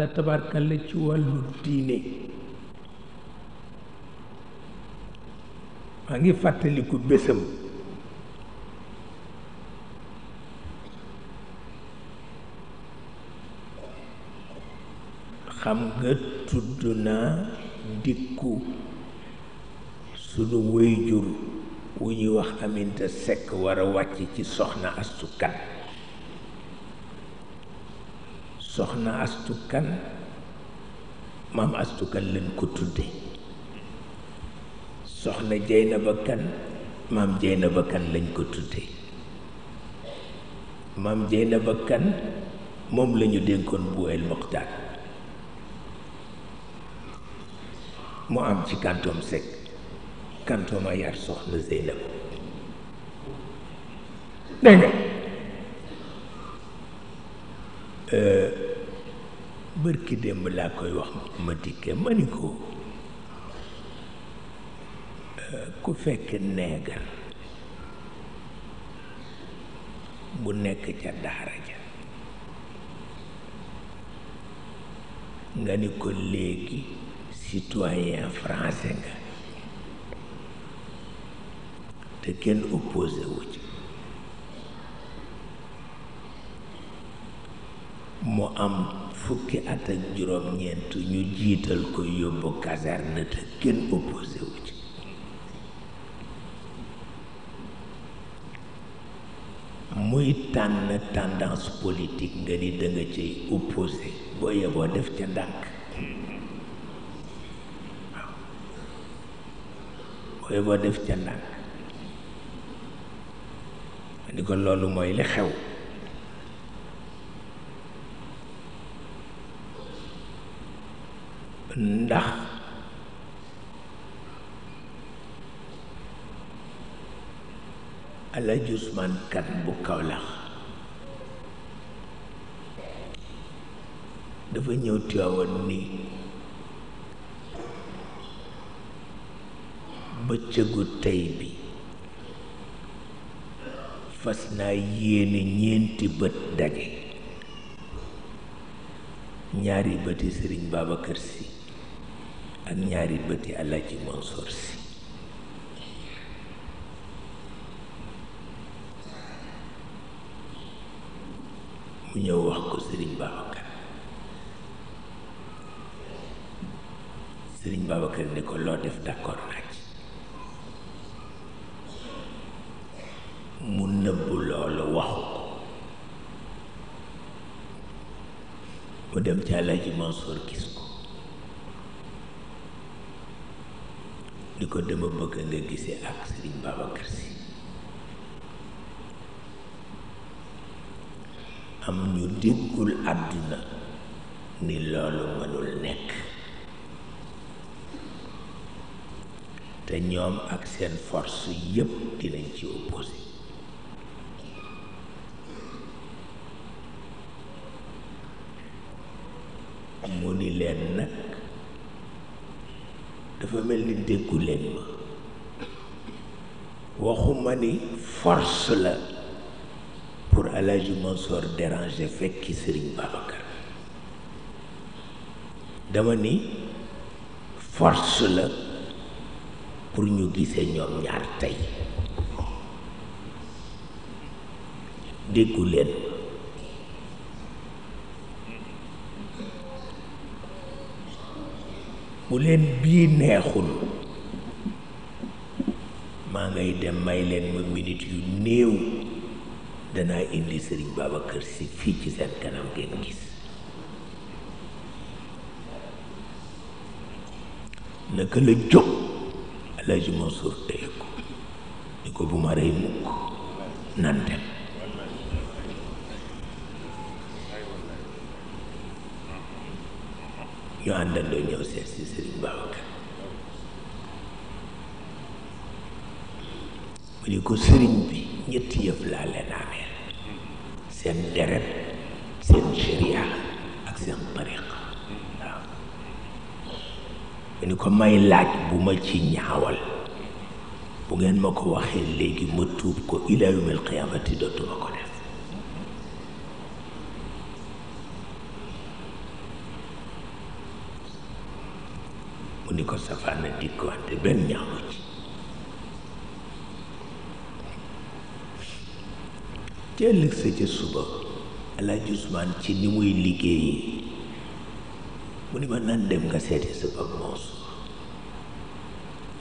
la tabarkalla ci maa ngi fàttaliku bésam xam nga tudd naa dikku sunu wéyjur wu ñuy wax Aminta Seck war a wàcc ci soxna astukat soxna astukan maam astukan lañ ko tudde soxna Jeynaba Kan maam Jeynaba Kan lañ ko tudde maam Jeynaba Kan moom lañu dénkoon bu el mu am ci kantoom sek kantoom a yar soxna Zeynab dégg nga Euh, bërki démb laa koy wax ma dikkee ma ni ko euh, ku fekk neegar bu nekk ca daara ja nga ni ko léegi citoyen français nga te kenn opposé ci mu am fukki at ak juróom-ñeent ñu jiital ko yóbbu caserne te kenn opposé ci muy tànn tendance politique nga ni da cay opposé boo yeboo def ca ndànk boo yeboo def ca ndànk ni ko loolu mooy li xew ndax Alaaji bu Kawlax dafa ñëw Tiwaawan nii bëccëgu tey bi fas naa yéene ñeenti bët daje ñaari bëti Sëriñ Babacar Si ak ñaari bëti Alaaji Mansour si mu ñëw wax ko Serigne Babacar Serigne Babacar ni ko loo def d'accord naa ci mu nëbbu loolu waxu ko mu dem ci Alaaji Mansour gis ko li ko dama bëgg nga gisee ak Sëriñ Babacar Si am ñu déggul àdduna ni loolu mënul nekk te ñoom ak seen fors yépp dinañ ci opposé mu ni leen nag dafa mel ni déggu ma waxuma ni force la pour Alaaji Mansoor déranger fekki Sëriñ Babacar dama ni force la pour ñu gisee ñoom ñaar tey déggu leen bu leen bii neexul maa ngay dem may leen ma minute yu néew danaa indi sëriñ Babacar si fii ci seen kanam ngeen gis naka la jóg Alaaji Mansour ko ni ko bu ma rey mukk nan ñu àndandoo ñëw seet si sëriñ Babacar bi ñetti yëf laa leen ameel seen deret seen sharia ak seen tariqa waaw mu ni ko may laaj bu ma ci ñaawal bu ngeen ma ko waxee léegi ma tuub ko ila yawmil qiyaamati dootuma ko def di ko safaana di ko wante ci ci ëllëg sa ca suba Alaaji ci ni muy liggéeyi mu ni ma nan dem nga seeti sa Pape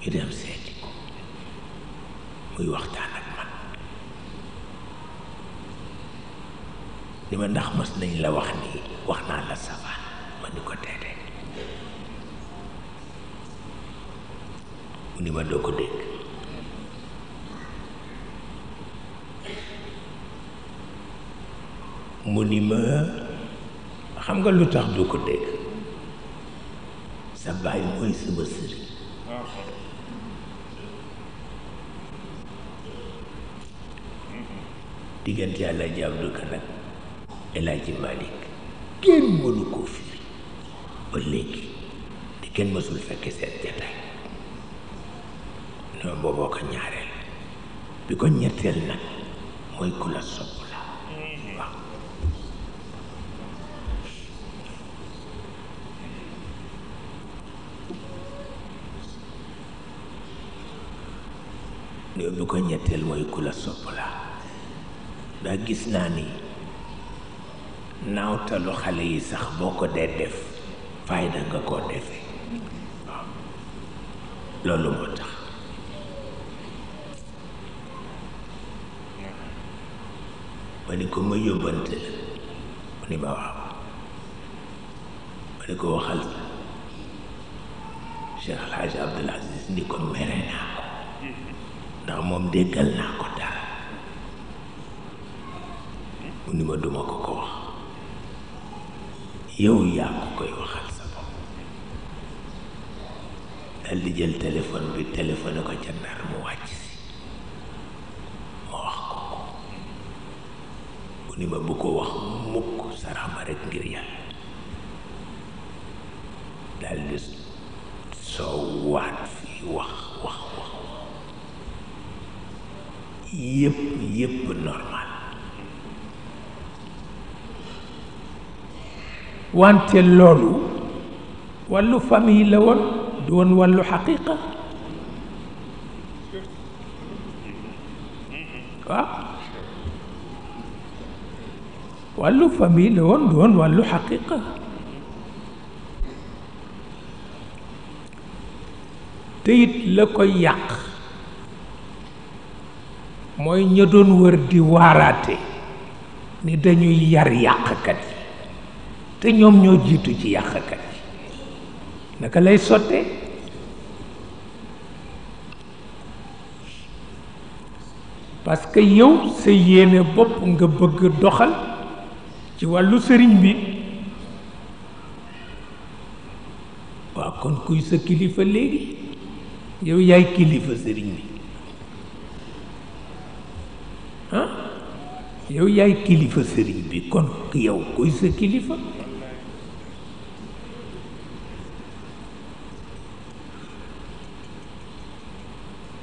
ñu dem seeti ko muy waxtaan ak man ni ma ndax mas nañ la wax nii wax naa la safaan ma ni ko tey mu ni ma doo ko dégg mu ni ma xam nga lu tax du ko dégg sa baay mooy sama sëriñ diggante Alaaji Abdu Kan ak Alaaji kenn mënu koo firi ba léegi te kenn mësul fekke seen jataay non booboo ko ñaareel bi ko ñetteel nag mooy sopp la daa gis naa ni naawtalu xale yi sax boo ko dee def fayda nga koo defe waaw loolu ma ni ko ma yóbbante la mu ni ma waaw ma ni ko waxal Cheikh Alhaji Abdul Aziz ni ko mere naa ko ndax moom déggal naa ko dara mu ni ma duma ko ko wax yow yaa koy waxal sa bopp dal di jël téléphone bi téléphone ko ca ndar mu wàcc ni ma bu ko wax mukk sarax ma rekk ngir yàlla daal di soo waat wax wax wax yépp yépp normal wante loolu wàllu famille la woon du woon wàllu famille la woon doon wàllu xaqiqa te la koy yàq mooy ña doon wër di waaraate ni dañuy yar yàqkat yi te ñoom ñoo jiitu ci yàqkat yi naka lay sotte parce que yow sa yéene bopp nga bëgg doxal ci wàllu sëriñ bi waaw kon kuy sa kilifa léegi yow yaay kilifa sëriñ bi ah yow yaay kilifa sëriñ bi kon yow kuy sa kilifa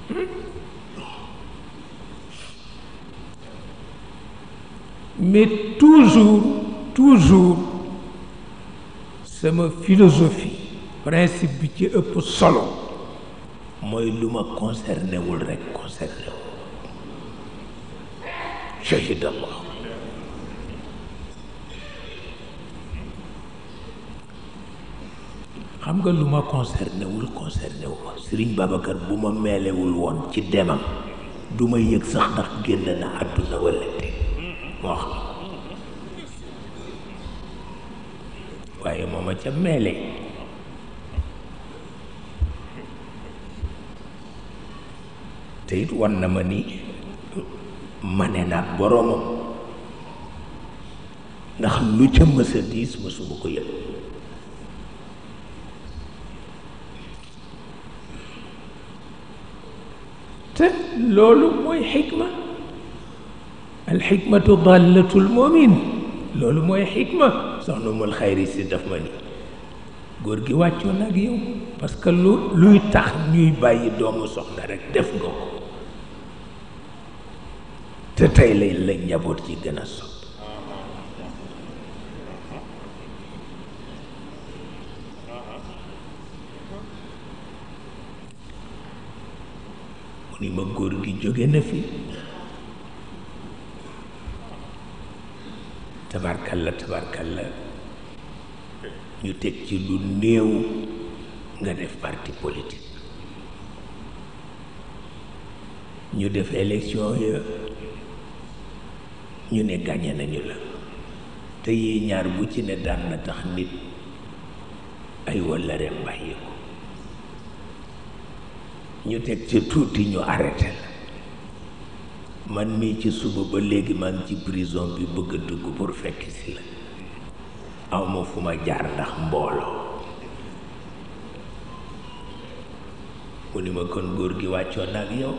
hmm? mais toujours toujours sama philosophie principe bi ci ëpp solo mooy lu ma concerné wul rek concerné wul xam nga lu ma concerné wul concerné wu ma Sëriñ bu ma meelewul woon ci demam du ma yëg sax ndax génn na àdduna walla waaye ma ca meele te it war na ma ni mane naa boroomam ndax lu ca mës a diis mësuma ko yëg te loolu mooy xikma alxikmatu dalatul mumin loolu mooy xikma soxna mul xayri si daf ma ni góor gi wàccoon ak yow parce que lu luy tax ñuy bàyyi doomu soxna rekk def nga ko te tey lay la njaboot ci gën a sopp mu ni ma góor gi jóge na fii tabarkalla tabarkalla ñu teg ci lu néew nga def parti politik ñu def élection ya ñu ne gàññe nañu la te yi ñaar bu ci ne daan na tax nit ay walla rem bàyyi ko ñu teg ci tuuti ñu arrêté man mii ci suba ba léegi maa ci prison bi bëgg a dugg pour fekk si la awma fu ma jaar ndax mbooloo mu ni ma kon góor gi wàccoon na ak yow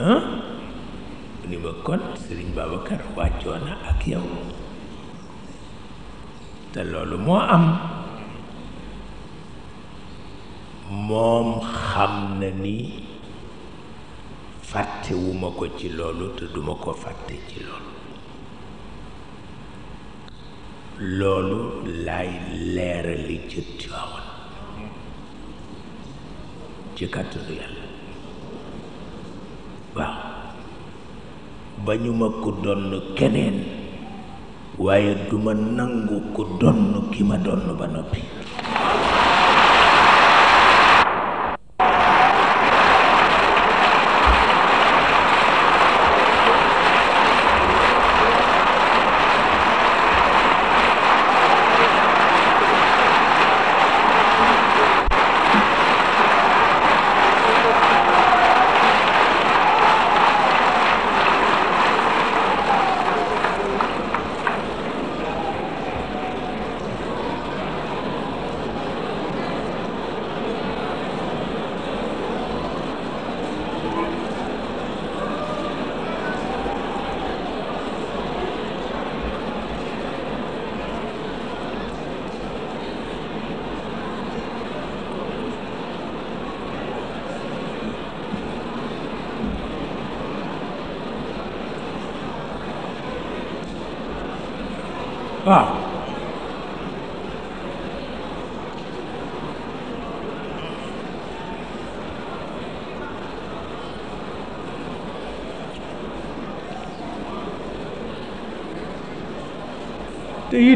ah mu ni ma kon sëriñ Babacar wàccoon na ak yow te loolu moo am moom xam na ni fàttewuma ko ci loolu te duma ko fàtte ci loolu loolu laay leerali ca Tiwaawan ci kàttanu yàlla waaw ba ñu ma ku donn keneen waaye duma nangu ku donn ki ma donn ba noppi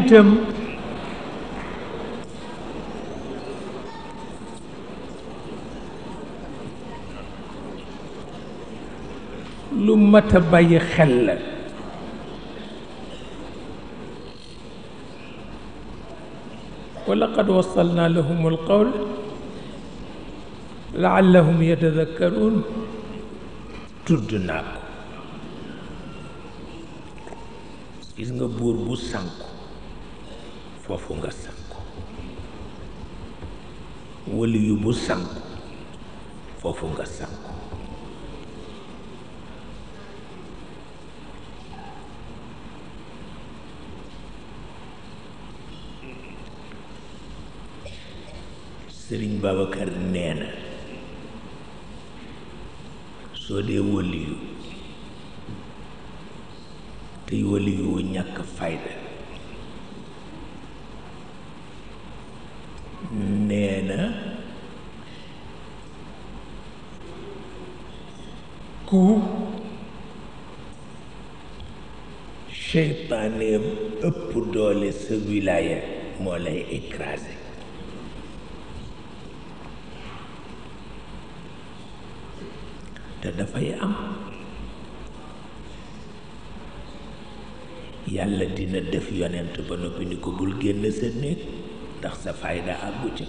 itam lu mat a bàyyi xel la wa laqad wasalna lahum alqawl laallahum yatadakkaruun tudd naa ko gis nga buur bu sànku foofu nga sanku wali yu bu sanku foofu nga sanku sëriñ Babacar nee soo dee waliyu tey waliyu ñàkk fayda ku seytaaneem ëpp doole sa wilaaya moo lay écrasé te dafay am yàlla dina def yonent ba noppi ni ko bul génn sa néeg ndax sa fayda àggu ca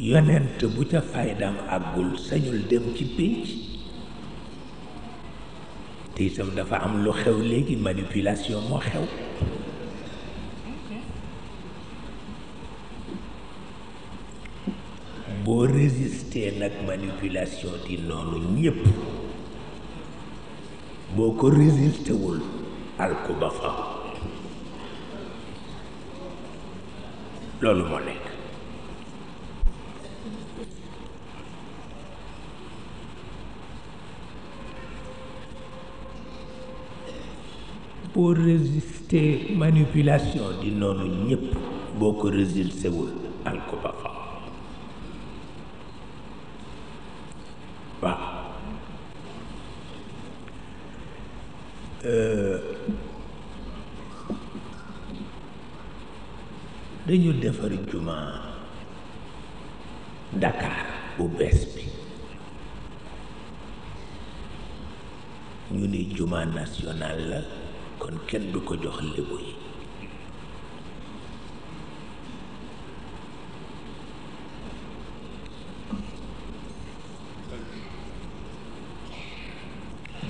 yonent bu ca faydaam àggul sañul dem ci pénc te itam dafa am lu xew léegi manipulation moo xew boo résister nag manipulation di noonu ñépp boo ko résister wul fa loolu moo nekk pour résister manipulation di noonu ñëpp boo ko résulté wul al ba fa waaw euh, dañu defar juma Dakar bu bees bi ñu ni juma national la kon kenn du ko jox lébu yi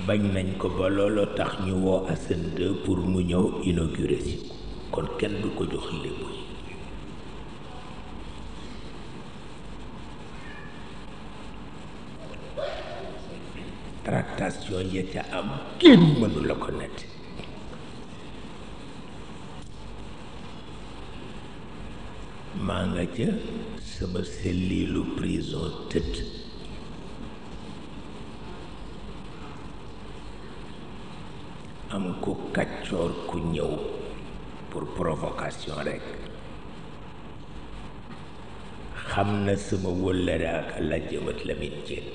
bañ nañ ko ba looloo tax ñu woo Assane pour mu ñëw inauguré si kon kenn du ko jox lébu yi tractation ya ca am kenn mënu la ko nett maa nga ca sama sellilu prison tëdd am ku kàccoor ku ñëw pour provocation rekk xam na sama wëllëre ak lajjëmat Lamin Jeen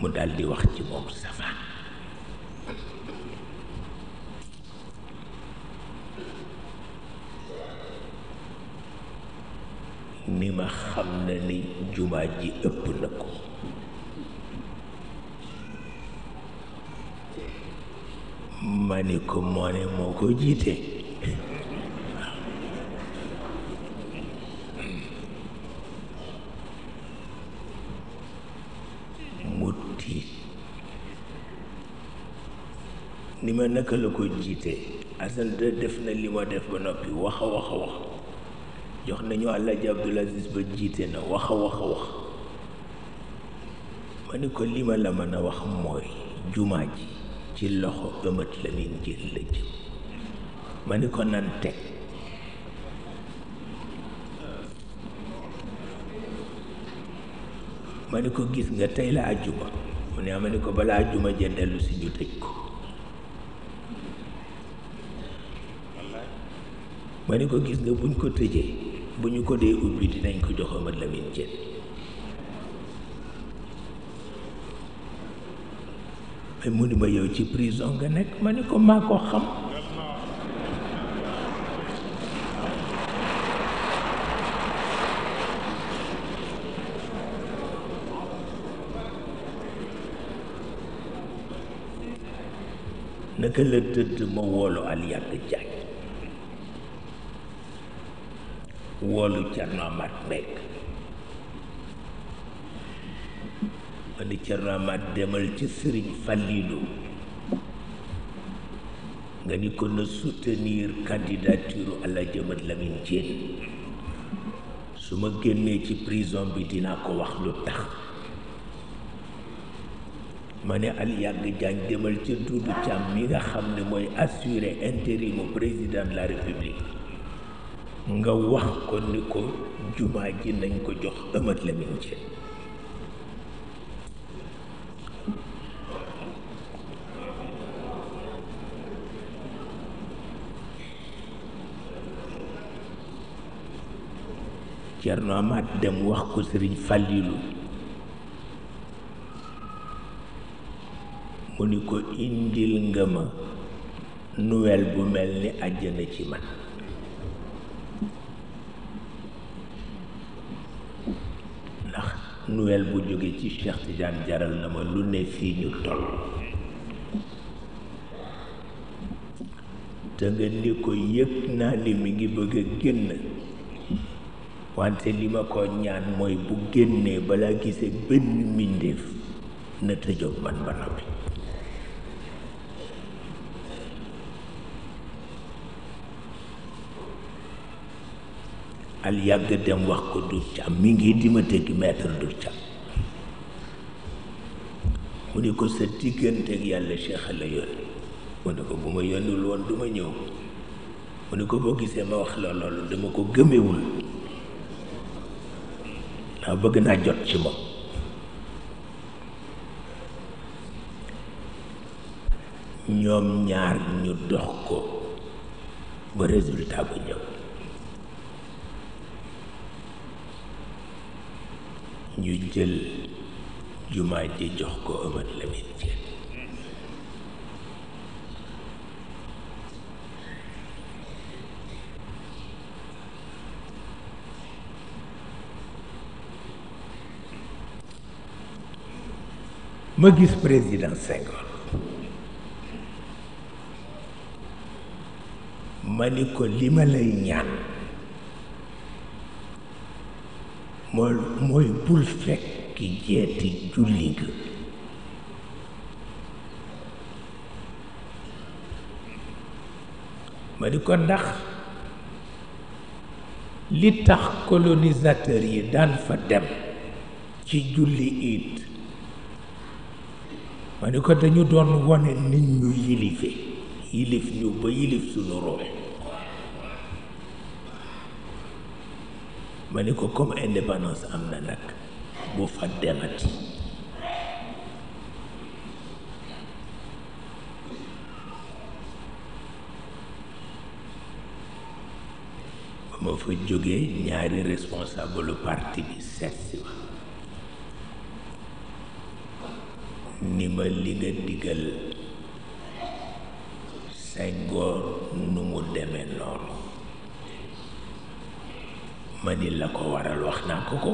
mu daldi wax ci moom safaan ni ma xam na ni jumaat ji ëpp na ko ma moo ne moo ko jiite mu tiit ni ma naka la ko jiite Assane def na li ma def ba noppi wax a wax a wax jox nañu Alaaji Abdul Aziz ba jiite na wax a wax a wax ma ni ko li ma la mën a wax mooy jumaa ji ci loxo ëmat la leen jël la ma ni ko nan teg ma ni ko gis nga tey la àjjuma mu ne ma ni ko bala àjjuma ja dellu si ñu tëj ko ma ni ko gis nga buñ ko tëjee bu ñu ko dee ubbi dinañ ko jox Amat Lamine Dieng mu ni ma yow ci prison nga nekk ma ni ko maa ko xam naka la tëdd ma woolu al yàgg woolu Cerno Amaat ma ni Cerno demal ci Sëriñ Fallilu nga ni ko na soutenir candidature ala jëmat Lamin Jeen su ma génnee ci prison bi dinaa ko wax lu tax ma ne al yàgg jaan demal ci Duudu Caam mi nga xam ne mooy assurer intérimu président de la république nga wax ko ni ko jumaa ji nañ ko jox Amat Lamin Dieng Cerno Amaat dem wax ko Sëriñ Fàllilu mu ni ko indil nga ma nouvelle bu mel ni àjjana ci man nouvelle bu jóge ci Cheikh jaral na ma lu ne fii ñu toll te nga ni ko yëg naa ni mi ngi bëgg a génn wante li ma ko ñaan mooy bu génnee balaa gisee benn mbindéef na tëjoog man ba al yàgg dem wax ko du Caam mi ngi dima tëgg maître Duur Caam mu ni ko sa diggante ak yàlla Cheikh la yónni mu ne ko bu ma yónnul woon du ma ñëw mu ne ko boo gisee ma wax la loolu dama ko gëmewul ndax bëgg naa jot ci moom ñoom ñaar ñu dox ko ba résultat bu ñëw ñu jël jumaa ji jox ko Amat Lamin Dieng ma gis président Senghor ma ni ko li ma lay ñaan mooy mooy bul fekk jeeti julli nga ma di ko ndax li tax colonisateur yi daan fa dem ci julli it ma di ko dañu doon wone nit ñu yilife yilif ñu ba yilif suñu rox ma ni ko comme indépendance am na nag bu fa demati ba ma fa jógee ñaari responsable parti bi seet si ma ni ma li nga digal Senghor nu mu demee noonu ma ni la ko waral wax naa ko ko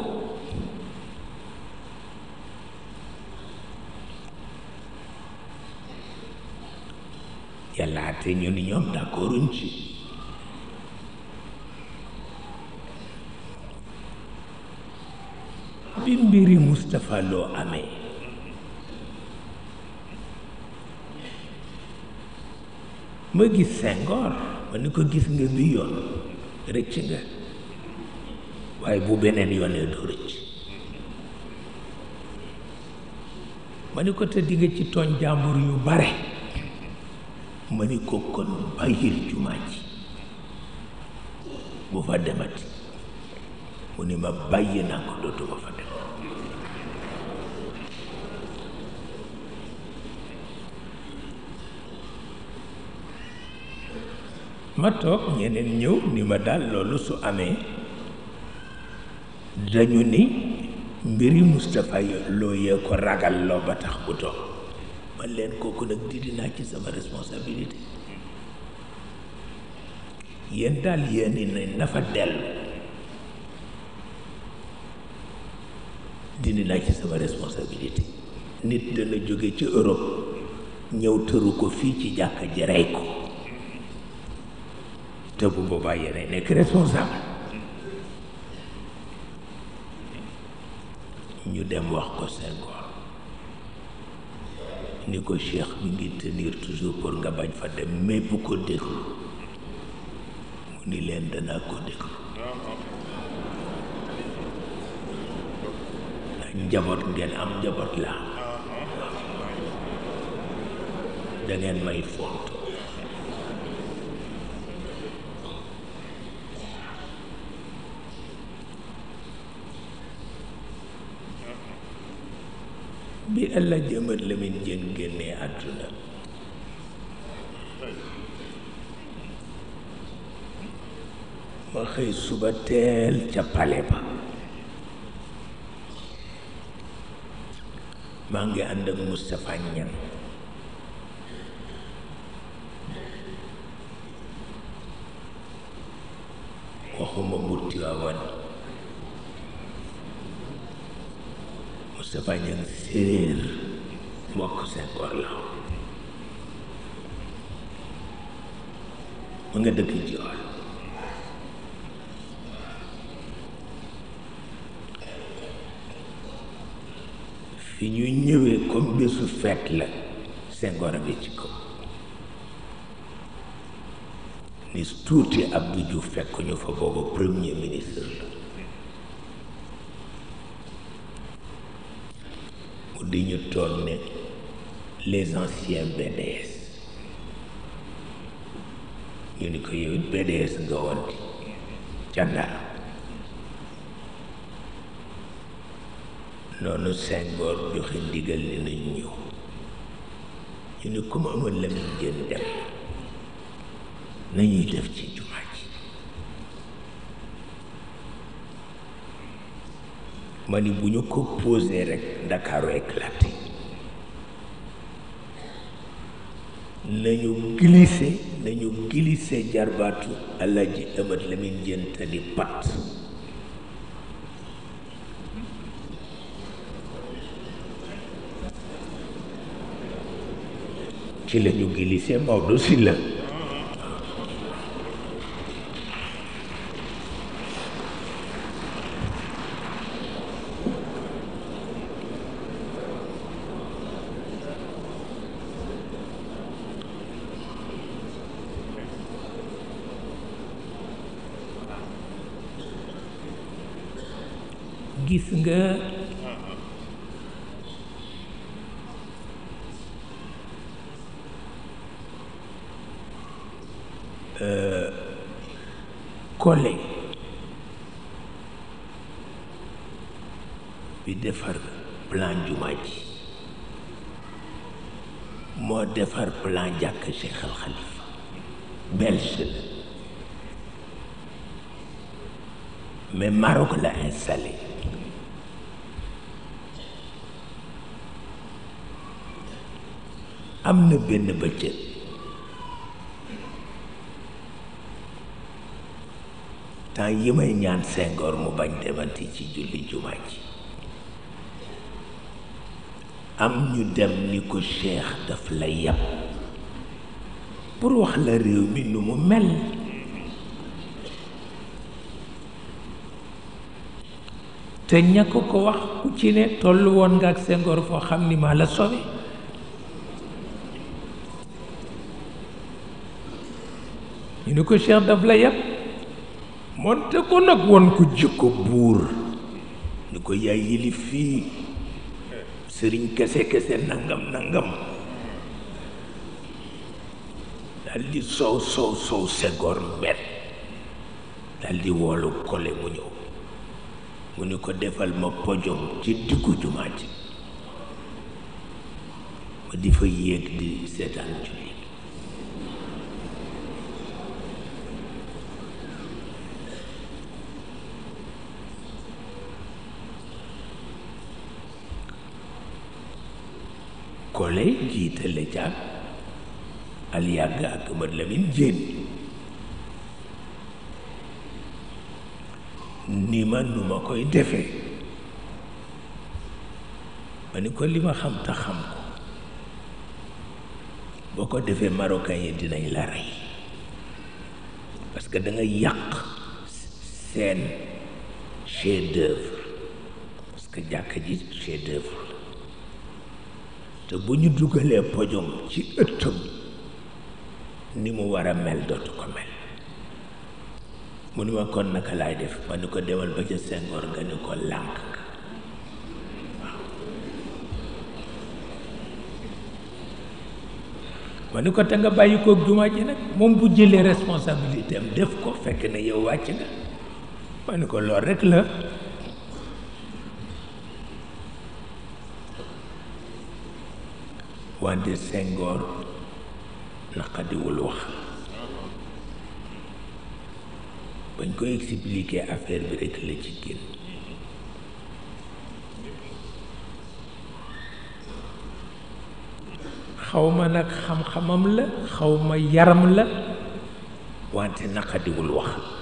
yàlla ate ñu ni ñoom d'accorduñ ci bi mbiri Moustapha amee ma gis Senghor ma ni ko gis nga bi yoon rëcc nga waaye bu beneen yoonee doo rëcc ma ni ko te digg ci tooñ jàmbur yu bare ma ni ko kon bàyyil jumaa ji bu fa demati mu ni ma bàyyi naa ko dootuma fa dem ma toog ñeneen ñëw ni ma daal loolu su amee dañu ni mbir mbiri Moustapha loo yee ko ragal loo ba tax bu toog man leen kooku nag ci sama responsabilité yéen daal yéen na dindi naa ci sama responsabilité nit dana jóge ci Europe ñëw tëru ko fii ci jàkk ji ko te bu boobaa yéenay nekk responsable ñu dem wax ko Senghor ni ko cheikh bi ngi tenir toujours pour nga bañ fa dem mépp ko déglu mu ni leen danaa ko déglu njaboot ngeen am njaboot laa da ngeen may fonto bi El Hadj Amar Lamine Diène génnee àdduna ma suba teel ca pale ba maa ngi ànd ak Moustapha Niane waxuma mu Tiwaawan Moustapha Niane séeréer Senghor Senghor la ma nga dëkk Joor fi ñu ñëwee comme bésu feet la Senghor a ngi ci kaw ni tuuti Abdou Diouf fekk ñu fa boobu premier ministre la mu di ñu toog les anciens BDS ñu ni ko yow it BDS nga woon ca Ndar noonu Senghor joxe ndigal li nañ ñëw ñu ni ku ma amoon Lamine Diène dem nañuy def ci jumaa ji ma ni bu ñu ko posé rek Ndakaaru éclaté nañu glissé nañu glissé jarbaatu Alaaji Amat Lamin Jëntali pat ci lañu ñu glissé Maodo si nga eh, collé bi defar plan jumaa ji moo defar plan jàkk Cheikh Al Khalifa belge mais Maroc la installé am na benn bëccëg temps yi may ñaan sengoor mu bañ demati ci julli jumaa ji am ñu dem ni ko cheikh daf la yàpp pour wax la réew mi nu mu mel te ña ko ko wax ku ci ne tollu woon nga ak sengoor foo xam ni maa la sowe ni ko Cheikh daf la yàpp moonte ko nag woon ku jikko buur ñu ko yaay li fii sëriñ kese kese nangam nangam dal di soow soow soow segoor met dal di kole mu ñëw mu ni ko defal ma pojom ci diggu jumaa ma di fa yéeg di seetaan ju sële caag Aliya Ga ak Amad Lamin Jéen ni ma nu ma koy defee ma ni ko li ma xam te xam ko boo ko defee marocain yi dinañ la rey parce que da nga yàq seen chef d'œuvre parce que jàkka ji chef d'œuvre te bu ñu dugalee pojom ci ëttam ni mu war a mel dootu ko mel mu ni ma kon naka laay def ma ni ko demal ba ca sengoor nga ni ko lànk waaw ma ni ko te nga bàyyi kook jumaa ji nag moom bu jëlee responsabilité def ko fekk na yow wàcc nga ma ni ko lool rek la wante Senghor naqadiwul wax bañ ko expliqué affaire bi rekk la ci génn xaw nag xam-xamam la xaw ma yaram la wante naqadiwul wax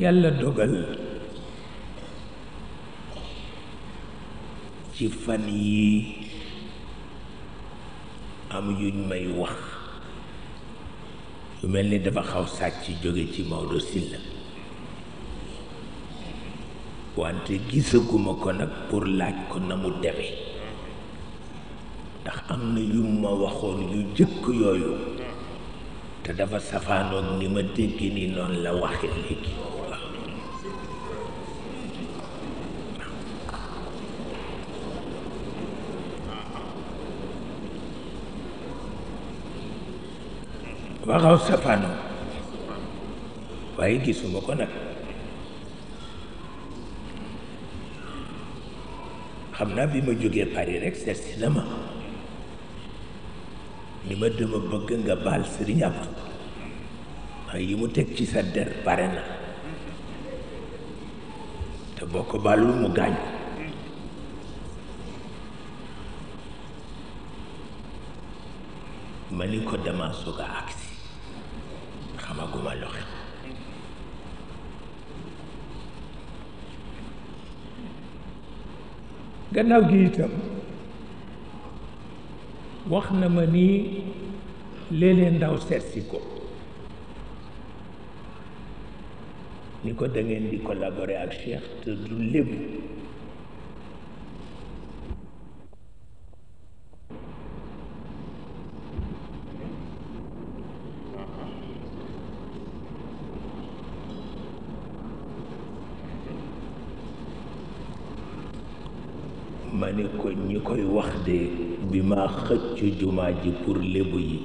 yàlla dogal ci fan yii am yuñ may wax yu mel ni dafa xaw sàcc jóge ci Maodo Sylla wante gisaguma ko nag pour laaj ko na mu deme ndax am na yu ma waxoon yu jëkk yooyu te dafa safaanoog ni ma dégg ni noon la waxe léegi dafa xaw safaanoo waaye gisuma ko nag xam naa bi ma jógee Paris rek seet si na ma ni ma dama bëgg nga baal Sëriñ waaye yi mu teg ci sa der bare na te boo ko baalul mu gaañ ma ni ko dama soog a agsi gannaaw gi itam wax na ma nii léeg-léeg ndaw seetsi ko ni ko da ngeen di collaborer ak Cheikh te du lébu bi ma xëcc jumaa ji pour lébu yi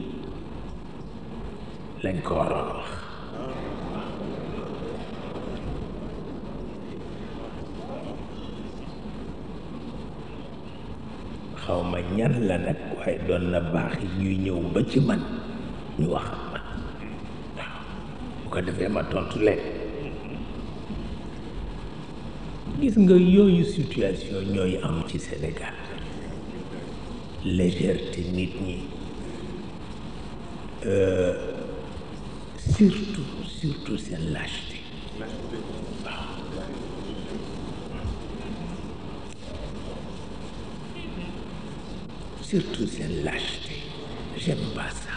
lañ ko waroon wax xaw ñan la nag waaye doon na baax ñuy ñëw ba ci man ñu wax ma waaw bu ko defee ma tontu leen gis nga yooyu situation ñooy am ci Sénégal légèreté nit ñi euh, surtout surtout seen lâcheté waaw surtout seen lâcheté j'aime pas ça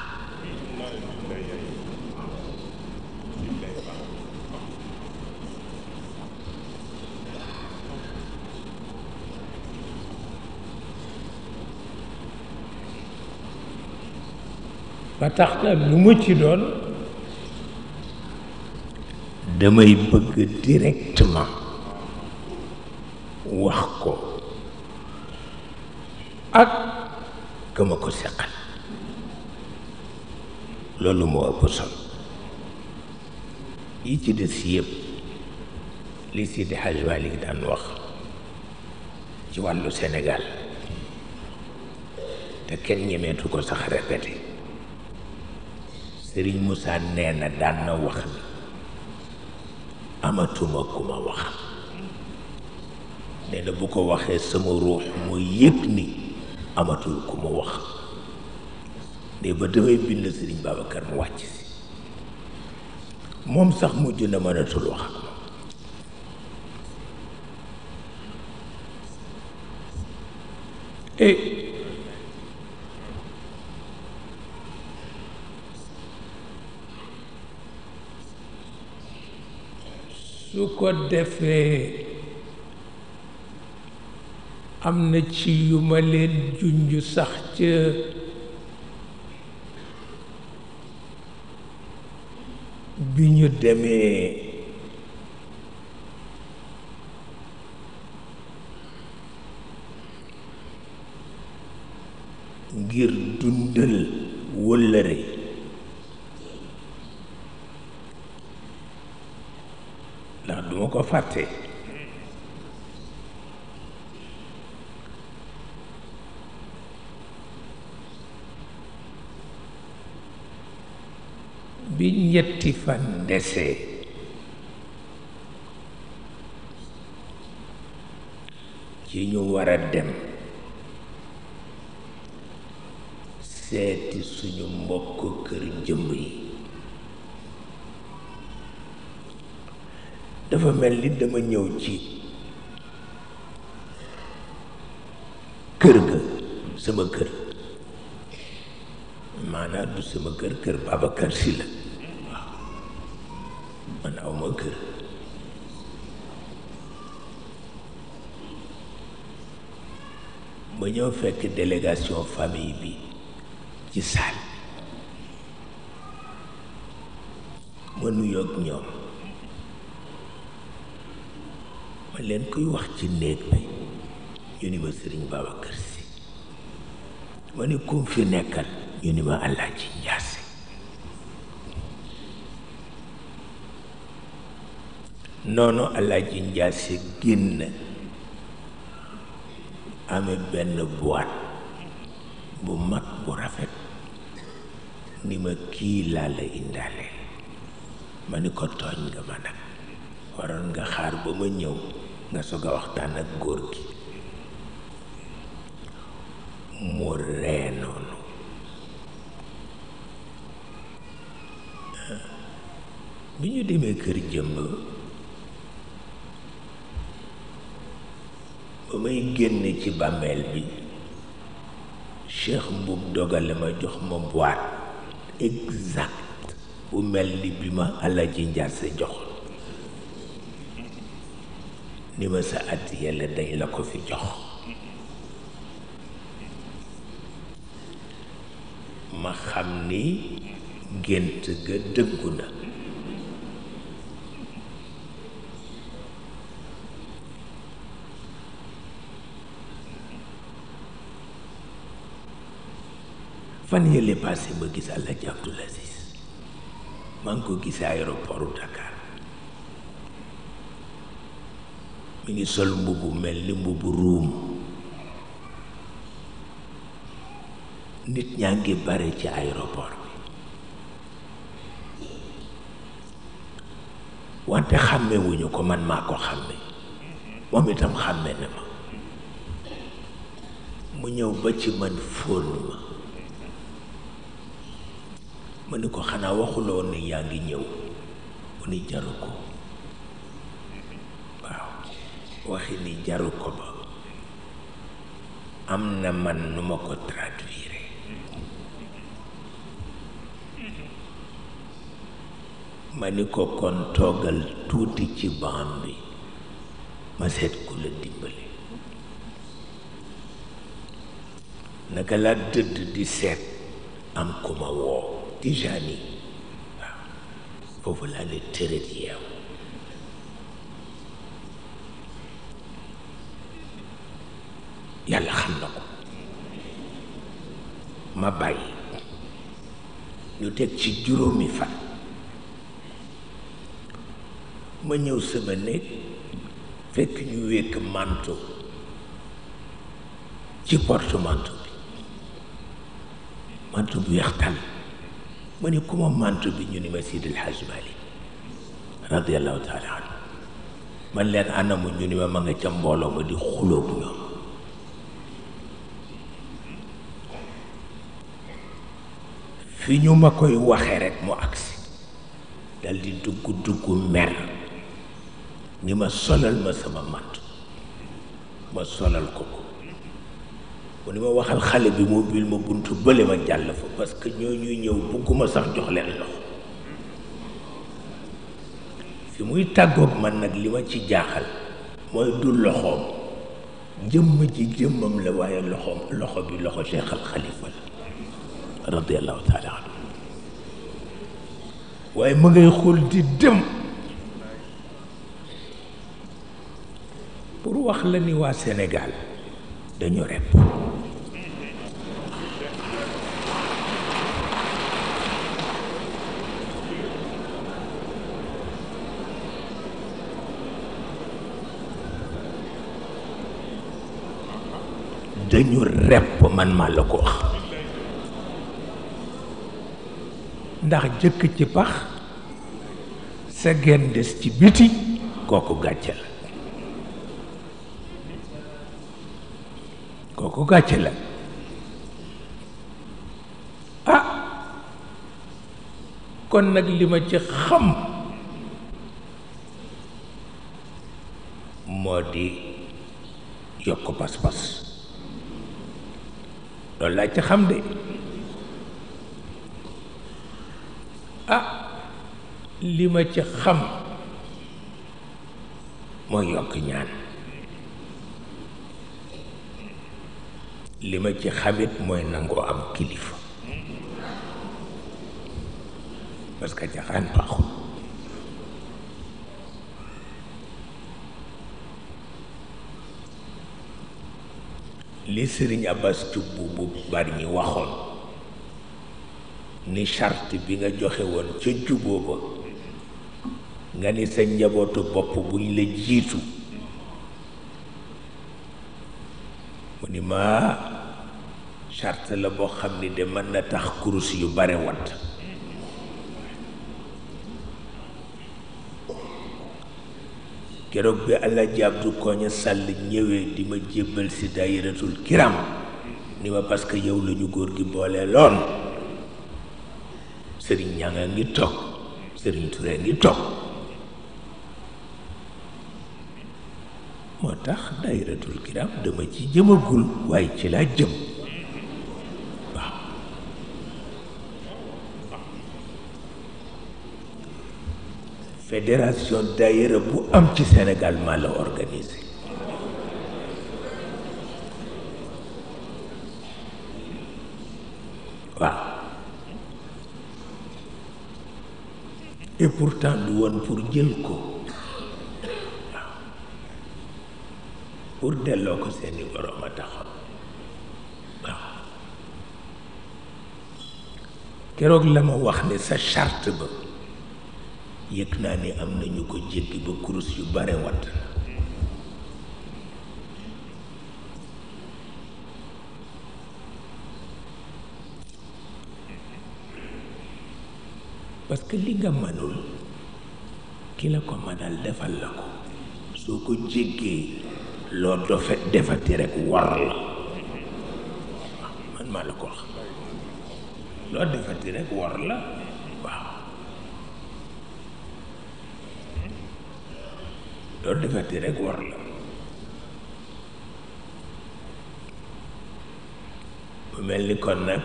ba tax na lu mu ci doon damay bëgg directement wax ko ak ka ma ko seqal loolu moo ëpp solo yi ci des yëpp li Sidi Hadj Malick daan wax ci wàllu Sénégal te kenn ñemeetu ko sax répété sëriñ Moussa nee na daan na wax ni amatuma ku ma wax nee na bu ko waxee sama ruux mooy yëg ni amatul ku mu wax ne ba damay bind sëriñ Babacar mu wàcc si moom sax mujj na mënatul wax ko defee am na ci yu ma leen junj sax ca bi ñu demee ngir dundal wëllëre ko fàtte bi ñetti fan ndesee ci ñu war a dem seeti suñu mbokk kër jëmb yi dafa mel ni dama ñëw ci kër ga sama kër maanaam du sama kër kër Babacar la man aw kër ma ñëw fekk délégation famille bi ci saal ma nuyoog ñoom leen kuy wax ci néeg bi ñu ni ma sëriñ Babacar Si ma ni kum fi nekkal ñu ni ma Alaaji Njaase noonu Alaaji Njaase génn amee benn boîte bu mag bu rafet ni ma kii laa la indaale ma ni ko tooñ nga ma nag waroon nga xaar ba ma ñów nga soog a waxtaan ak góor gi mu ree noonu bi ñu demee kër jëmb ba may génn ci bàmmeel bi cheikh mbub dogale ma jox ma boîte exact bu mel ni bi ma alaji njaase jox ni ma sa at yàlla dañ la ko fi jox ma xam ni gént ga dëggu na fan yële passé ma gis Alaaji Abdul Aziz maa ngi ko gisee aéroportu Dakar mi ngi sol mbubu mel ni mbubu ruum nit ñaa ngi bare ci aéroport bi wante xàmmewuñu ko man maa ko xàmme moom itam xàmme na ma mu ñëw ba ci man fóon ma ma ni ko xanaa waxuloo ni yaa ngi ñëw mu ni jaru ko waxi ni jaru ko ba am na man nu ma ko traduire ma ni ko kon toogal tuuti ci baam bi ma seet ku la dimbali naka laa dëdd di seet am ku ma woo tijaani waaw foofu laa ne tërët yeew ma bàyyi ñu teg ci juróomi fan ma ñëw sama néeg fekk ñu wékk manto ci porte manto bi manto bu yaxtal ma ne kuma manto bi ñu ni ma Sidil Hadj Malick radiallahu taala man leen anamu ñu ni ma ma nga ca mbooloo ma di xulóog ñoom fi ñu ma koy waxee rek mu agsi dal di dugg dugg mer ni ma solal ma sama matt ma solal ko ko mu ni ma waxal xale bi mu bil ma buntu bële ma jàll fa parce que ñoo ñuy ñëw bugguma sax jox leen loxo fi muy tàggoog man nag li ma ci jaaxal mooy du loxoom jëmm ji jëmmam la waaye loxoom loxo bi loxo Cheikh Xalifa la radiallahu taala anhu waaye ma ngay xool di dem pour wax la ni waa Sénégal dañu repp dañu repp man maa la ko wax ndax jëkk ci pax sa geen des ci biti kooku gàcce la kooku gàcce la ah kon nag li ma ci xam moo di yokk pas-pas loolu laa ci xam de li ma ci xam mooy yokk ñaan li ma ci xamit mooy nangoo am kilifa parce que jaxaan baaxul li sëriñ Abbas Thioub bu bari ñi waxoon ni charte bi nga joxe woon ca juboo ba nga ni sa njabootu bopp buy la jiitu mu ni ma charte la boo xam ni de mën na tax kurus yu bare wat keroog bi Alaaji Abdu Koña Sàll ñëwee di ma jébbal si daayiratul kiram ni ma parce que yow la ñu góor gi boolee loon sëriñ ñanga ngi toog sëriñ Ture ngi toog moo tax dayratul kiram dama ci jëmagul waaye ci laa jëm waaw fédération dayra bu am ci Sénégal maa la organisé waaw et du woon pour jël ko pour delloo ko seeni borom a taxoon waaw keroog la ma wax ne sa charte ba yëg naa ni am nañu ko jéggi ba kurus yu bare watt na parce que li nga manul ki la ko manal defal la ko soo ko jéggee loo dofe defati rek war la man maa la ko loo defati rek war la waaw loo defati la bu mel ni kon nag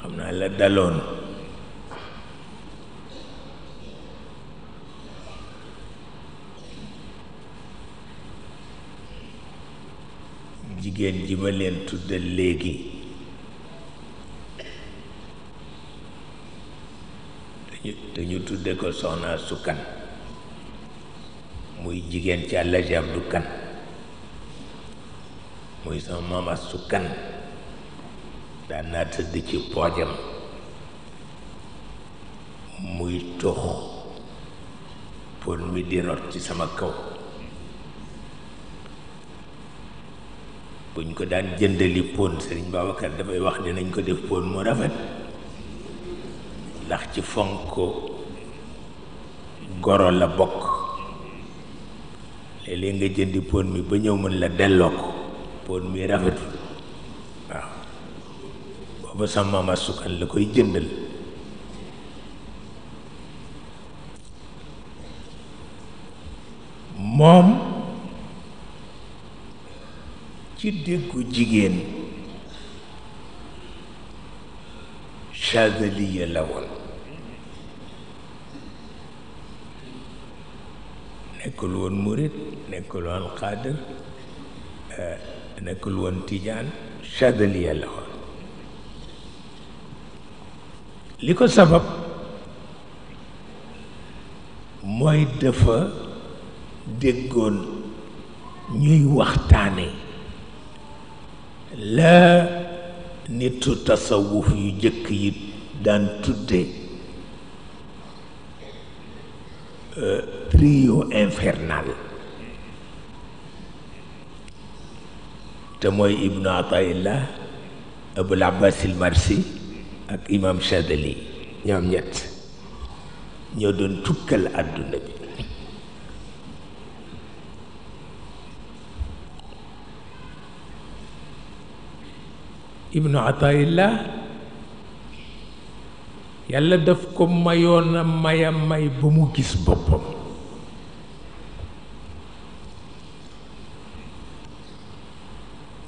xam naa la daloon jigéen ji ma leen tudd léegi dañu dañu tudde ko soxna su muy jigéen ci Alaaji du Kan muy sama maam as su kan daan poojam muy tox pon mi di rot ci sama kow buñ ko daan jëndali pon sëriñ Babacar dafay wax dinañ ko def pon mu rafet ndax ci fonk goro la bokk léeg-léeg nga jëndi pon mi ba ñëw mën la delloo ko pon mi rafetul waaw booba sama mama sukkan la koy jëndal moom ci déggu jigéen Chazaliya la woon nekkul woon murit nekkul woon xaadir eh, nekkul woon tijaan Chazaliya la woon li ko sabab mooy dafa déggoon ñuy waxtaane laa nitu tasawuf yu jëkk yi daan tudde euh, trio infernal te mooy ibnu ataillah abul abbas il ak imam chadali ñoom ñett ñoo doon tukkal àdduna bi ibnu ataillah yàlla daf ko mayoon a maya may ba mu gis boppam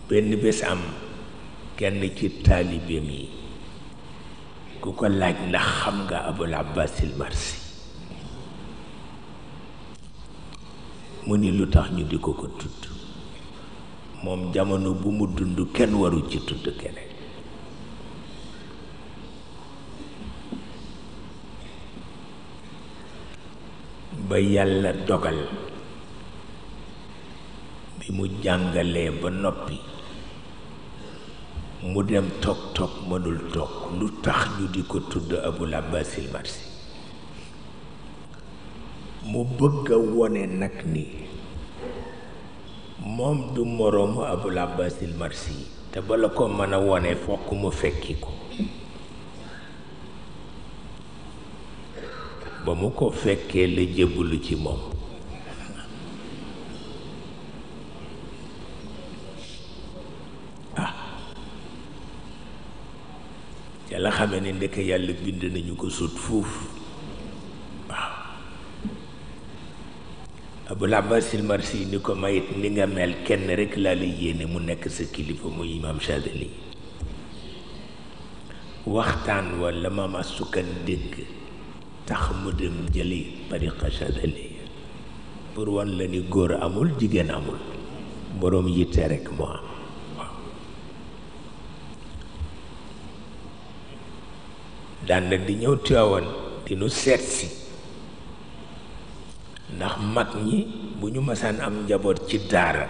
benn bés am kenn ci taalibeem yi ku ko laaj ndax xam nga abul abbasil marsi mu ni lu tax ñu di ko ko tudd moom jamono bu mu dund kenn waru ci tudd keneen ba yàlla dogal bi mu jàngalee ba noppi mu dem toog toog mënul toog lu tax ñu di ko tudd Abul Abbas al mu bëgg a wone nag ni moom du moroomu abul abbasil marsi te bala ko mën a wone fokk mu fekki ko ba mu ko fekkee la jébbalu ci moom ah ca la xame ni ndeke yàlla bind nañu ko sut fuuf Abul Abbas Marsi ni ko mayit ni nga mel kenn rek laa lay yéene mu nekk sa kilifa muy imam Chazali waxtaan wa la ma ma sukkan dégg tax mu dem jëli tariqa Chazali pour wan la ni góor amul jigéen amul boroom yitte rek moo am waaw di ñëw Tiwaawan di nu ndax mag ñi bu ñu masaan am njaboot ci daara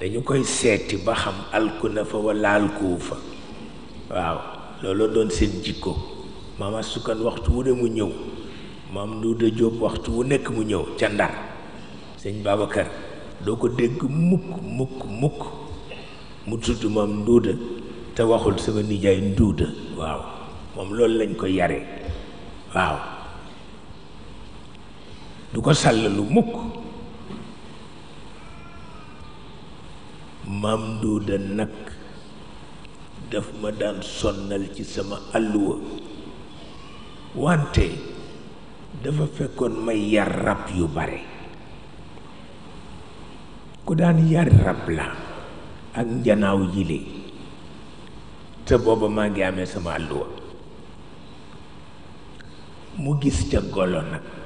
dañu koy seeti ba xam alku na fa wala alkuwu fa waaw looloo doon seen jikko maama sukkan waxtu wu de mu ñëw maam Nduuda Jóob waxtu wu nekk mu ñëw ca Ndar sëñ Babacar doo ko dégg mukk mukk mukk mu tudd maam Nduuda te waxul sama nijaay Nduuda waaw moom loolu lañ ko yare waaw du ko sàllalu mukk maam duuda nag daf ma daan sonnal ci sama àlluwa wante dafa fekkoon may yar rab yu bare ku daan yar rab la ak njanaaw yile te booba maa ngi amee sama àlluwa mu gis ca golo nag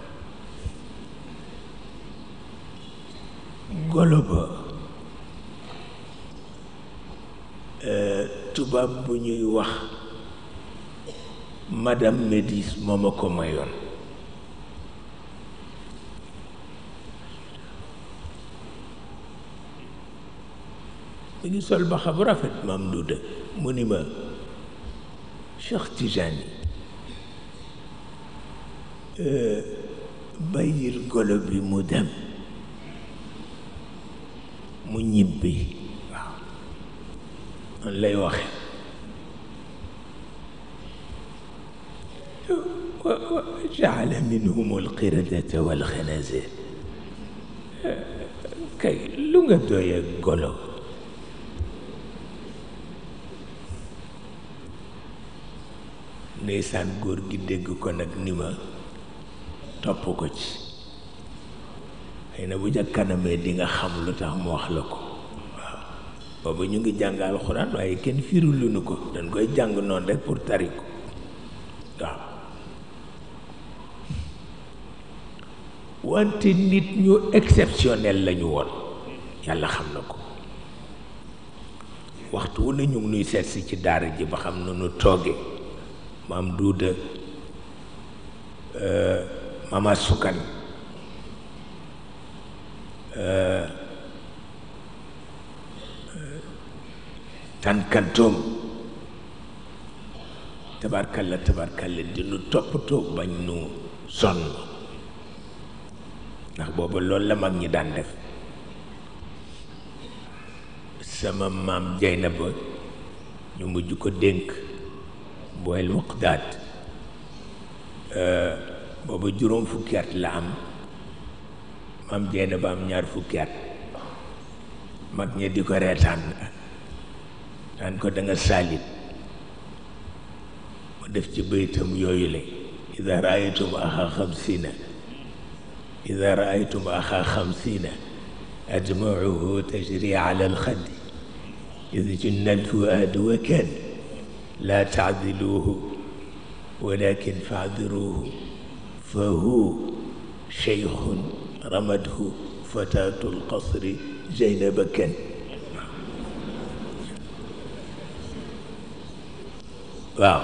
golo ba eh, tubaab bu ñuy wax madame Médis moo ma ko mayoon mu ngi sol ba xam rafet maam Duda mu ni ma Cheikh Tijani eh, bàyyil golo bi mu dem mu ñibbi waaw noonu lay waxe wa jaala minhum alqiradata walxanazir kay lu nga doyee golo ndeysaan góor gi dégg ko nag ni ma topp ko ci xëy na bu ca kanamee di nga xam lu tax mu wax la ko waaw boobu ñu ngi jàng alxuraan waaye kenn firu lu ko dañ koy jàng noonu rek pour tari ko waaw wante nit ñu exceptionnel lañu woon yàlla xam na ko waxtu wu ne ñu nuy seetsi ci daara ji ba xam nu nu tooge maam duuda euh, mama sukkan tànkantoom tabarkalla tabarkalla di nu toppatoo bañ nu sonn ndax booba loolu la mag ñi daan def sama maam jayna ba ñu mujj ko dénk booyel waqdaat euh, booba juróom fukki at la am maam jayna ba am ñaar fukki at mag ñi di ko reetaan naan ko da nga saalit mu def ci baytam yooyu la ida raaytum axaa xamsina ida raaytum axaa xamsina admauhu tajri ala alxaddi id junna alfuaadu wa kan laa taadiluuhu walakin faadiruuhu fa hu cheykhun ramadhu fataatu alqasri Zeynaba Kan waaw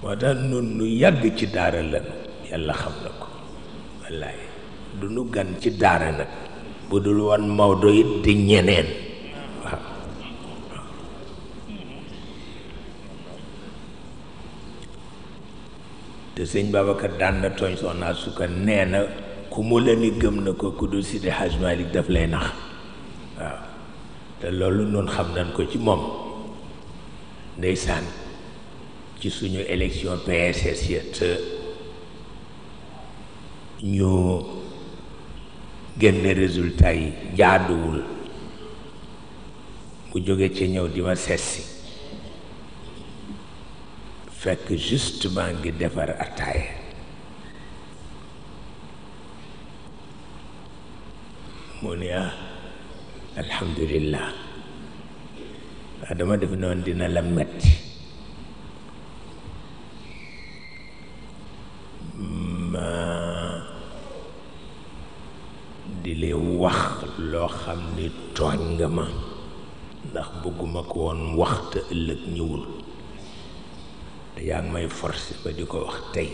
moo tax nun nu yàgg ci daara lanu yàlla xam na ko wallaay du nu gan ci daara nag bu dul woon Maodo it di ñeneen te sëñ Babacar daan na tooñ soxna su ko nee na ku mu la ni gëm na ko ku dul Sidi Hadj Malick daf lay nax waaw te loolu noonu xam nañ ko ci moom ndeysaan ci suñu élection PSS ya te ñu génne résultat yi jaaduwul mu jóge ci ñëw di ma sessi fekk justement ngi defar ataaya mu ne ah alhamdulillah dama def noonu dina la metti ma di leen wax loo xam ni tooñ nga ma ndax bëgguma ko woon wax te ëllëg ñëwul te yaa ngi may forcé ba di ko wax tey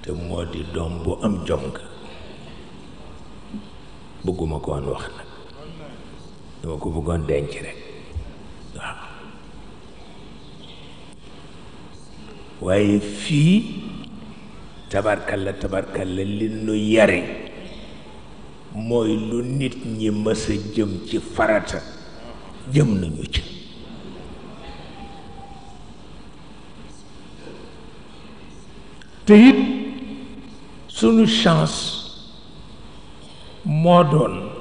te moo di doom bu am jom bëgguma ko woon wax na dama ko bëggoon denc rek waaw waaye fii tabarkalla tabarkalla li nu yare mooy lu nit ñi mës jëm ci farata jëm nañu ci te it chance moo doon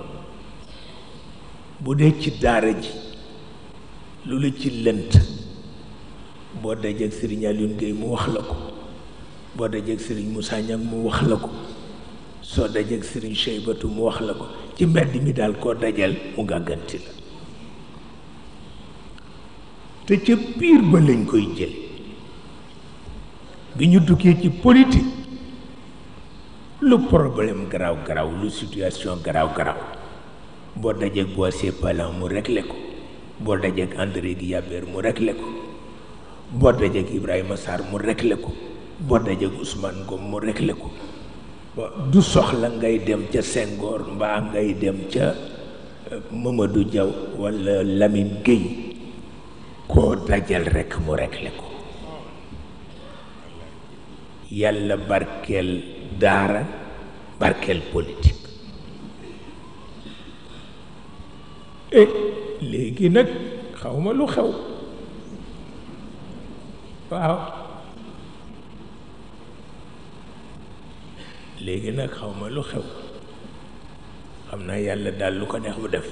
bu dee ci daara ji lu la ci lënt boo dajee ak Serigne Alioune Gueye mu wax la ko boo dajee sëriñ Serigne Moussa Niang mu wax la ko soo dajee ak Serigne mu wax la ko ci mbedd mi daal koo dajal mu gàgganti la te ca biir ba lañ koy jël bi ñu duggee ci politique lu problème garaaw garaaw lu situation garaaw garaaw boo dajeeg Boise Palan mu réglé ko boo dajeeg André Guillabert mu réglé ko boo dajeeg Ibrahima Sarr mu réglé ko boo dajeeg Ousmane Ngom mu réglé ko du soxla ngay dem ca Senghor mbaa ngay dem ca euh, Mamadou jaw walla Lamine Guèye koo dajal rekk mu réglé ko yàlla barkeel daara barkeel politique eh léegi nag xaw ma lu xew waaw léegi nag xaw ma lu xew xam naa yàlla daal lu ko neex mu def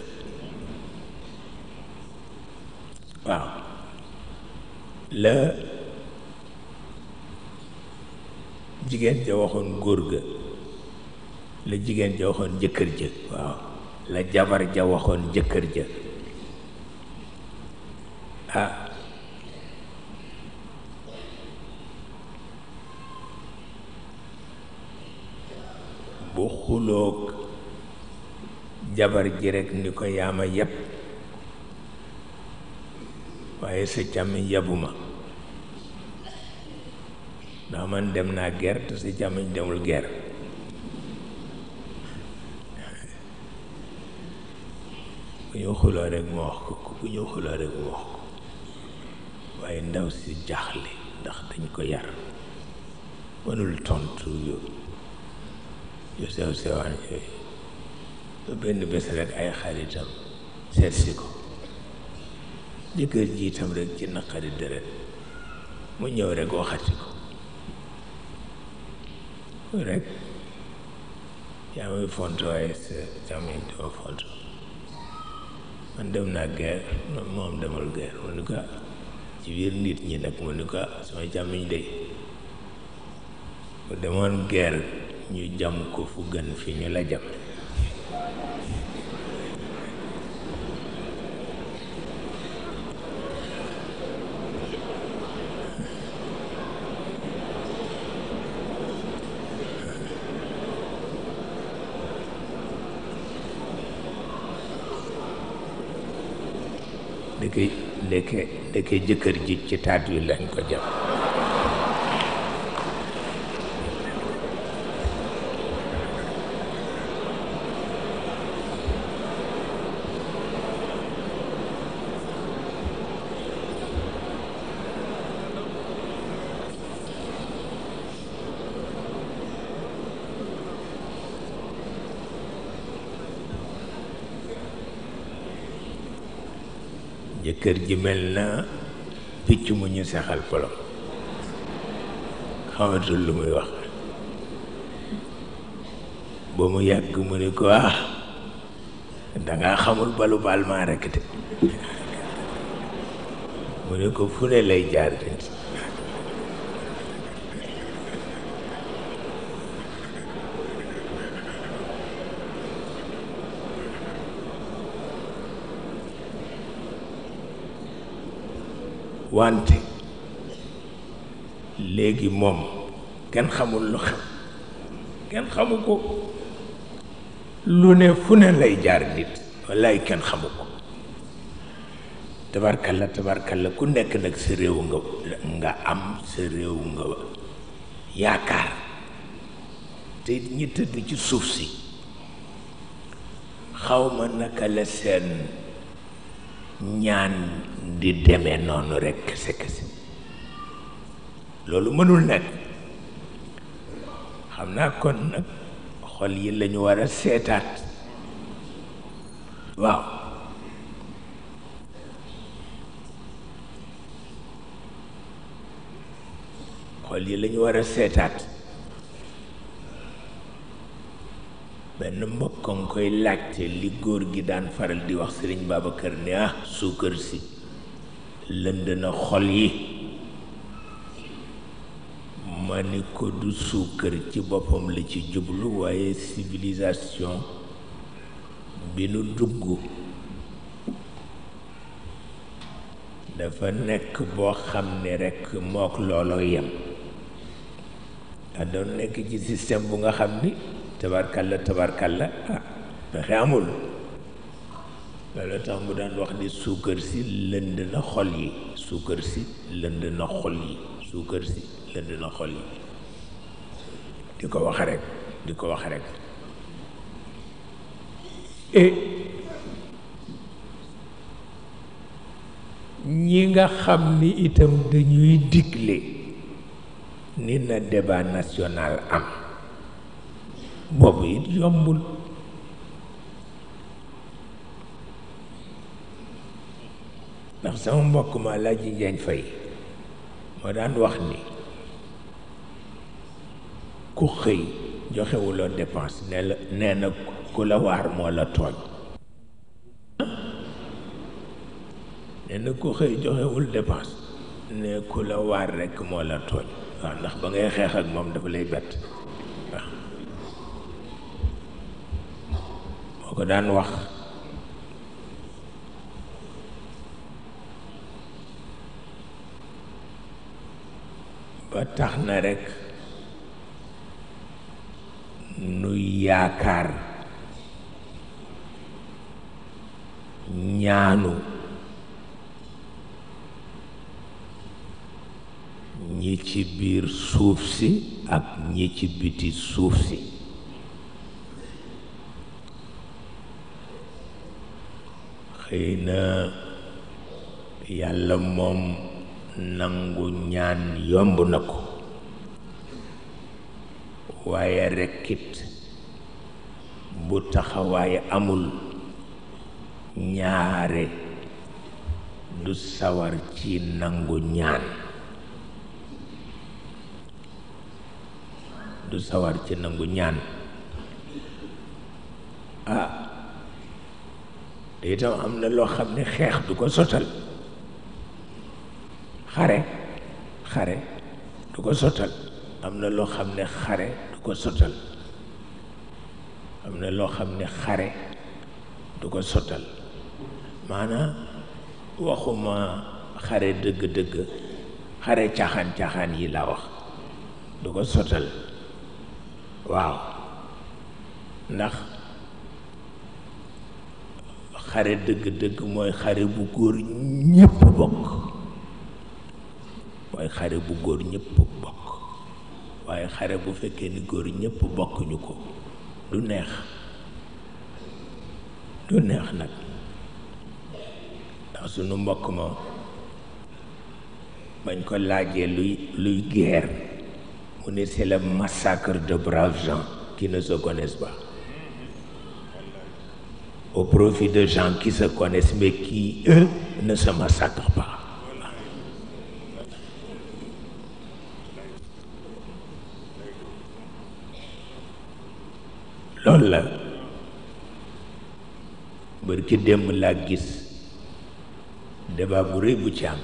waaw la jigéen ja waxoon góor ga la jigéen ja waxoon jëkkër ja waaw la jabar ja waxoon jëkkër ja ah bu xuloog jabar ji rekk ni ko yaama yépp waaye sa càmmiñ yabuma ndax man dem naa ger te sa càmmiñ demul ger ku ñëw xuloo rek mu wax ko ku ñëw xuloo rek mu wax ko waaye ndaw si jaaxle ndax dañ ko yar mënul tontu yu yu sew sewaan yooyu ba benn bés rek ay xaritam seet ko jëkkër ji itam rek ci naqari deret mu ñëw rek waxati ko rek yaa muy waaye sa tamit doo fontoo man dem naa guerre moom demal guerre ma ni ko ci biir nit ñi nag ma ni ko sama càmmiñ day bu demoon guerre ñu jàmm ko fu gën fi ñu la jam ndeke ndeke jëkkër ji ci taat wi lañ ko jàpp kër gi mel na picc mu ñu sexal polo xamatul lu muy wax ba mu yàgg mu ne ko ah dangaa xamul balu baal maa rekk de mu ne ko fu ne lay jaar de wante léegi moom kenn xamul lu xew kenn xamu ko lu ne fu ne lay jaar nit wallaay kenn xamu ko tabarkalla tabarkalla ku nekk nag sa réew nga nga am sa réew nga yaakaar te ñi tëdd ci suuf si xawma naka la seen ñaan di deme noonu rekk kese kese loolu mënul nekk xam naa kon nag xol yi lañu war a seetaat waaw xol yi lañu war a seetaat benn mbokk nga koy laajte li góor gi daan faral di wax Sëriñ Babacar ne ah suukar si lënd na xol yi ma ni ko du suukar ci boppam la ci jublu waaye civilisation bi nu dugg dafa nekk boo xam ne rekk mook looloo yem doon nekk ci système bu nga xam ni tabarkalla tabarkalla ah pexe amul loolu tax mu daan wax ni suukar si lënd na xol yi suukar si lënd na xol yi si lënd di ko wax rek di ko wax rek eh, ñi nga xam ni itam dañuy digle ni na débat national am boobu it yombul sama mbokk ma laa ji jeen fay moo daan wax ni ku xëy joxewuloo dépense ne na ku la waar moo la tooñ nee na ku xëy joxewul dépense ne ku la waar rekk moo la tooñ waaw ndax ba ngay xeex ak moom dafa lay bett moo ko daan wax tax na rekk nuy yaakaar ñaanu ñi ci biir suuf si ak ñi ci biti suuf si xëy na yàlla moom nangu ñaan yomb na ko waaye rekkit bu taxawaay amul ñaare du sawar ci nangu ñaan du sawar ci nangu ñaan ah te itam am na loo xam ne xeex du ko sotal xare xare du ko sotal am na loo xam ne xare du ko sotal am na loo xam ne xare du ko sottal maanaam waxuma xare dëgg-dëgg xare caaxaan-caaxaan yi laa wax du ko sotal waaw ndax xare dëgg-dëgg mooy xare bu góor ñépp bokk xare bu góor ñëpp bokk waaye xare bu fekkee ni góor ñëpp bokk ko du neex du neex nag ndax sunu mbokk ma bañ ko laajee luy luy guerre mu ne c'est le massacre de braves gens qui ne se connaissent pas au profit de gens qui se connaissent mais qui eux ne se massacrent loolu la bërki démb laa gis débat bu rëy bu ci am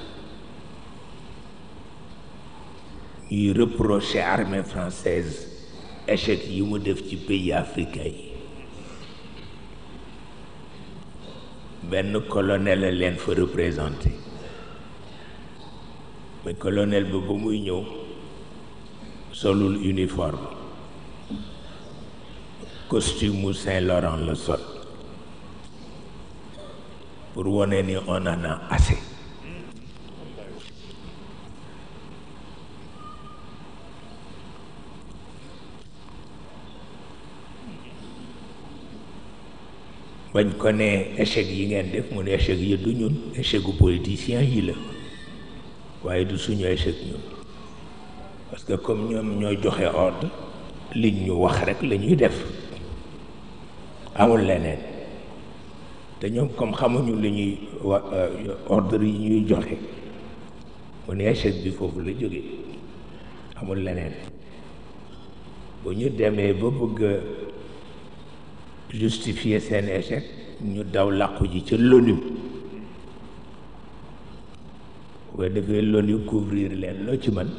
yuy reproché armée française échec yi mu def ci pays africain yi benn colonel la leen fa représenté mais colonel ba muy ñëw solul uniforme costume mu Saint-Laurent la sol pour wone ni on en a assez bañ ko ne échec yi ngeen def mu échec yi du ñun échec gu politicien yi la waaye du suñu échec ñun parce que comme ñoom ñoo joxe ordre li ñu wax rekk lañuy def amul leneen te ñoom comme xamuñu lu ñuy wa euh, ordre yi ñuy joxe mu échec bi foofu la jóge amul leneen bu ñu demee ba bëgg a justifier seen échec ñu daw làqu ji ca lolu boo defee lolu couvrir leen loo ci man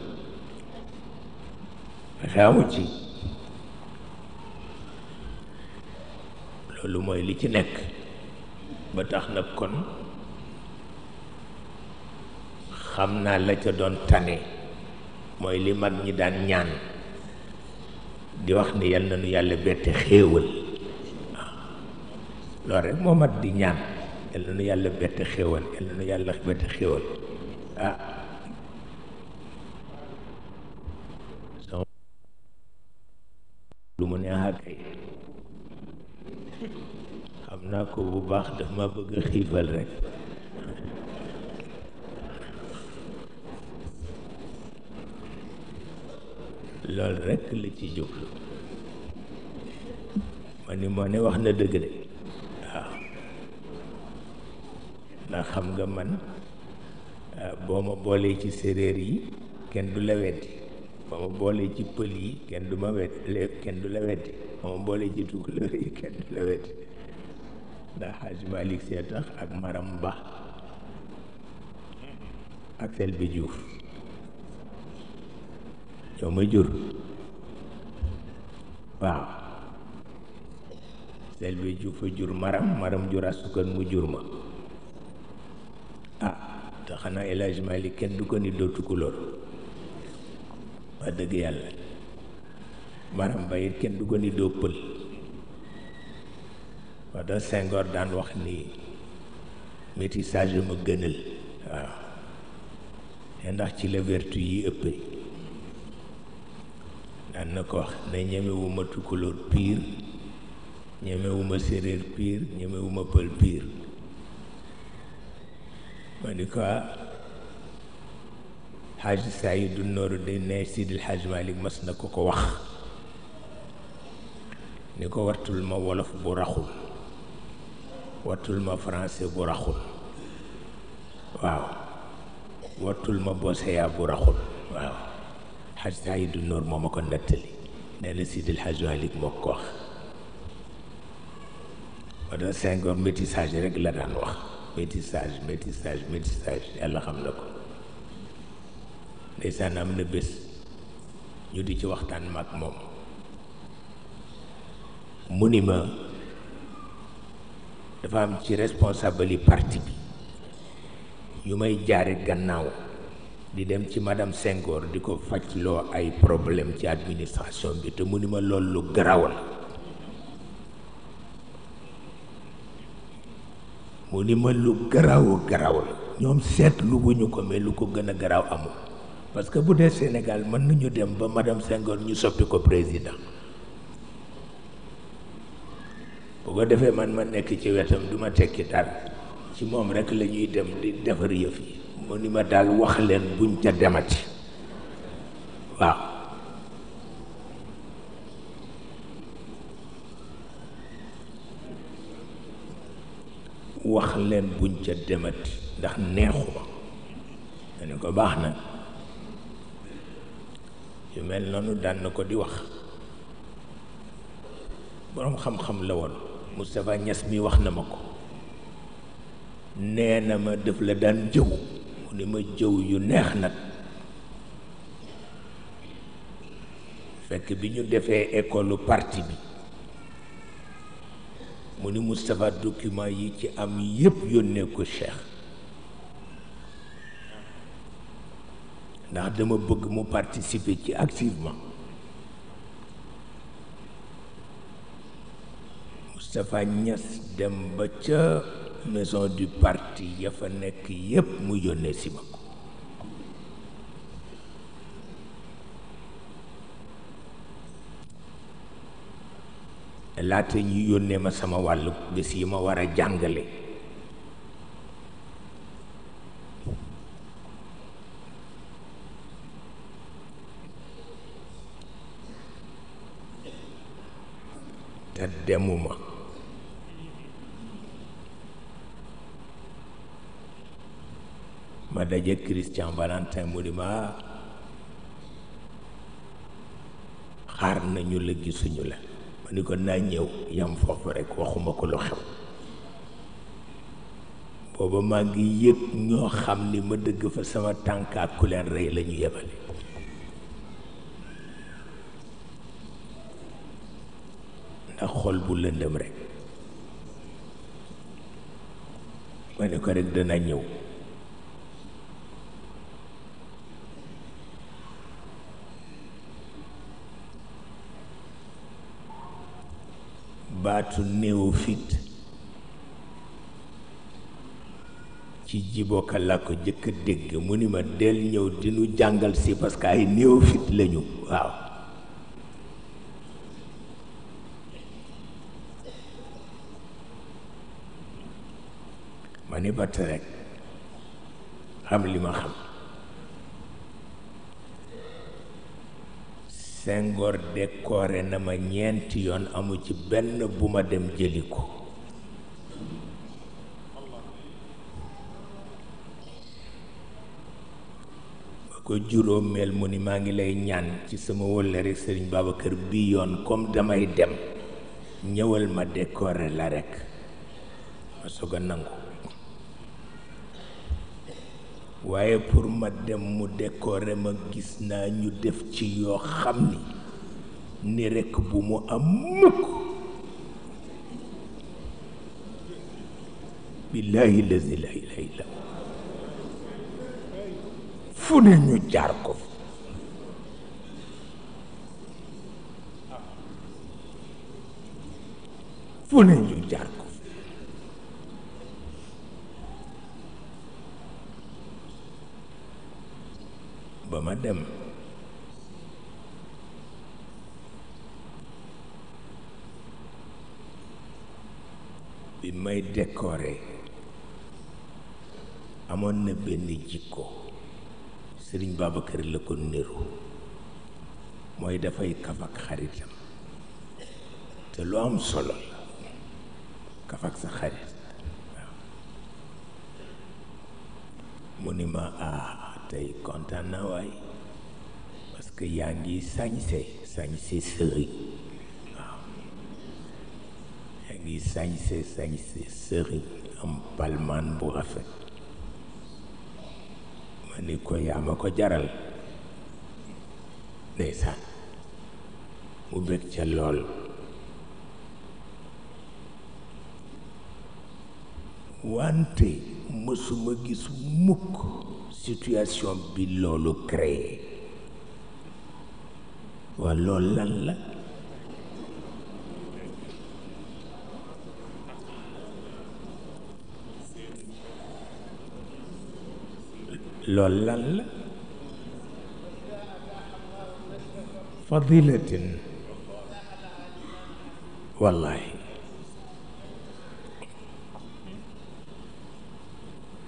fexe amu ci loolu mooy li ci nekk ba tax nag kon xam naa la ca doon tane mooy li mag ñi daan ñaan di wax ni yal na nu yàlla bette xéewal loolu rek moo mat di ñaan yal na nu yàlla bette xéewal yal na nu yàlla bette xéewal ah lu mu ne ah kay naa ko bu baax daf ma bëgg a xiifal rek lool rek la ci jublu ma ni moo ne wax na dëgg de waaw ndax xam nga man ah, boo ma boolee ci séréer yi kenn du la weddi boo ma boolee ci pël yi kenn du ma weddi kenn du la weddi boo ma boolee ci tukulóor yi kenn du la weddi ndax Xaaj Malik see tax ak Maram Ba ak Selbi juuf ñoo ma jur waaw Selbi Diouf a jur Maram Maram jur asukan mu jur ma ah te xanaa El Malik kenn du ko ni dootu kulóor wax dëgg yàlla Maram Ba it kenn du ko ni doo pël moo tax Senghor daan wax nii métissage ma gënal waaw te ndax ci la vertu yi ëppee daan na ko wax ne ñemewuma tukulóor piir ñemewuma séréer piir ñemewuma pël piir ma ni ko xaaj ah, Saydu Nooru de ne Sidil Xaaj Malik mas na ko ko wax ni ko wartul ma wolof bu raxul wattul ma français bu raxul waaw wattul ma boseya bu raxul waaw xaj Saidu Noor moo ma ko nettali nee na Sidil Hadj Malick moo ko wax wala Senghor métissage rek la daan wax métissage métissage métissage yàlla xam na ko ndeysaan am na bés ñu di ci waxtaan mag moom mu ni ma dafa am ci responsable yi parti bi yu may jaare gannaaw di dem ci madame Senghor di ko fajloo ay problème ci administration bi te mu ni ma loolu lu garaaw la mu ni ma lu garaaw garaaw la ñoom seet lu bu ko mais lu ko gën a garaaw amul parce que bu dee Sénégal mën nañu dem ba madame Senghor ñu soppi ko président bu ko defee man ma nekk ci wetam du ma tekki dara ci moom rek lañuy dem di defar yëfi yi mu ni ma daal wax leen buñ ca demati waaw wax leen buñ ca demati ndax neexuma ma ne ko baax na yu mel noonu daan na ko di wax boroom xam-xam la woon Moustapha Niass mi wax na ma ko nee na ma def la daan jëw mu ni ma jëw yu neex nag fekk bi ñu defee école parti bi mu ni Moustapha dokiment yi ci am yépp yónnee ko Cheikh ndax dama bëgg mu participer ci activement Moustapha Niass dem ba ca maison du parti ya fa nekk yépp mu yónnee si ma laata ñu yónnee ma sama wàll bés yi ma war a jàngale te demuma ma daje Christian Valentin mu di ma xaar nañu la gisuñu la ma ni ko naa ñëw yam foofu rekk waxuma ko lu xew booba maa ngi yëg ñoo xam ni ma dëgg fa sama tànk ak ku leen rey la ñu yebale ndax xol bu lëndëm rekk ma ni ko rekk dana ñëw baatu néewu fit ci jiboka la ko jëkk dégg mu ni ma del ñëw di jàngal si parce ay néewu fit lañu waaw ma ni batt rek xam li ma xam Senghor décoré na ma ñeenti yoon amul ci benn bu ma dem jëli ko ba ko juróomeel mu ni maa ngi lay ñaan ci sama wëllëre Sëriñ kër bi yoon comme damay dem ñëwal ma décoré la rekk ma soog a nangu waaye pour ma dem mu décorer ma gis naa ñu def ci yoo xam ni ni rekk bu mu am mukk billaahi lazi la ilaha illa fu ne ñu jaar ko fi fu ne ñu jaar dem bi may décorer amoon na benn jikko sëriñ Babacar la ko niru mooy dafay kaf xaritam te lu am solo la kaf ak sa xarit mu ni ma ah tey kontaan naa waay que yaa ngi sañse sañse sëriñ waaw yaa ngi sañse sañse sëriñ am palmaan bu rafet ma ni ko yaa ma ko jaral ndeysaan mu bég ca lool wante mësuma gis mukk situation bi loolu créé waa loolu lan la loolu lan la fadilatin wallahi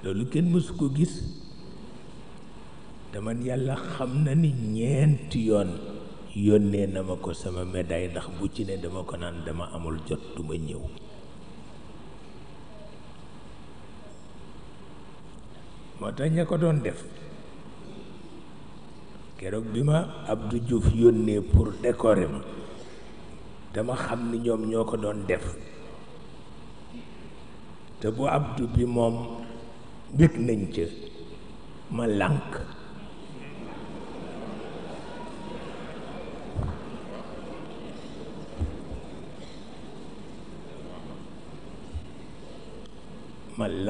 loolu kenn mësu ko gis dama yàlla xam na ni ñeenti yoon yónnee na ma ko sama médaille ndax bu ci ne dama ko naan dama amul jot duma ñëw moo tax ña ko doon def keroog bi ma Abdou Diouf yónnee pour décorer ma dama xam ni ñoom ñoo ko doon def te bu Abdou bi moom bég nañ ca ma lànk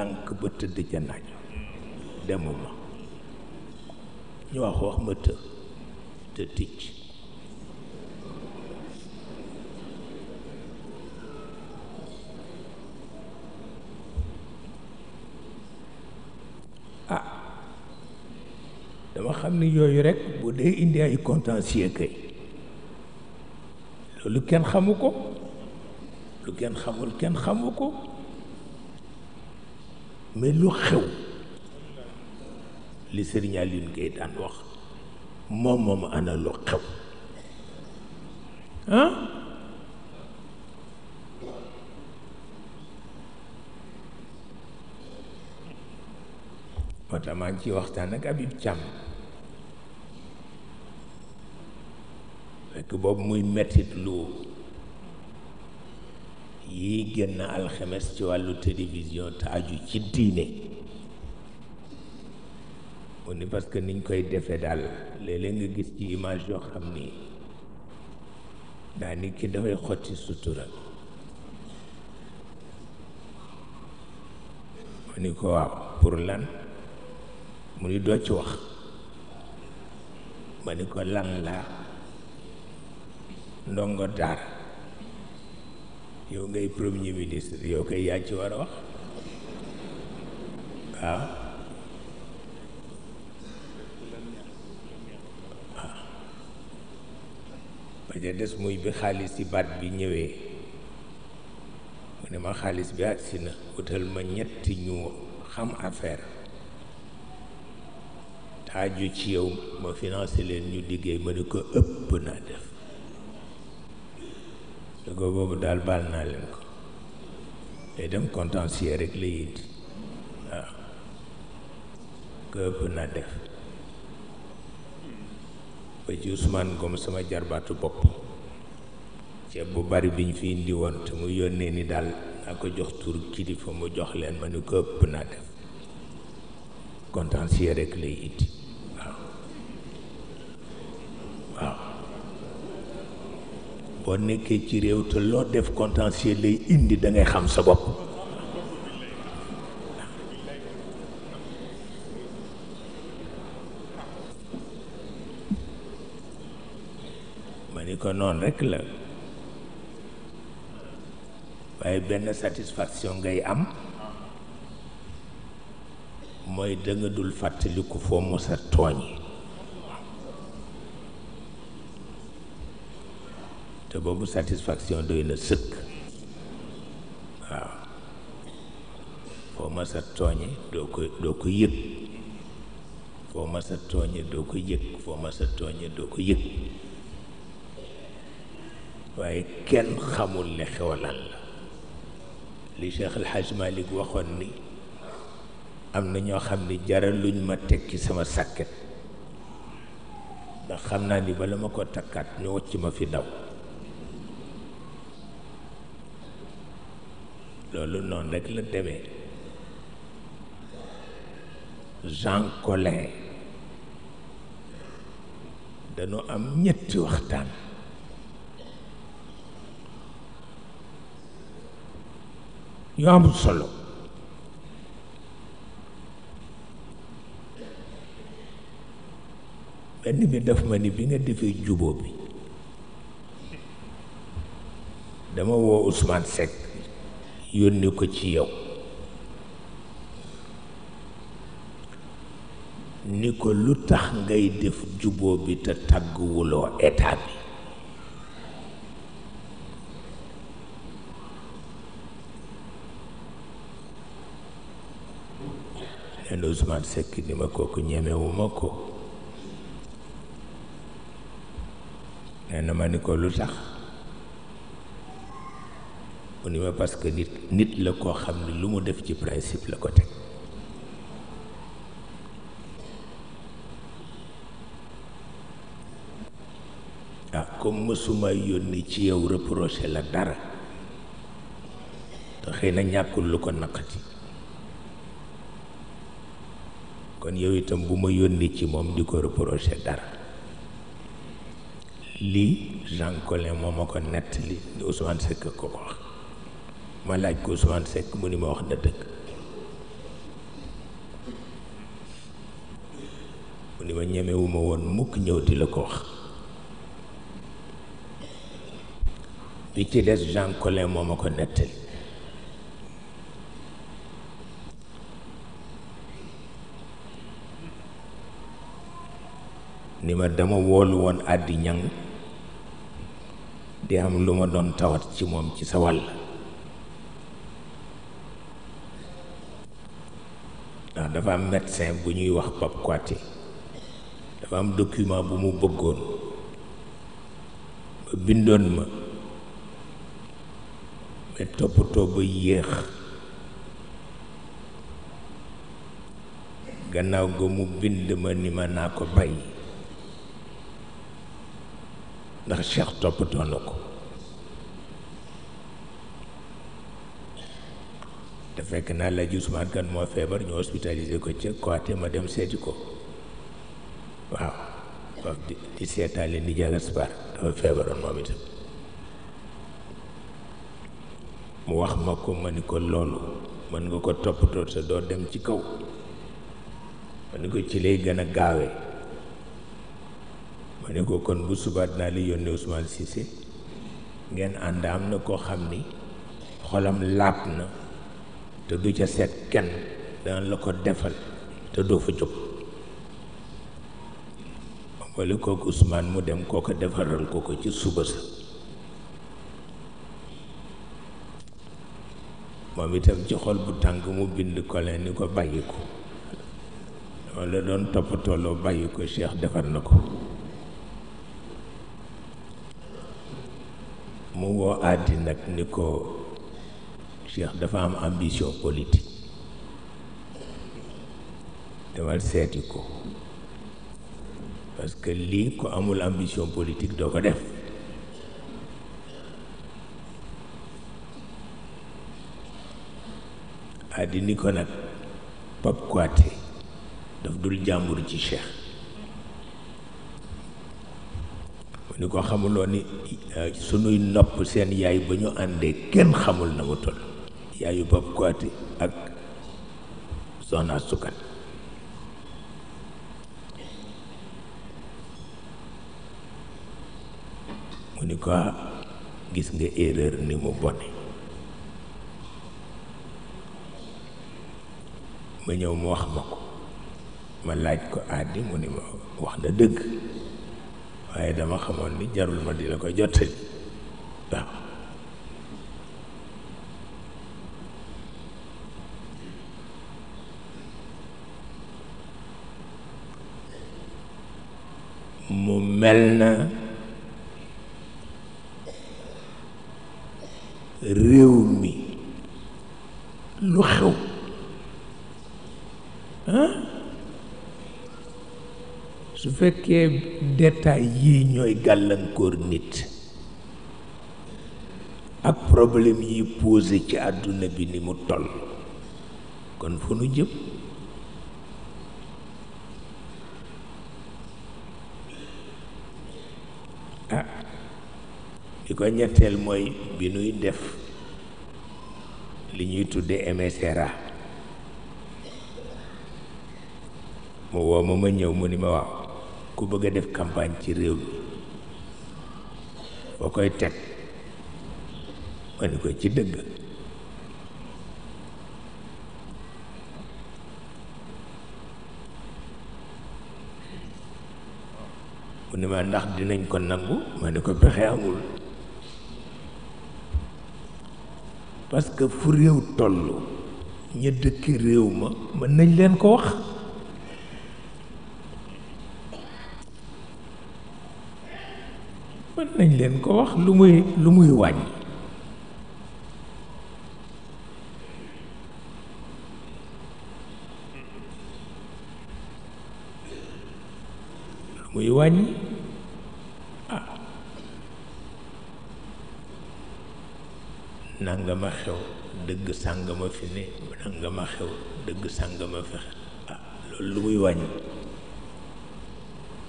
lànk ba tëdd ah, xam ni yooyu rekk bu dee indi ay contentieux kay loolu kenn xamu ko lu kenn xamul kenn xamu ko mais lu xew li Serigne Alioune Gueye daan wax moom moom ana lu xew ah moo tax maa ngi ciy waxtaan ak Habib Thiam fekk boobu muy mettit lu yii génn alxemes ci wàllu télévision te aju ci diine mu ni parce que niñ koy defee daal léeg-léeg nga gis ci image yoo xam ni daa nit ki dafay xotti sutura mu ni ko waaw pour lan mu ni doo ci wax ma ni ko lan la ndongo daara yow ngay premier ministre yow kay yaa ci war a wax waaw ba ca des muy bi xaalis ci baat bi ñëwee mu ne ma xaalis bi agsi na wutal ma ñetti ñu xam affaire taaju ci yow ma financé leen ñu liggéey ma ne ko ëpp naa def ko boobu daal baal naa leen ko day dem contentieux rek la it waaw këpp na def ba ci Ousmane Ngom sama jarbaatu bopp ceeb bu bari bi ñu fi indi woon te mu yónnee ni daal naa ko jox tur kilifa mu jox leen ma ni ko ëpp naa def contentieux rek lay it boo nekkee ci réew te loo def contentieux lay indi da ngay xam sa bopp ma ni ko noonu rekk la waaye benn satisfaction ngay am mooy danga dul fàttaliku foo mos a tooñ te boobu satisfaction doy na sëkk waaw foo ma sa tooñe doo ko doo ko yëg foo ma tooñe doo ko yëg foo ma tooñe doo ko yëg waaye kenn xamul ne xewalan la li Cheikh El Hadj waxoon ni am na ñoo xam ni jaral ñu ma tekki sama sàkket ndax xam naa ni bala ma ko takkaat ñu wacc ma fi daw loolu noonu rek la demee Jean Collin dañu am ñetti waxtaan yu am solo benn bi daf ma ni bi nga defee jubóo bi dama woo Ousmane Seck yónni ko ci yow ni ko lu tax ngay def juboo bi te tàgguwuloo état bi leen Ousmane Seck ni ma kooku ñemewuma ko nee ma ni ko lu tax mu ni parce que nit nit la koo xam ne lu mu def ci principe la ko teg ah comme mësuma yónni ci yow reproché la dara te xëy na ñàkkul lu ko naqati kon yow itam bu ma yónni ci moom di ko reproché dara lii Jean Collin moo ma ko nettali di Ousmane Seck ko ko wax ma laaj ko Ousmane Seck mu ni ma wax na dëgg mu ni ma ñemewuma woon mukk ñëw di la ko wax bi ci des Jean Collin moo ma ko nettali ni ma dama woolu woon àddi ñang di am lu ma doon tawat ci moom ci sa wàll dafa am médecin bu ñuy wax Pape Koité dafa am document bu mu bëggoon ba bindoon ma mais toppatoo ba yéex gannaaw ga mu bind ma ni ma naa ko bàyyi ndax Cheikh toppatoo na ko te fekk naa la Ousmane Kan moo feebar ñu hospitalisé ko ca Koate ma dem seeti ko waaw di di seetaale ni jagaspar dafa feebaroon moom itam mu wax ma ko ma ni ko loolu mën nga ko toppatoo sa doo dem ci kaw ma ni ko ci lay gën a gaawee ma ni ko kon bu subaat naa la yónnee Ousmane Cissé ngeen ànd am na koo xam ni xolam laab na te du ca seet kenn dana la ko defal te doo fa jóg wala kooku Ousmane mu dem kooko defaral ko ko ci suba sa moom itam ci xol bu tàng mu bind kole ni ko bàyyi ko loolu la doon toppatooloo bàyyi ko Cheikh defar na ko mu woo àddi nag ni ko Cheikh dafa am ambition politique demal seeti ko parce lii ko amul ambition politique doo ko def addi ni ko nag Pape Koité daf dul jàmbur ci Cheikh mu ni ko xamuloo ni sunuy nopp seen yaay ba ñu àndee kenn xamul na mu yaayu Pape Kouaté ak Soxna Sukan mu ni ko ah, gis nga erreur ni mu bone ma ñëw mu wax ma ko ma laaj ko àddi mu ni ma wax na dëgg waaye dama xamoon ni jarul ma di la ko jottali mel na réew mi lu xew ah su fekkee détail yi ñooy gàllankoor nit ak problème yi posé ci àdduna bi ni mu toll kon fu nu jëm ko ñetteel mooy bi nuy def li ñuy tudde MSRA mu woo ma ma ñëw mu ni ma waaw ku bëgg a def campagne ci réew mi foo koy teg ma ni ko ci dëgg mu ni ma ndax dinañ ko nangu ma ni ko pexe parce que fu réew toll ñu dëkki réew ma mën nañ leen ko wax mën nañ leen ko wax lu muy lu muy wàññi lu muy wàññi nangama xew dëgg sàngama fi ne mu nangama xew dëgg sàngama fexe ah loolu lu muy wàññi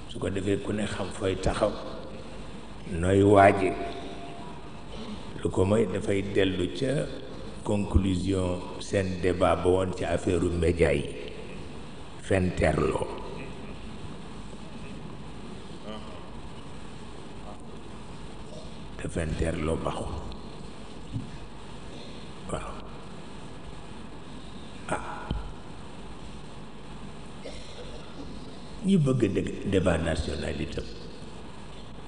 su ko defee ku ne xam fooy taxaw nooy waaje lu ko mooy dafay dellu ca conclusion seen débat ba woon ci affaire u média yi fenterloo te fenterloo baxul ñu bëgg dëgg débat national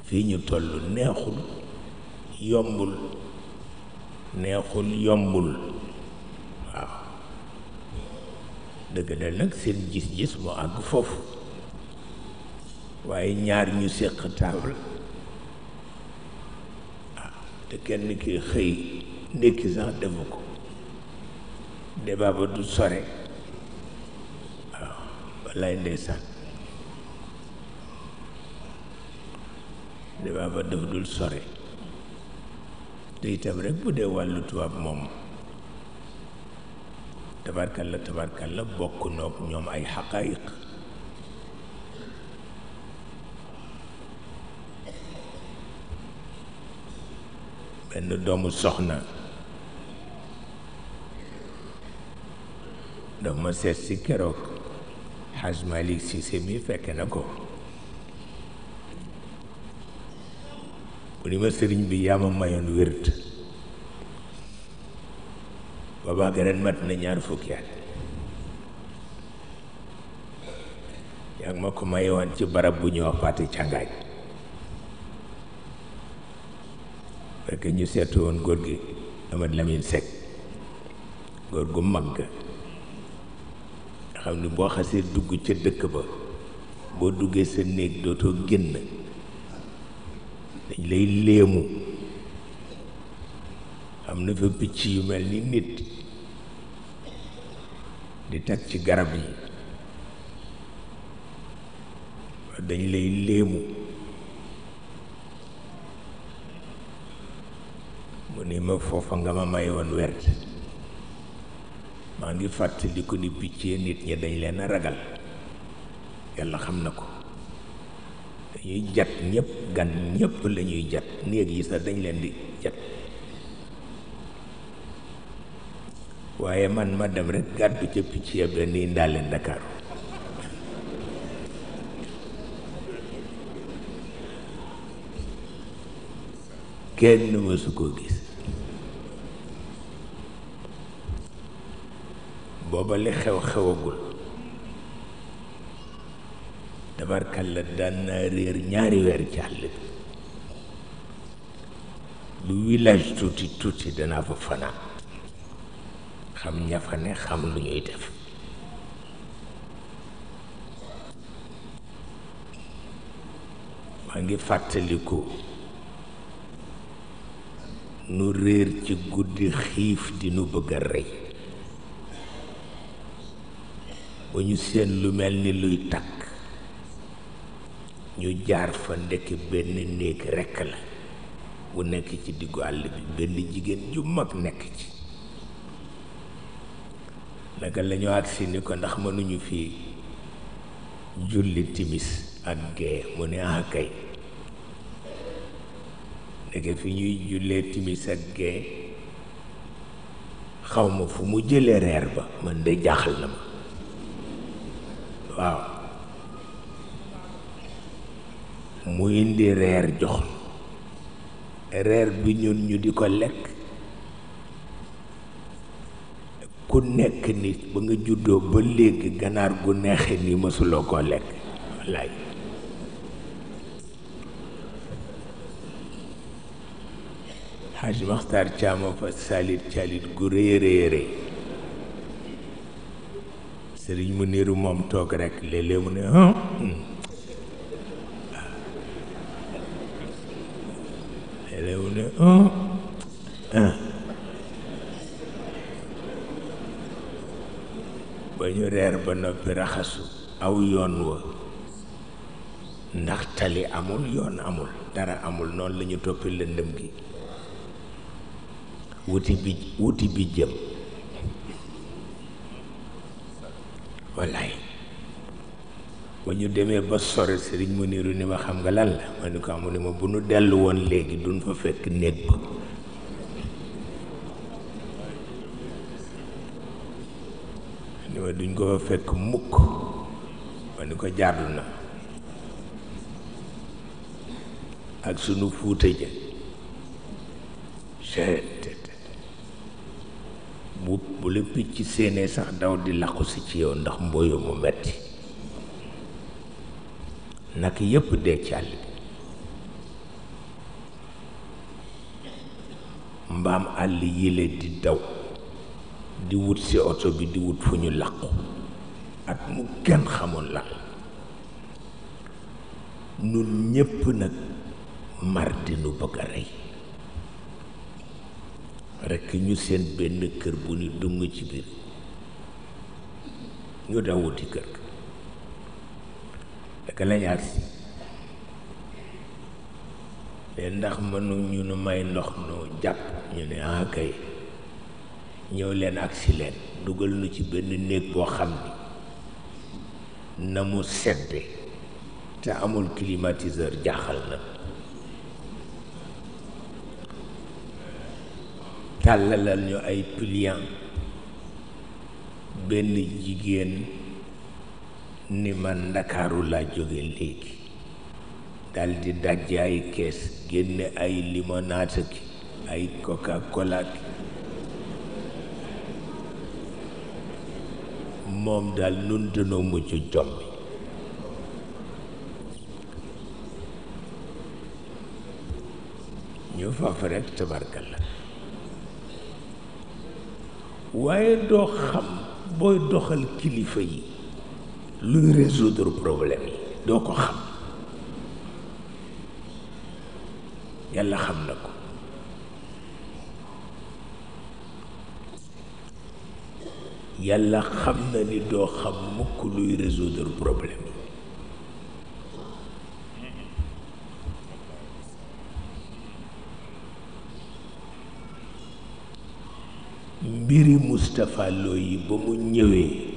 fii ñu toll neexul yombul neexul yombul waaw dëgg la nag seen gis-gis mu àgg foofu waaye ñaar ñu séq taabal te kenn ki xëy ndékki sax defu ko débat ba du sore waaw wallaay ndeysaan tubaaba daf dul sore te itam bu dee wàllu tubaab moom tabarkalla tabarkalla bokk noog ñoom ay xaqaayiq benn doomu soxna daf ma seet si keroog xaaj Malik Sise mi fekk na ko mu ni ma sëriñ bi yaa ma mayoon wérd booba ak mat na ñaar fukki at yaa ma ko mayoon ci barab bu ñoo fàtte càngaay fekk ñu seetu woon góor gi Amadou Lamine Seck góor gu mag nga xam ni boo xasee dugg ca dëkk ba boo duggee sa néeg dootoo génn dañ lay léemu am na fa picc yu mel ni nit di tag ci garab yi dañ lay léemu mu ni ma foofa nga ma may woon wert maa ngi fàttaliku ni picc nit ñi dañ leen ragal yàlla xam na ko dañuy jat ñëpp gan ñëpp la jat néeg yi sax dañ leen di jat waaye man ma dem rek gàddu ca picc ya benn yi ndaale Ndakaaru kenn mësu ko gis booba li xew xewagul tabarkalla daan naa réer ñaari weer ci bi lu village tuuti tuuti danaa fa fanaan xam ña fa ne xam lu ñuy def maa ngi fàttaliku nu réer ci guddi xiif di nu bëgg a rey ba ñu seen lu mel ni luy takk ñu jaar fa ndekk benn néeg rekk la bu nekk ci diggu àll bi benn jigéen ju mag nekk ci naka lañu agsi ni ko ndax mënuñu fi julli timis ak gee mu ne ah kay ndeke fi ñuy jullee timis ak gee xaw fu mu jële reer ba man de jaaxal na ma waaw mu indi reer jox reer bi ñun ñu di ko lekk ku nekk nit ba nga juddoo ba léegi ganaar gu neexee ni mësuloo koo lekk wallaay Haj Maxtar Caama fa salit salit gu rëy rëy rëy sëriñ mu niiru moom toog rekk léeg mu ne léew ne oh. ah. ba ñu reer ba noppi raxasu aw yoon wa ndax amul yoon amul dara amul noon lañu ñu toppi lëndëm gi wuti bi wuti bi jëm wallaay ba ñu demee ba sore sëriñ mu niru ni ma xam nga lan la ma ni ko amu ni ma bu nu dellu woon léegi duñ fa fekk néeg ba ni ma duñ ko fa fekk mukk ma ni ko jaadu na ak sunu fuuta ja bu bu la picc séenee sax daw di làqu si ci yow ndax mbooyu mu metti nag yépp dee ci àll bi mbaam àll yile di daw di wut ci oto bi di wut fu ñu làqu at mu kenn xamoon la nun ñépp nag mar di nu bëgg a rey rekk ñu seen benn kër bu ni dëng ci biir ñu daw wuti kër naka lañ agsi te ndax mënu ñu nu may ndox nu jàpp ñu ne ah kay ñëw leen agsi leen dugal nu ci benn néeg boo xam ni na mu sedde te amul climatiseur jaaxal na tàllalal ñu ay pliant benn jigéen ni man ndakaaru laa jóge léegi daldi dajje ay kees génne ay limonade ki ay coca cola ki moom daal nun danoo mujj jombi ñu faf rekk tabarkal la waaye doo xam booy doxal kilifa yi luy résoudre problème yi doo ko xam yàlla xam na ko yàlla xam na ni doo xam mukk luy résoudre problème mbiri Moustapha Lo yi ba mu ñëwee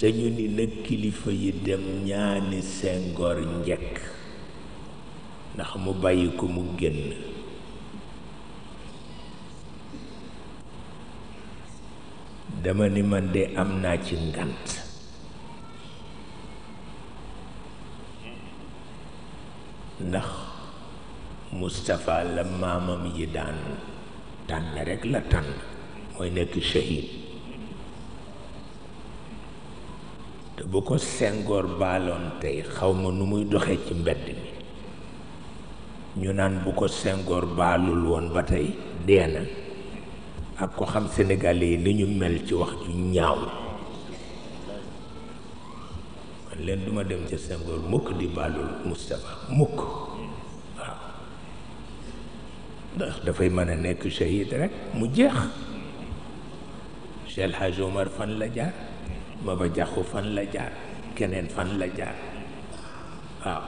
te ñu ni nag kilifa yi dem ñaani sengoor njëkk ndax mu bàyyi ko mu génn dama ni man de am naa ci ngànt ndax Moustapha la maamam yi daan tànn rekk la tànn mooy nekk shahid bu ko sengoor baaloon tey xaw ma nu muy doxee ci mbedd mi ñu naan bu ko sengoor baalul woon ba tey dee na ak ko xam sénégalais yi li ñu mel ci wax ju ñaaw man leen duma dem ca sengoor mukk di baalul Moustapha mukk waaw ndax dafay mën a nekk shahid rek mu jeex Cheikh El fan la jaar ma ba jaxu fan la jaar keneen fan la jaar waaw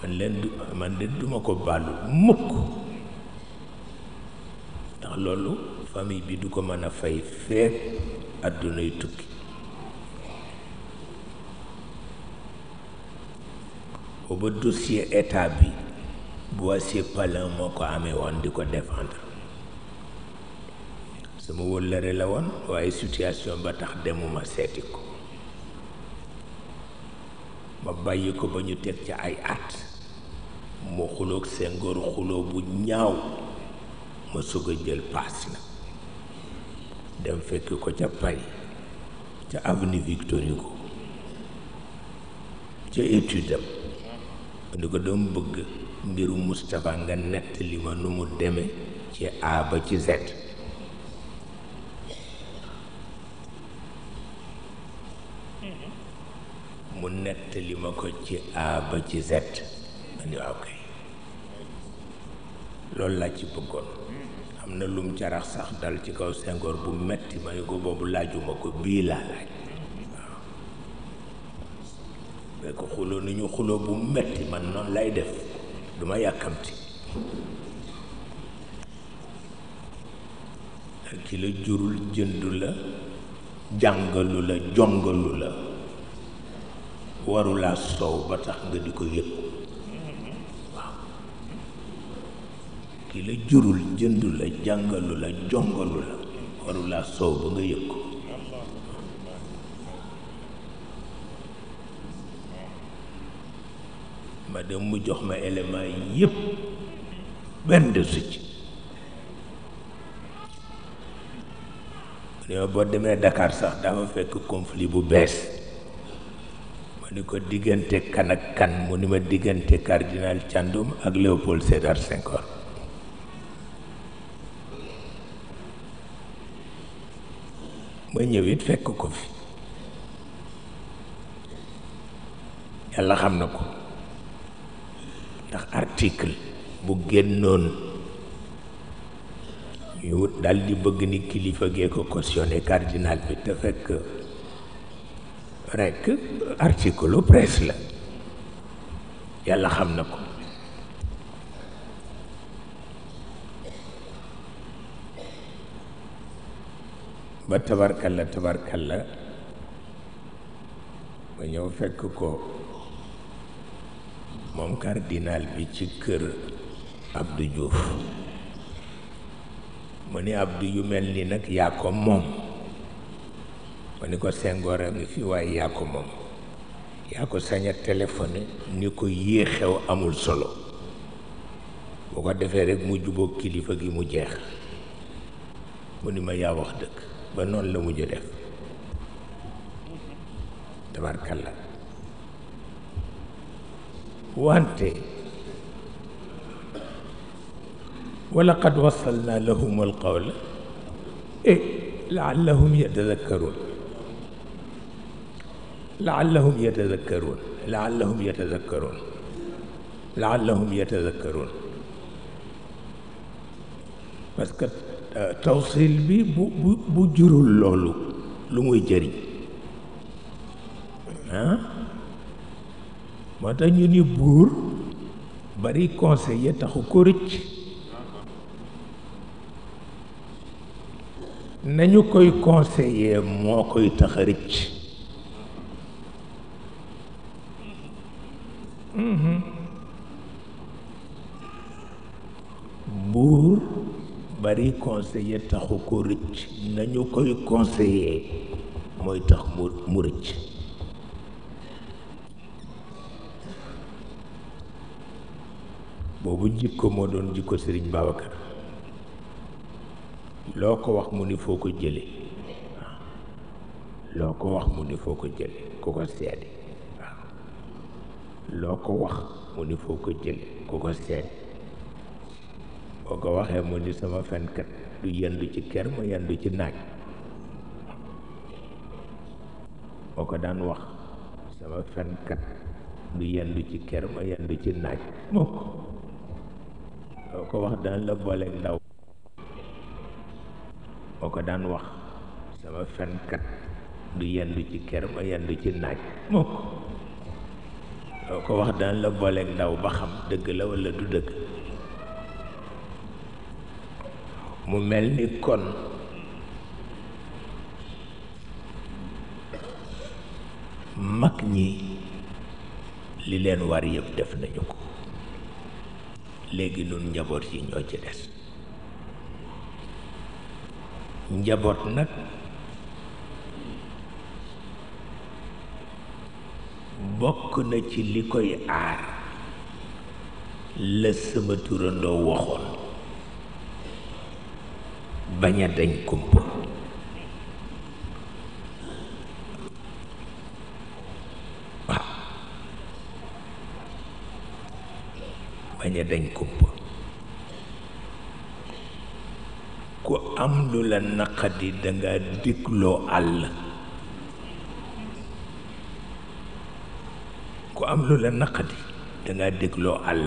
man leen du man de duma ko baalu mukk ndax loolu famille bi du ko mën a fay feek àddunay tukki booba dossier état bi Boissier Palin moo ko amee woon di ko défendre ma wëllëre la woon waaye situation ba tax demuma seeti ko ma bàyyi ko ba ñu teg ca ay at mu xuloog Senghor xuloo bu ñaaw ma sog a jël paas na dem fekk ko ca pay ca avenue Victor Hugo ca étude am ni ko doon bëgg mbiru Moustapha nga nett li ma nu mu deme ci aaba ci Z mu nettali ma ko ci A ba ci Z ma ni waaw kay loolu laa ci bëggoon am na lum jarax sax dal ci kaw sengoor bu metti bii laa bu metti man noonu lay def duma yàkkamti ki la jurul jëndu la jàngalu la jongalu la warulaa soow ba tax nga di ko yëg ki la jurul jëndu la jàngalu la jongalu la warulaa soow ba nga yëg ko ma dem mu jox ma élément yépp benn desu ci ma boo demee Dakar sax dafa fekk conflit bu bees ma ni ko diggante kan ak kan mu ni ma diggante cardinal Thiandoum ak Léopold Sédar Senghor ma ñëw it fekk ko fi yàlla xam na ko ndax article bu génnoon ñu daldi bëgg ni kilifa gee ko cautionné cardinal bi te rekk article presse la yàlla xam na ko ba la tabarkalla la ma ñëw fekk ko moom cardinal bi ci kër Abdou Diouf mu ni Abdou yu mel ni nag yaa ko moom ma ko Senghor a ngi fi waaye yaa ko moom yaa ko sañ a ni ko yée xew amul solo boo ko defee rek mu jubóo kilifa gi mu jeex mu ni ma yaa wax dëgg ba noonu la mujj def la wante walaqad wasalna lahum alqawla eh laallahum yatadakkaruun laallahum yatazakkaroon laallahum yatazakkaroon laallahum yatazakkaroon parce que euh, tawsil bi bu bu bu jurul loolu lu muy jëriñ ah moo tax ñu ni buur bari conseiller taxu ko rëcc nañu koy conseiller moo koy tax rëcc buur bari conseiller taxu ko rëcc nañu koy conseiller mooy tax mu mu rëcc boobu jikko moo doon jikko sëriñ Babacar loo ko wax mu ni foo ko jële loo ko wax mu ni foo ko jële ku ko seede loo ko wax mu ni foo ko jële ku ko seet boo ko waxee mu ni sama fenkat du yendu ci kër ma yendu ci naaj boo ko daan wax sama fenkat du ci kër ci naaj mukk boo ko wax daan la booleeg ndaw boo ko daan wax sama fenkat du yendu ci kër ma yendu ci naaj mukk loo ko wax daan la booleeg ndaw ba xam dëgg la walla du dëgg mu mel ni kon mag ñi li leen war yëpp def nañu ko léegi nun njaboot yi ñoo ci des njaboot nag bokk na ci li koy aar la sama turandoo waxoon bañ dañ kumpa waaw dañ kumpa ku am lu la naqadi danga digloo àll am lu la naqadi danga dégloo àll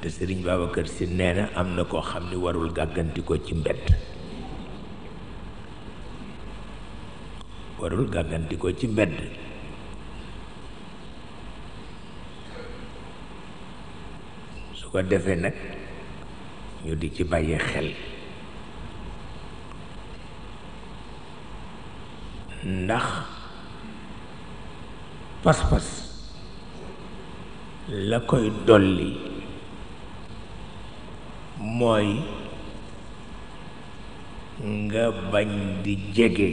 te sëriñ kër si nee na am na koo xam ni warul gàgganti ko ci mbedd warul gàgganti ci mbedd su ko defee nag ñu di ci bàyyi xel ndax pas-pas la koy dolli mooy nga bañ di jege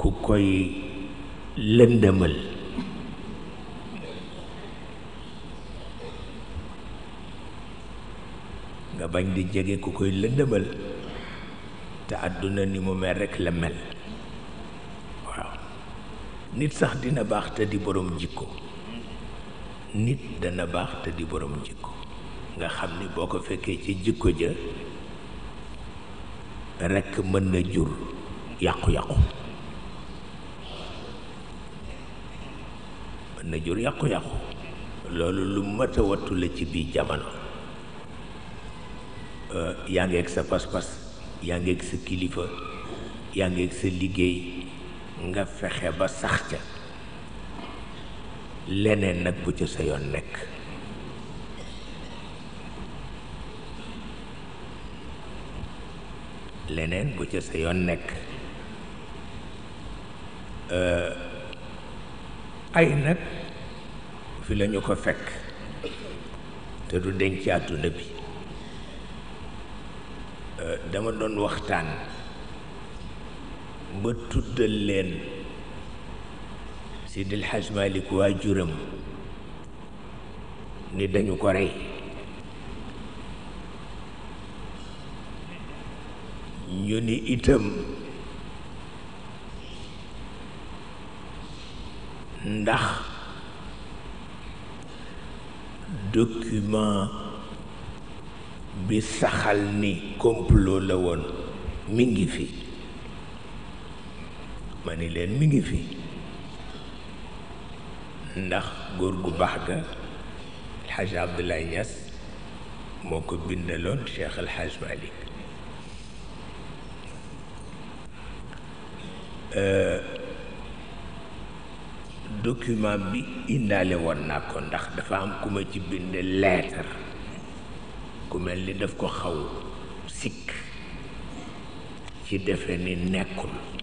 ku koy lëndëmal nga bañ di jege ku koy lëndëmal te àdduna ni mu mel rekk la mel nit sax dina baax te di boroom jikko nit dana baax te di borom jikko nga xam ni boo ko fekkee ci jikko ja rekk mën na jur yàqu-yàqu mën na jur yàqu-yàqu loolu lu mat a wattu la ci biir jamono euh, yaa ngi ak sa pas yaa ngi ak sa kilifa yaa ngi ak sa liggéey nga fexe ba sax ca leneen nag bu ca sa yoon nekk leneen bu ca sa yoon nekk ay nag fi lañu ko fekk te du denc àdduna bi dama doon waxtaan ba tuddal leen Seydi El Hadj Malick ni dañu ko rey ñu ni itam ndax document bi saxal ni complot la woon mi ngi fi ma ni leen mi ngi fi ndax góor gu baax ga alxaaj Abdoulaye Niass moo ko bindaloon Cheikh alxaaj Malick euh, dokument bi indaale woon naa ko ndax dafa am ku ma ci bind leetar ku mel ni daf ko xaw sikk ci defe ni nekkul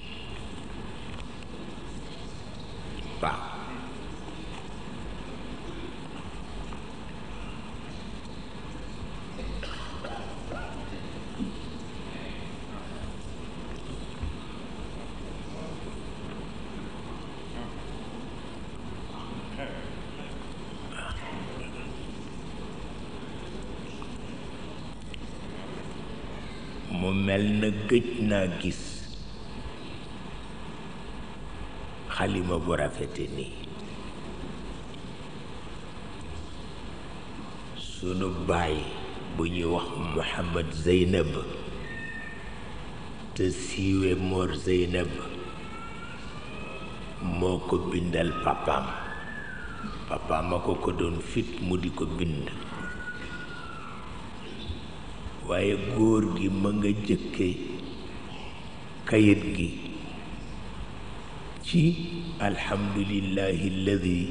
mel na gëj naa gis xalima bu rafete nii sunu baay bu ñuy wax Muhammad Zeynab te siiwe Mor Zeynab moo ko bindal papaam papaam a ko doon fit mu di ko bind waaye góor gi ma nga jëkke kayit gi ci alhamdulillahi alladi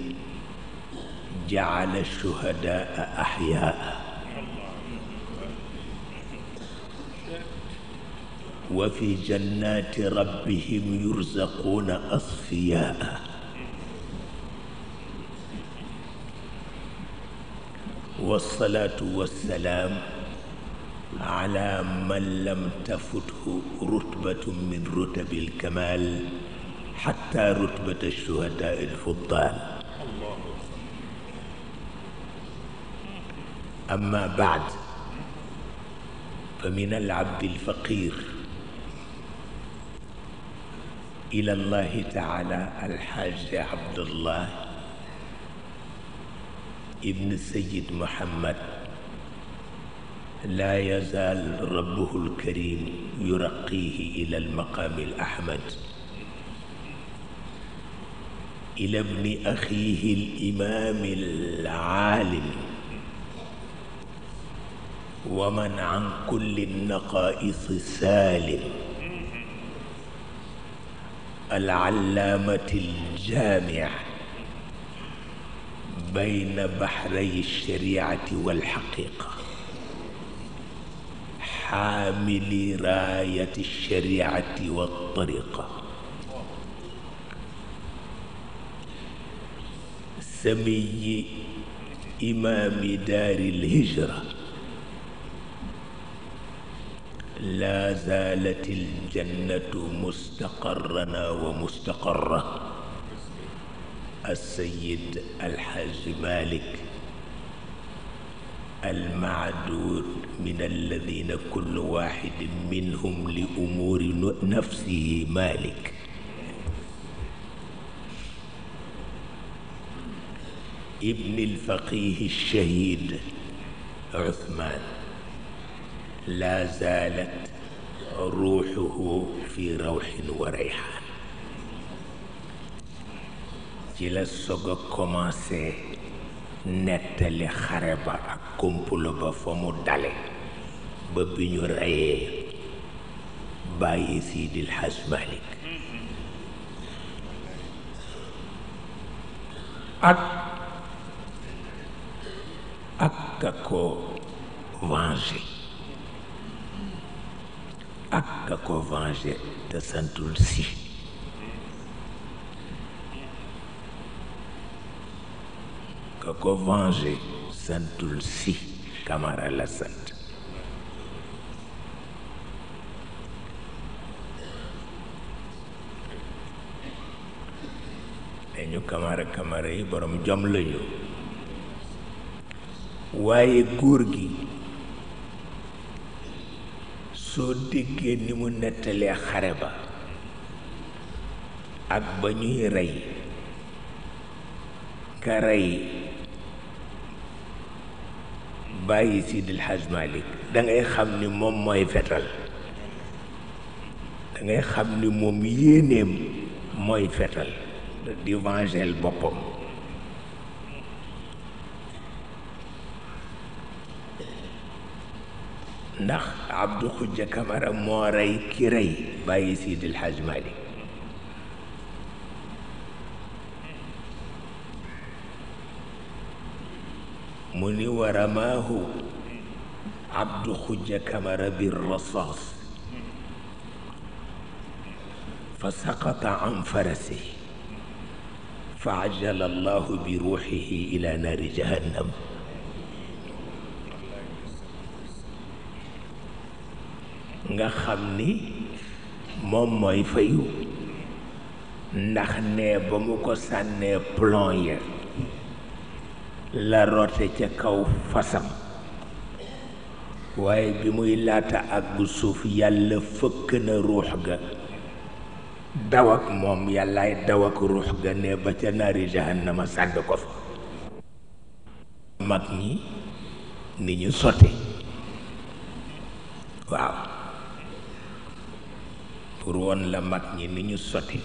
jaala shuhadaa ahyaa wa fi jannaati rabbihim yurzaquuna asfiyaa wa salaatu wa salaam ala man lam tafuthu rutbatun min rutabi lkamal xatta rutbata shuhadaa alfuddal amma baad فمن العبد الفقير إلى الله تعالى الحاج عبد الله ابن السيد محمد laa yazaal rabbuhu alkarim yuraqihi ila almaqaami alahmad ila ibni axiihi alimaami alaalim wa man an kulli naqaaisi saalim العلامة الجامع بين بحري الشريعة والحقيقة حاملي راية الشريعة والطريقة سمي إمام دار الهجرة لا زالت الجنة مستقرنا ومستقرة السيد الحاج مالك المعدود من الذين كل واحد منهم لأمور نفسه مالك ابن الفقيه الشهيد عثمان لا زالت روحه في روح وريحان ci la soog a commencé nettali xare ba ak komplo ba fa mu dale ba bi ñu reyee bàyyi Sidil Hadj Malick ak ak ka ko venger ak ka ko venger te santul si dafa ko venger santul si Camara la sant ne ñu Camara Camara yi borom jom lañu waaye góor gi soo déggee ni mu nettalee xare ba ak ba ñuy rey ka rey bàyyi siidi Hadj Malick da ngay xam ni moom mooy fetal da ngay xam ni moom mooy fetal di vengeel boppam ndax Abdou Khoudia Camara moo rey ki rey bàyyi Sidil Hadj Malick mu ni wa ramaahu abdu xujja kamara bi rasaas fa saqata an farasi fa ajala allahu bi ruuxihi ila naari jahannam nga xam ni moom mooy fayu ndax ne ba mu ko sànnee plon ya la roote ca kaw fasam waaye bi muy laata ak bu suuf yàlla fëkk na ruux ga daw ak moom yàllaay daw ak ruux ga ne ba ca naari jahannama sàdd ko fa mag ñi ni ñu sotte waaw pour woon la mag ñi ni ñu sotti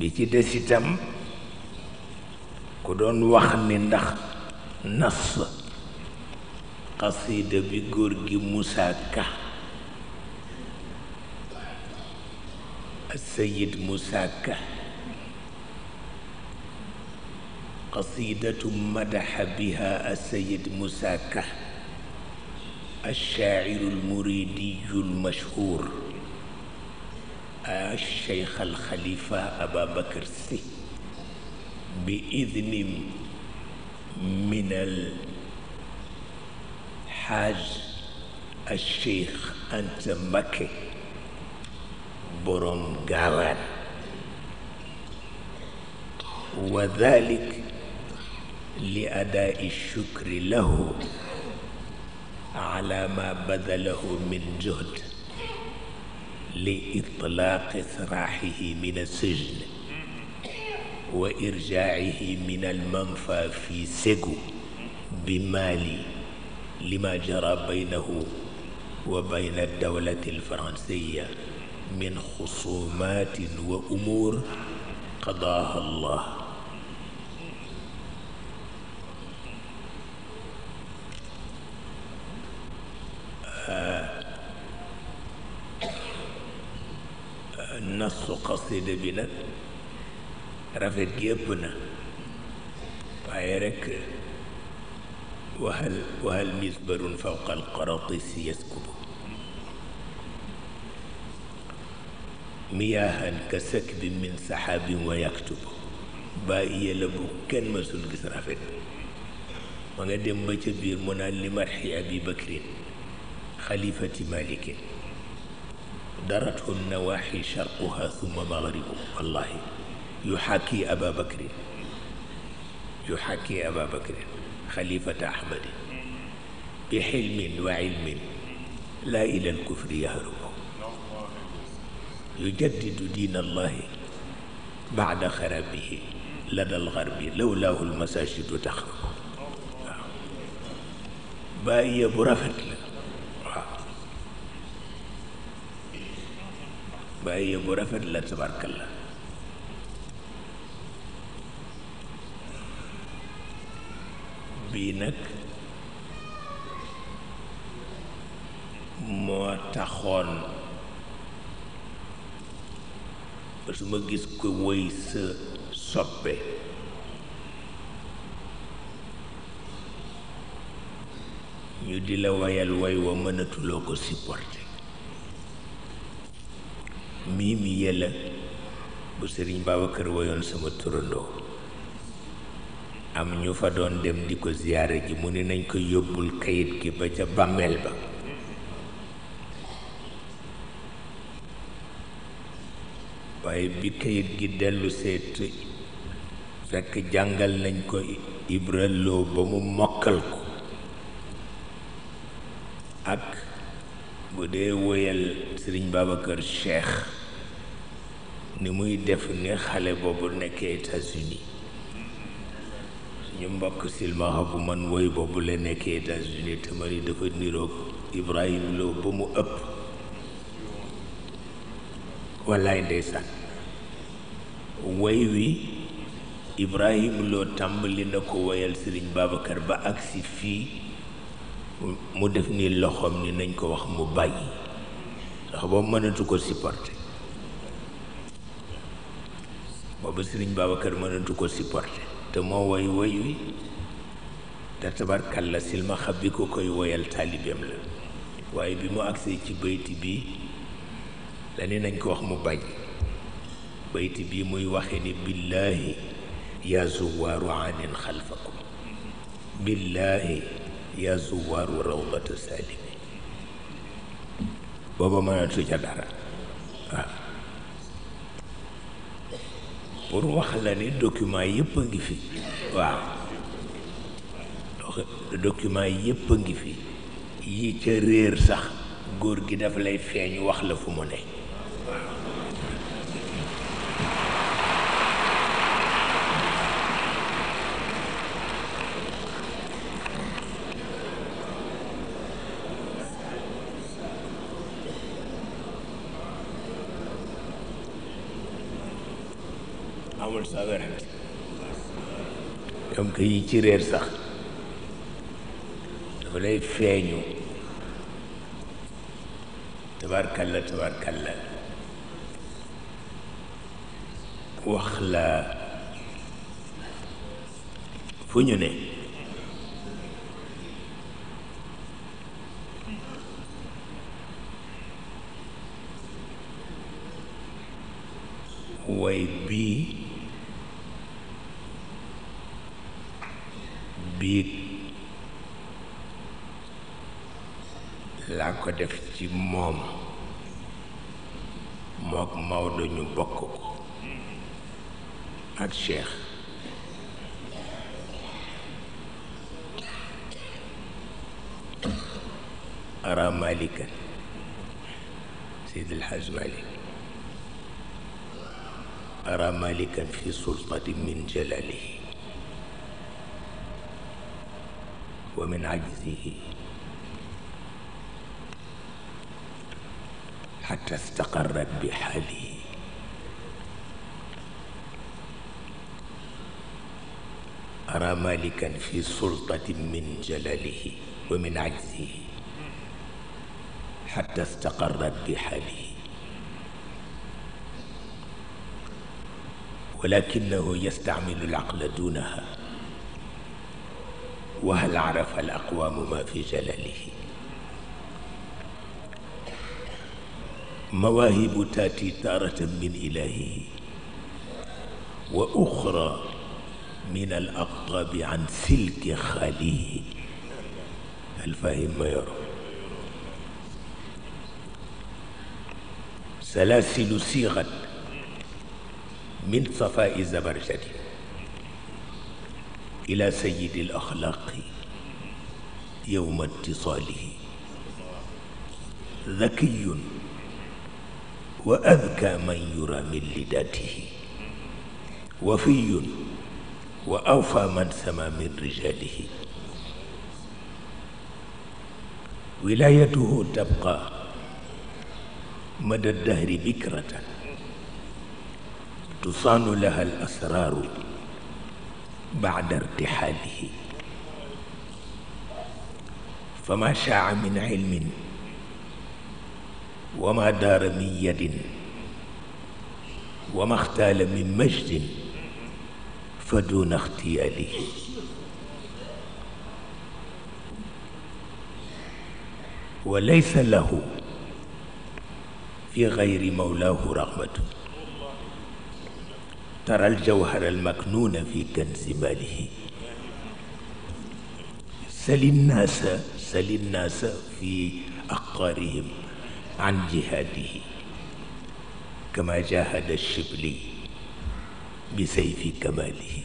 li ci des itam ku doon wax ni ndax nas xasida bi góor gi Moussa Ka Sayid Moussa Ka قصيدة مدح بها السيد موسى كه الشاعر المريدي المشهور الشيخ الخليفة أبا بكر السي bi idnin min al xaaj al cheikh Anta Mbakke borom gaawaan wa dalik li adaai shukri lahu ala ma badalahu min juhd li itlaaqi siraahihi min assijn wa irjaacihi min almanfa fi ségu bi maali lima jara baynahu wa bayna dawlati alfaransiya min xusumaatin wa umuur qadaaha allah nasu qasida bi nag rafet gi ëpp na waaye rekk waxal waxal misbarun fawqa alqaratis yaskubu miyaahan ka sakbi min saxaabin wa yaktubu bàyyi la bu kenn mësul gis rafet ma nga dem ba ca biir mu naan li marxi abi bakrin xalifati malikin darathu nawaxi sharquha summa magribu wallahi yuxakki aba bakrin yuxakki aba bakrin xalifata ahmadi bi xilmin wa ilmin laa ilal kufri yahrubu yujaddidu diin allahi baada xarabihi ladal garbi lawlaahu almasajidu taxrubu waaw bàyyi bu rafet la waaw bàyyi bu rafet la tabarkalla bii nag moo taxoon ba su ma gis ko woy sa soppe ñu di la wayal way wa mënatuloo ko supporter mii mi yella bu Sëriñ Babacar wayoon sama turandoo am ñu fa doon dem di ko ziyaare ji mu ni nañ ko yóbbul kayit gi ba ca bàmmeel ba waaye bi kayit gi dellu seet fekk jàngal nañ ko Ibra Lo ba mu mokkal ko ak bu dee woyal Sëriñ kër Cheikh ni muy def ni xale boobu nekkee états suñu mbokk silmaxa bu man woy boobu la nekkee États-Unis te ma ni dafa niroog Ibrahim Lo ba mu ëpp wallaay ndeysaan woy wi Ibrahim Lo tàmbali na ko woyal Sëriñ Babacar ba agsi fii mu def ni loxoom ni nañ ko wax mu bàyyi ndax boobu mënatu ko supporter boobu Sëriñ Babacar mënatu ko supporter te moo woy woy wi te tabarkalla silmaxa bi ko koy woyal taalibeem la waaye bi mu agsee ci bayti bii la ne nañ ko wax mu bañ bayt bi muy waxe ni billaahi yaa zuwaaru anin xalfakum billaahi yaa zuwaaru rawdata saalimi booba mënatu ca dara pour wax la ni document yëpp a ngi fi waaw document yëpp a ngi fi yi ca réer sax góor gi dafa lay feeñ wax la fu mu ne sa werante yi ci réer sax dafa lay feeñu tabarkalla tabarkalla wax la fu ñu ne way bii biir laa ko def ci moom mook Maodo ñu bokk ko ak Cheikh ara Malika Seydi El Hadj Malika fi sultati min jalalihi wa min ajizihi xatta staqarrat bi xaalihi ara malikan fi sultatin min jalalihi wa min ajzihi xatta staqarrat bi xaalihi walakinahu yastacmilu alaqla dunaha wa hal arafa al aqwaamu ma fi jalalihi mawaahibu taati taaratan min ilaahihi wa uxra min al aqtaabi an silki xaalihi alfahim ma yoro salaasilu siigat min safaa'i zabarjadi ila sayidi al axlaaqi yowma itisaalihi ذكي وأذكى من يرى من لداته وفي وأوفى من سما من رجاله ولايته تبقى مدى الدهر بكرة تصان لها الأسرار بعد ارتحاله فما شاع من علم وما دار من يد وما اختال من مجد فدون اختياله وليس له في غير مولاه رغبه tara aljawhara almaknuuna fi kanzi maalihi sali nnaasa sali nnaasa fi aqaarihim an jihaadihi kama jahada shibli bi sayfi kamaalihi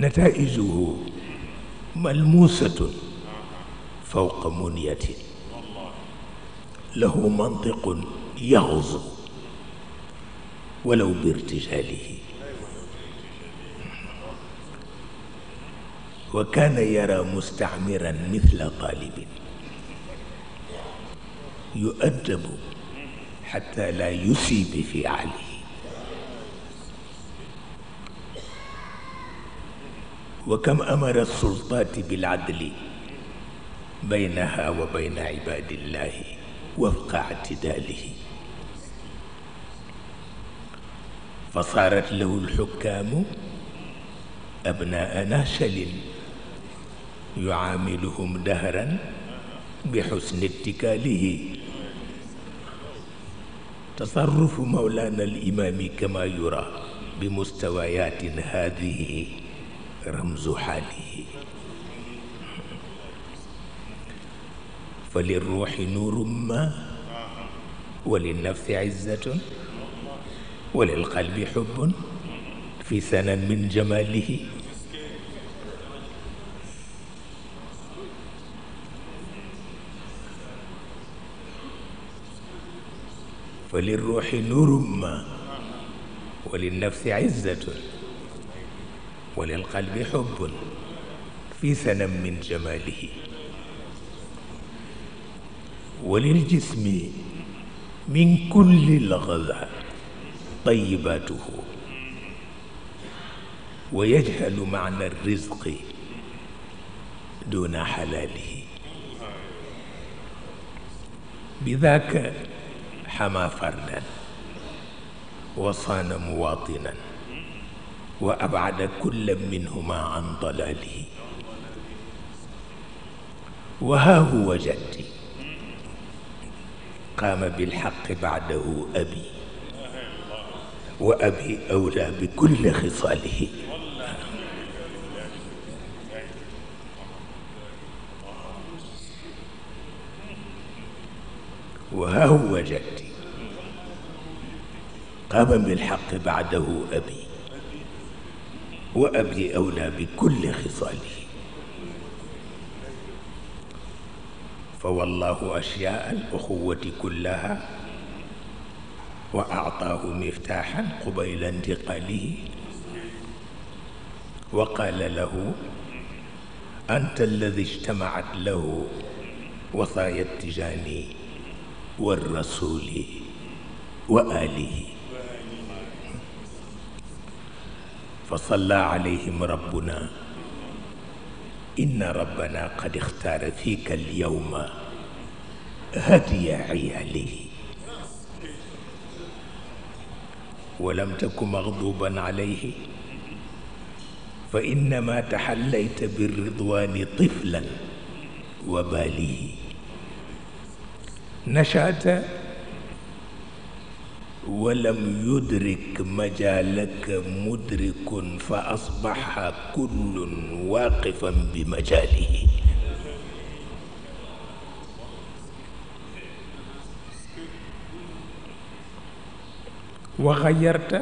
nataa'ijuhu malmuusatun fawqa munyatin lahu mantiqun yaxzu walaw bi irtijaalihi wa kaana yara mustaxmiran mithla taalibin yu'addabu xatta laa yusiibi fi aalihi wa kam amara sultaati bil adli baynaha wa bayna ibaadillahi wafqa ictidaalihi fa saarat lahu lxukkaamu abnaa naachalin yucaamiluhum dahran bi xusni itikaalihi tasarufu mawlaana alimaami kama yura bi mustawayaatin haadihi ramzu xaalihi fa lirruuxi nuurun ma wa linnafsi izzatun وللقلب حب في سنة من جماله فللروح نور ما وللنفس عزة وللقلب حب في سنم من جماله وللجسم من كل لغزه طيباته ويجهل معنى الرزق دون حلاله بذاك حمى فردا وصان مواطنا وأبعد كل منهما عن ضلاله وها هو جدي قام بالحق بعده أبي wa abi awla bi kulli xisaalihi وها هو جدي قام بالحق بعده أبي وأبي أولى بكل خصاله فوالله أشياء الأخوة كلها wa aataahu miftaaxan qubayla intiqaalihi wa qaala lahu anta alladi ijtamacat lahu wasaaya tijaani wa rasuli wa aalihi fa salla alayhim rabbuna inna rabbana qad ixtaara fiika alyawma hadiya ciyaalihi ولم تك مغضوبا عليه فإنما تحليت بالرضوان طفلا وباليه نشأت ولم يدرك مجالك مدرك فأصبح كل واقفا بمجاله wa xayarta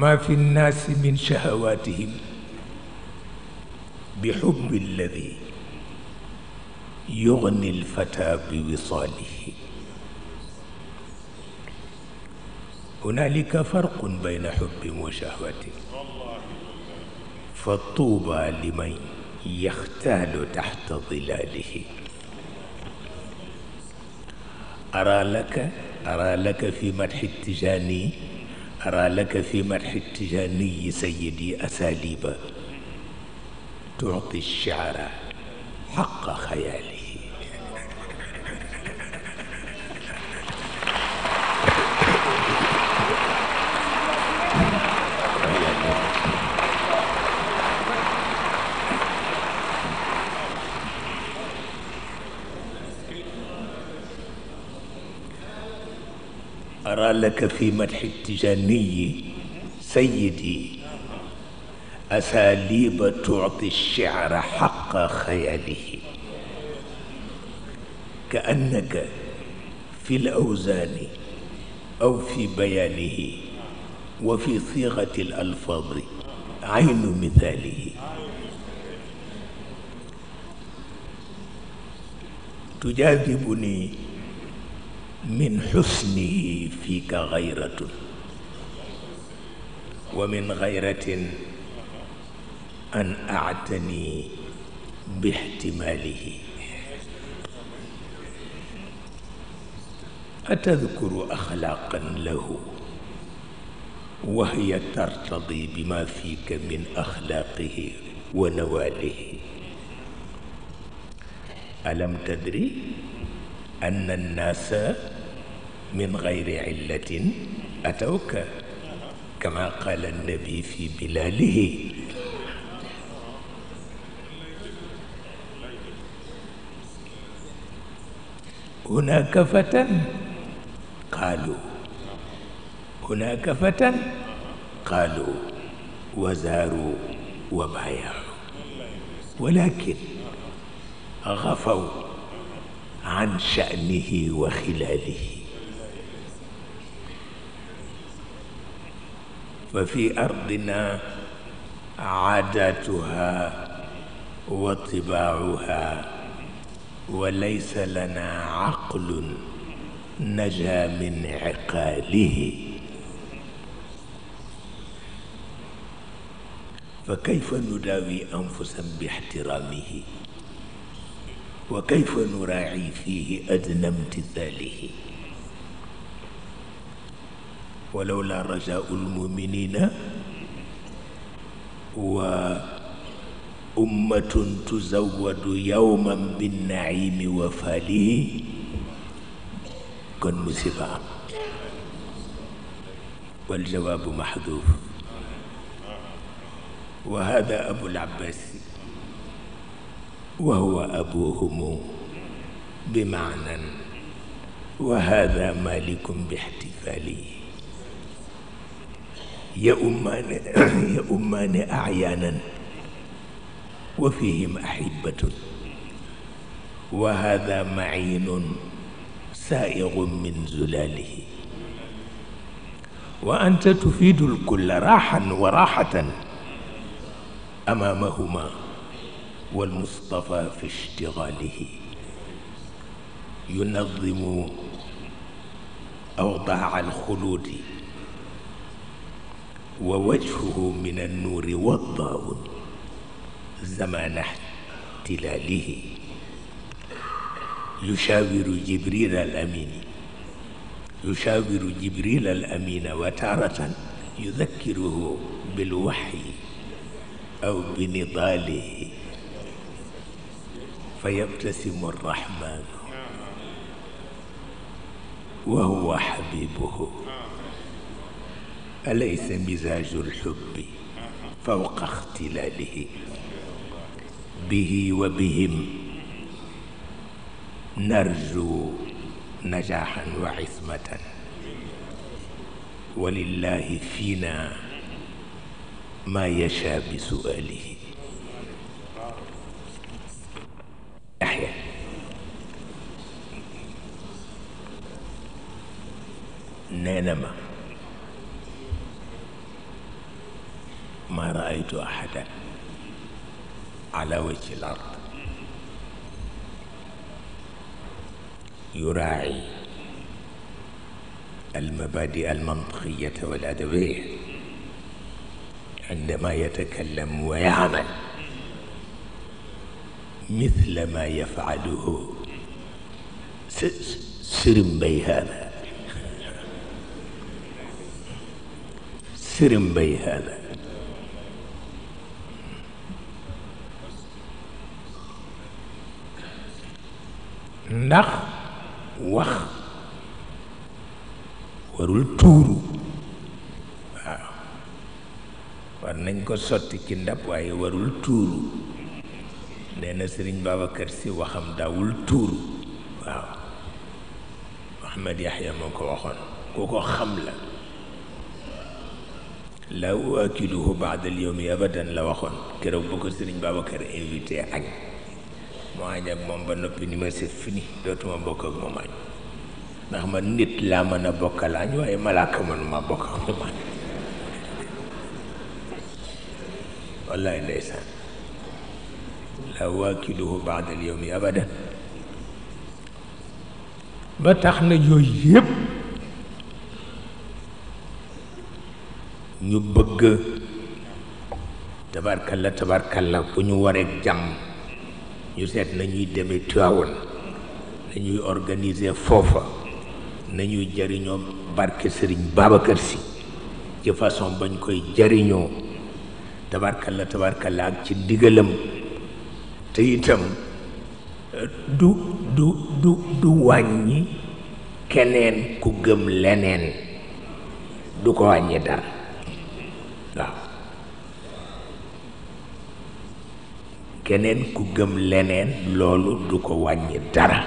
maa fi nnaasi min shahawatihim bi xubbi alladi yugni alfata bi wisaalihi hunalika farqun bayna xubbin wa shahwatin fa tuuba liman yaxtaalu taxta dilalihi ara laka أرى لك في مدح التجاني أرى لك في مدح التجاني سيدي أساليب تعطي الشعر حق خيالي أرى لك في مدح التجاني سيدي أساليب تعطي الشعر حق خياله كأنك في الأوزان أو في بيانه وفي صيغة الألفاظ عين مثاله تجاذبني min xusnihi fiika xayratun wa min xayratin an actani bi ixtimaalihi atadkuru axlaaqan lahu wa hiya tartadi bima fiika min axlaaqihi wa nawaalihi alam tadri anna annaasa min gayri illatin atawka kama qaala annabi fi bilaalihi هناك فتى قالوا هناك فتى قالوا وزاروا وبايعوا ولكن غفوا عن شأنه وخلاله fa fi ardina aadaatuha wa tibaacuha wa laysa lana caqlun najaa min ciqaalihi fa kayfa nudaawi anfusan bi ixtiraamihi wa kayfa nuraaci fiihi adna imtisaalihi walaw la rajaul muminina wa ummatun tuzawwadu yawman bin naimi wa falihi kon musiba am wal jawaabu mahduuf wa hada abul abbasi wa huwa abuhumu bi maanan wa hada malikum bi ihtifalihi يؤمان يؤمان أعيانا وفيهم أحبة وهذا معين سائغ من زلاله وأنت تفيد الكل راحا وراحة أمامهما والمصطفى في اشتغاله ينظم أوضاع الخلود wa wajhuhu min annuuri waddaawu zamana ihtilaalihi yushawiru jibril al amini yushawiru jibril al amina wa taaratan yudakkiruhu bilwaxyi aw binidaalihi fa yabtasimu arrahmaanu wa huwa xabibuhu أليس مزاج الحب فوق اختلاله به وبهم نرجو نجاحا وعصمة ولله فينا ما يشاء بسؤاله أحيا نينما ما رأيت أحدا على وجه الأرض يراعي المبادئ المنطقية والأدبية عندما يتكلم ويعمل مثل ما يفعله سرم بي هذا سرم بي هذا ndax wax warul tuuru waaw war nañ ko sotti ci ndab waaye warul tuuru nee na sëriñ Babacar si waxam daawul tuuru waaw Ahmad Yahya moo ko waxoon ku ko xam la laa uakiduhu baada al yawmi la waxoon keroog bu ko sëriñ Babacar invité ak mu añ moom ba noppi ni ma c'est fini dootuma bokk ak moom añ ndax man nit laa mën a bokkal añ waaye malaaka mënuma bokk ak moom añ wallaay ndeysaan la waakiluhu baada al yawmi abadan ba tax na yooyu yépp ñu bëgg tabarkalla la bu ñu wareeg jàmm ñu seet nañuy demee Tiwaawan nañuy organiser foofa nañuy jariñoo barke Sëriñ Babacar Si ci façon bañ koy jariñoo tabarkalla la ak ci ndigalam te itam du du du du wàññi keneen ku gëm leneen du ko wàññi dara keneen ku gëm leneen loolu du ko wàññi dara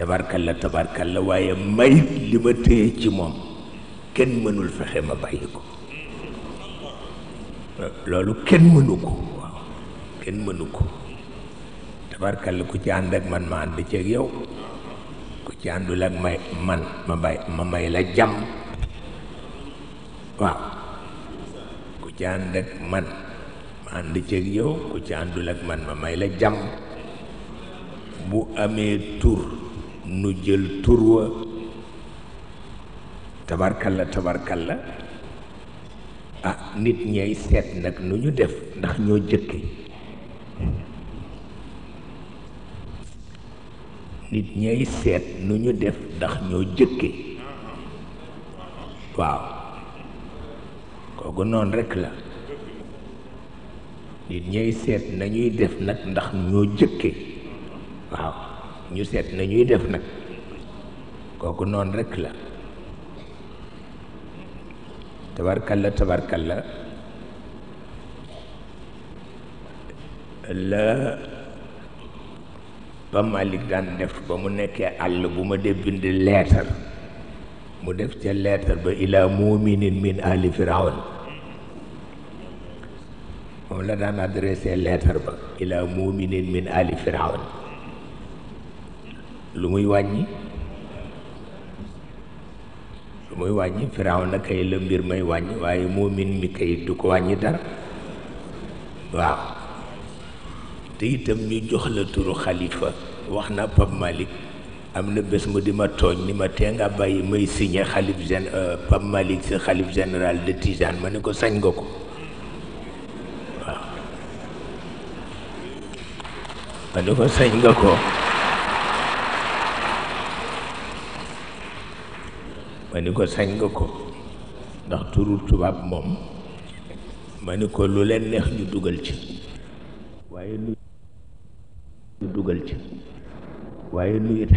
tabarkalla tabarkalla waaye mayit li ma téye ci moom kenn mënul fexe ma bàyyi ko loolu kenn mënu ko waaw kenn mënu ko tabarkalla ku ci ànd ak man ma ànd ci yow ku ci àndul ak may man ma may la jàmm waaw ku ci ànd ak man ànd ceeg yow ku ci àndul ak man ma may la jàmm bu amee tur nu jël tur wa tabarkalla la ah nit ñay seet nag nu ñu def ndax ñoo jëkke nit ñay seet nu ñu def ndax ñoo jëkke waaw kooku noonu rekk la ñun ñooy seet nañuy def nag ndax ñoo jëkke waaw ñu seet nañuy def nag kooku noonu rekk la la tabarkalla la ba Malick daan def ba mu nekkee àll bu ma dee bind leetar mu def ca leetar ba illaa muuminin min ali firawn moom la daan adressé leetar ba ila muminin min ali firawn lu muy wàññi lu muy wàññi firawn na kay la mbir may wàññi waaye mumin mi kay du ko wàññi dara waaw te itam ñu jox la turu xalifa wax na Pape Malick am na bés mu di ma tooñ ni ma tee nga bàyyi may signé xalif gen euh, Pape Malick si xalif général de Tijane ma ne ko sañ nga ko ma ne ko sañ nga ko ma ni ko sañ nga ko ndax turu tubaab moom ma ni ko lu leen neex ñu dugal ci waaye lu ñu dugal ci waaye lu it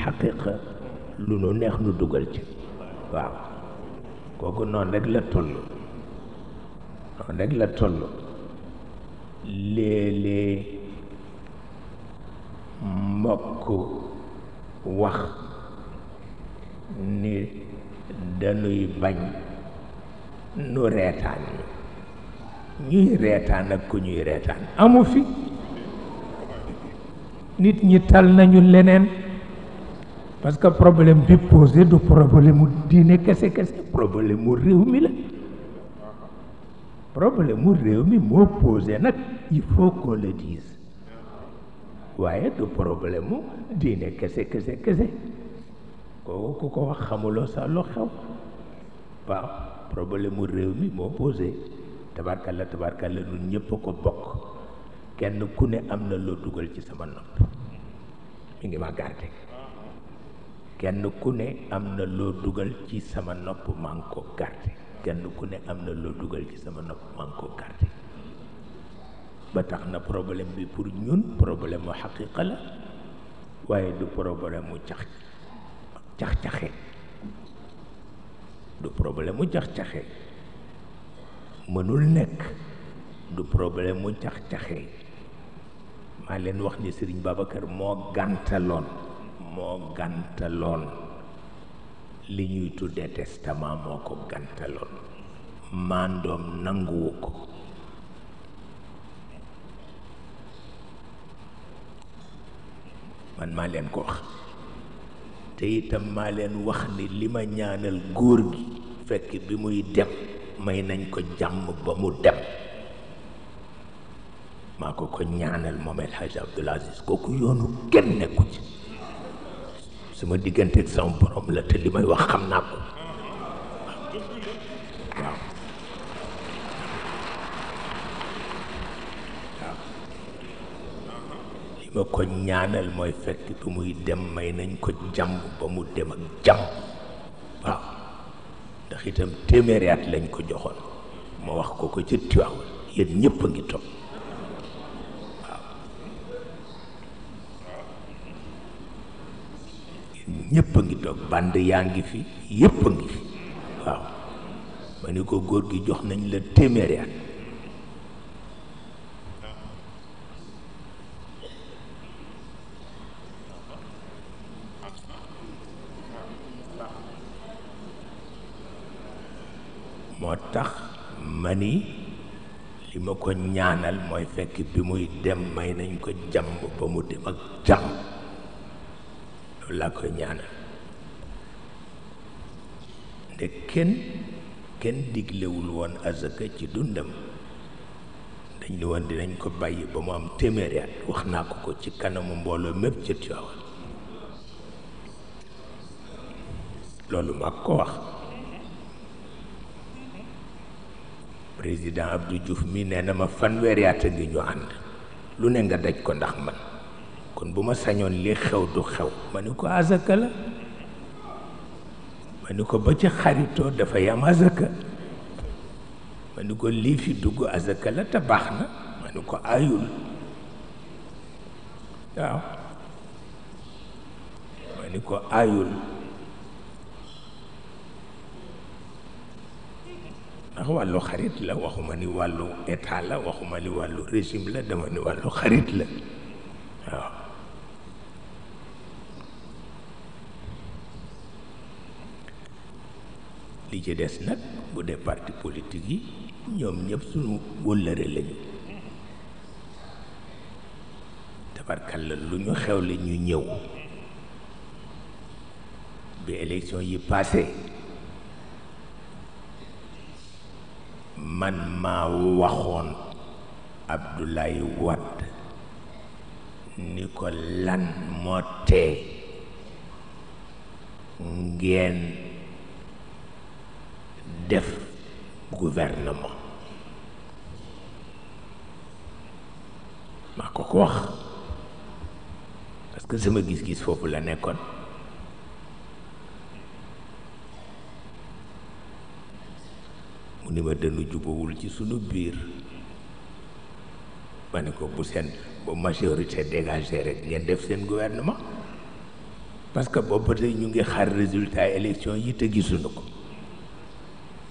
lu nu neex ñu dugal ci waaw kooku noonu rek la toll noonu rek la toll léeg-léeg mbokk wax ni dañuy bañ nu reetaan ñi ñuy reetaan ak ku ñuy reetaan amu fi nit ñi tal nañu leneen parce que problème bi posé du problème mu diine kese kese problème réew mi la problème réew mi moo posé nag il faut qu'on le dise waaye du problème mu diine kese kese kese kooku ku ko wax xamuloo sax loo xew waaw problème mu réew mi moo posé tabarkalla tabarkalla ñun ñëpp ko bokk kenn ku ne am na loo dugal ci sama nopp mi ngi ma gardé kenn ku ne am na loo dugal ci sama nopp maa ngi ko gardé kenn ku ne am na loo dugal ci sama nopp maa ngi ko ba tax na problème bi pour ñun problème mu xaqiqa la waaye du problème mu cax cax-caxe du problème mu cax-caxe mënul nekk du problème mu cax-caxe maa leen wax ni Sëriñ kër moo gàntaloon moo gàntaloon li ñuy tuddee testament moo ko gàntaloon maandoom nanguwu ko man maa leen ko wax te itam maa leen wax ni li ma ñaanal góor gi fekk bi muy dem may nañ ko jàmm ba mu dem maa ko ko ñaanal moom El Hadj Aziz kooku yoonu kenn nekku ci sama diggante ak sama borom la te li may wax xam naa ko waaw ma ko ñaanal mooy fekk bi muy dem may nañ ko jàmm ba mu dem ak jàmm waaw ndax itam téeméeri lañ ko joxoon ma wax ko ko ci Tiwaawan yéen ñëpp a ngi toog waaw yéen ñëpp a ngi toog band yaa ngi fi yëpp ngi fi waaw ma ni ko góor gi jox nañ la téeméeri ma ni li ma ko ñaanal mooy fekk bi muy dem may nañ ko jàmm ba mu dem ak jàmm loolu laa koy ñaanal nde kenn kenn diglewul woon azaka ci dundam dañ di woon dinañ ko bàyyi ba mu am téeméeri wax naa ko ko ci kanamu mbooloo mépp ci Tiwaawan loolu maa ko wax président Abdou Diouf mii nee na ma fanweeri at ngi ñu ànd lu ne nga daj ko ndax man kon bu ma sañoon li xew du xew ma ni ko azaka la ma ni ko ba ci xaritoo dafa yam azaka ma ni ko lii fi dugg azaka la te baax na ma ni ko ayul waaw ma ni ko ayul ndax wàllu xarit la waxuma ni wàllu état la waxuma ni wàllu régime la dama ni wàllu xarit la waaw li ci des nag bu dee parti politique yi ñoom ñëpp suñu wëllëre lañu tabarkalla lu ñu xew la ñu ñëw bi élection yi paase man maa waxoon Abdoulaye wat ni ko lan moo tee ngeen def gouvernement maa ko ko wax parce que sama gis-gis foofu la nekkoon mu ni ma danu jubawul ci sunu biir ma ne ko bu seen bu majorité dégagée rek ngeen def seen gouvernement parce que boobu ñu ngi xaar résultat élection yi te gisuñu ko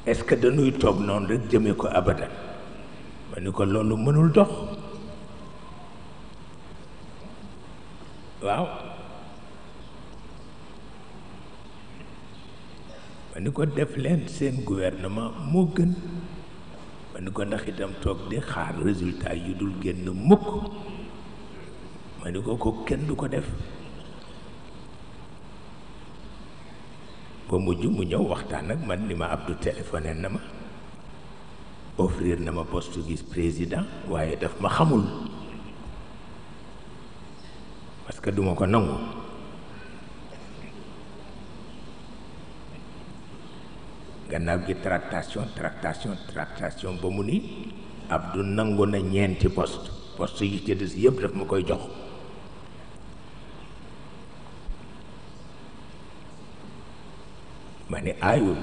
est-ce que dañuy toog noonu rek jëmee ko abadan ma ni ko loolu mënul dox waaw ma ni ko def leen seen gouvernement moo gën ma ni ko ndax itam toog di xaar résultat yu dul génn mukk ma ni ko ko kenn du ko def ba mujj mu ñëw waxtaan ak man ni ma Abdou téléphoné na ma offrir na ma poste gis président waaye daf ma xamul parce que duma ko nangu gannaaw gi tractation tractation tractation ba mu ni Abdou nangu na ñeenti poste poste yi ci des yëpp daf ma koy jox ma ne aayul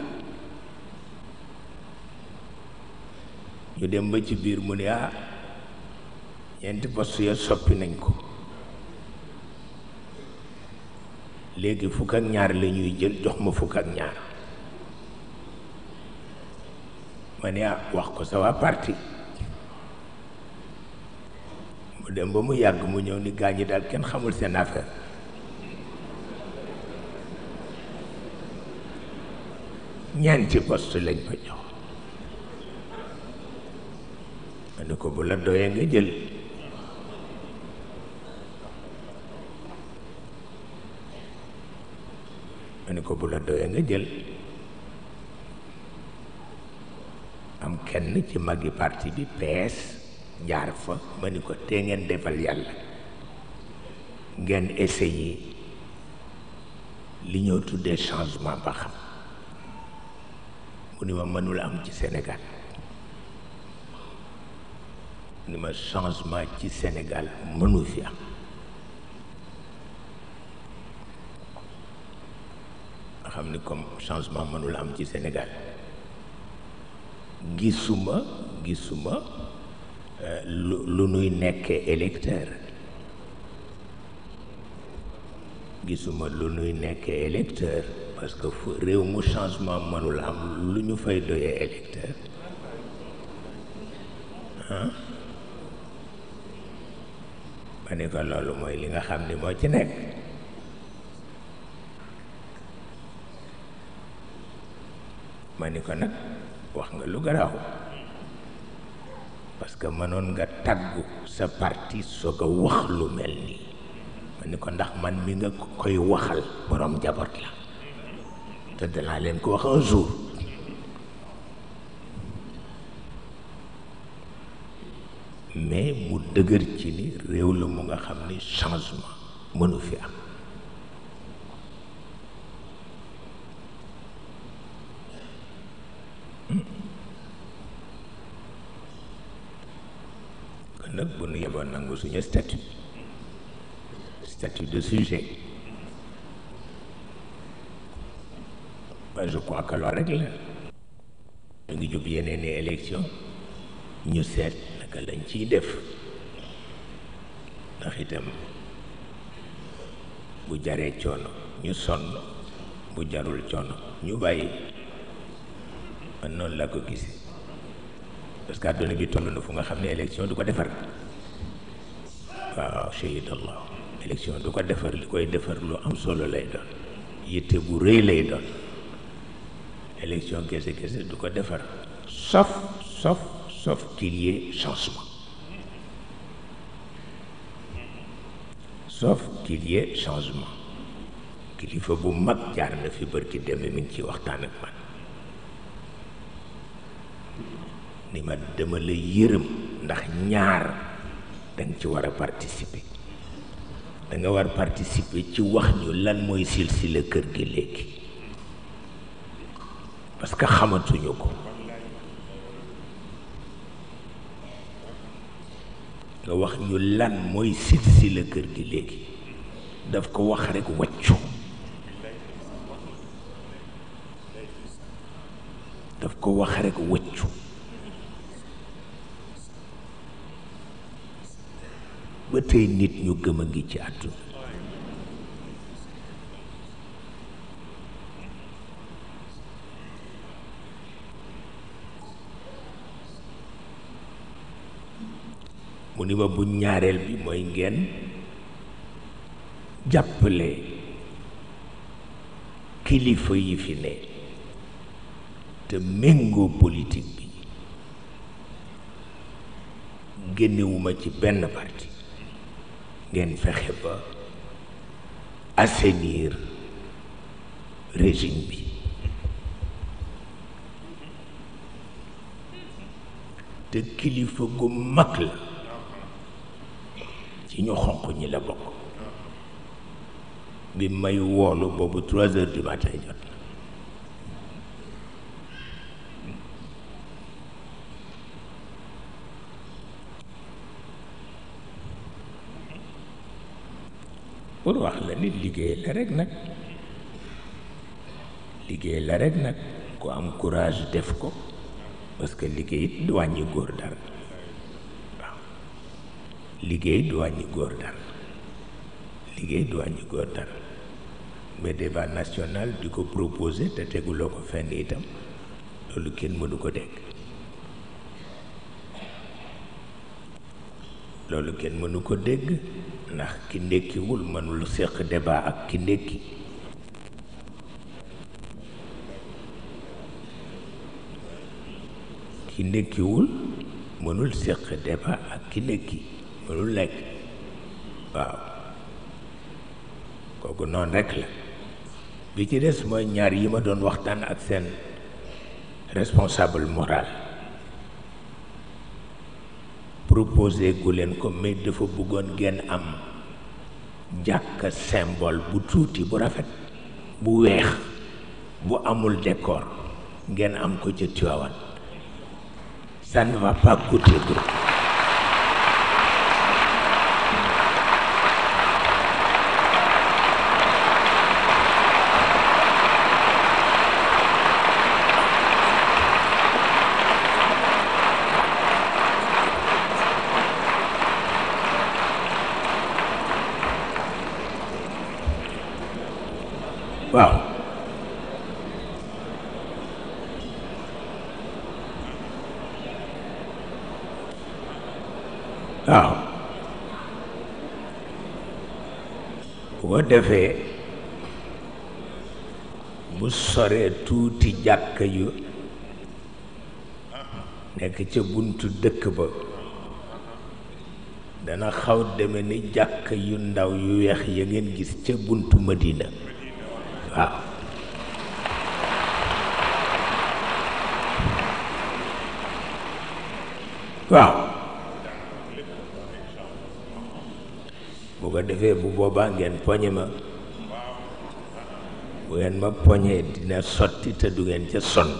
ñu dem ba ci biir mu ne ah ñeenti poste ya soppi nañ ko léegi fukk ak ñaar lañuy ñuy jël jox ma fukk ak ñaar ma ne ah, wax ko sa parti mu dem ba mu yàgg mu ñëw ni gaañi daal kenn xamul seen affaire ñeenti poste lañ fa jox ma ne ko bu la doyee nga jël ma ne ko bu la doyee nga jël am kenn ci magi parti bi PS jaar fa ma ni ko te ngeen defal yàlla ngeen yi li ñoo tuddee changement ba xam mu ni ma mënul am ci Sénégal ni ma changement ci Sénégal mënu fi am nga xam ni comme changement mënul am ci Sénégal gisuma gisuma eh, lu lu nuy nekke électeur gisuma lu nuy nekke électeur parce que réew mu changement mënul am lu ñu fay doyee électeur ah ma ne ko loolu mooy li nga xam ni moo ci nekk ma ni ko nag wax nga lu garaaw parce que mënoon nga tàggu sa parti soo ko wax lu mel nii ma ni ko ndax man mi nga koy waxal borom njaboot la te danaa leen ko wax un mais mu dëgër ci ni réew la mu nga xam ni changement mënu fi am mosuñu statut statut de sujet je crois que loolu rek la ñu ngi jub yeneen i ñu seet naka lañ ciy def ndax itam bu jaree coono ñu sonn bu jarul coono ñu bàyyi man noonu laa ko gis parce que àdduna bi toll na fu nga xam ne élection du ko defar waaw shahid allah du ko defar li koy defar lu am solo lay doon yitte bu rëy lay doon élection kese kese du ko defar sof sof sauf qu'il y ait changement sauf qu'il changement kilifa bu mag jaar na fi bërki deme mi ngi ci waxtaan man ni ma dama la yërëm ndax ñaar danga ci war a participer danga war participer ci wax ñu lan mooy silsila kër gi léegi parce que xamatuñu ko nga wax ñu lan mooy silsila kër gi léegi daf ko wax rekk wàccu daf ko wax rekk wàccu ba tey nit ñu gëm a ngi ci àdduna mu ni ma bu ñaareel bi mooy ngeen jàppale kilifa yi fi ne te méngoo politique bi génnewuma ci benn parti ngeen fexe ba assainir régime bi te kilifa gu mag la ci ñu xonq ñi la bokk bi may woolu boobu trois heures du matin pour wax la nit liggéey la rek nag liggéey la rek nag ku am courage def ko parce que liggéey it du góor dara waaw liggéey du wàññi góor dara liggéey du wàññi góor dara mais débat national di ko proposé te teguloo ko fenn itam loolu kenn mënu ko dégg loolu kenn mënu ko dégg ndax ki ndékkiwul mënul séq débat ak ki ndékki ki ndékkiwul mënul séq débat ak ki ndékki mënul lekk waaw kooku noonu rekk la bi ci des mooy ñaar yi ma doon waxtaan ak seen responsable moral proposé gu leen ko mais dafa bëggoon ngeen am jàkk symbole bu tuuti bu rafet bu weex bu amul décor ngeen am ko ca Tivaouane ça ne va pas defee bu soree tuuti jàkk yu nekk ca buntu dëkk ba dana xaw deme ni jàkk yu ndaw yu weex ya ngeen gis ca buntu Madina boobaa ngeen poñe ma bu ngeen ma poñee dina sotti te du ngeen ca sonn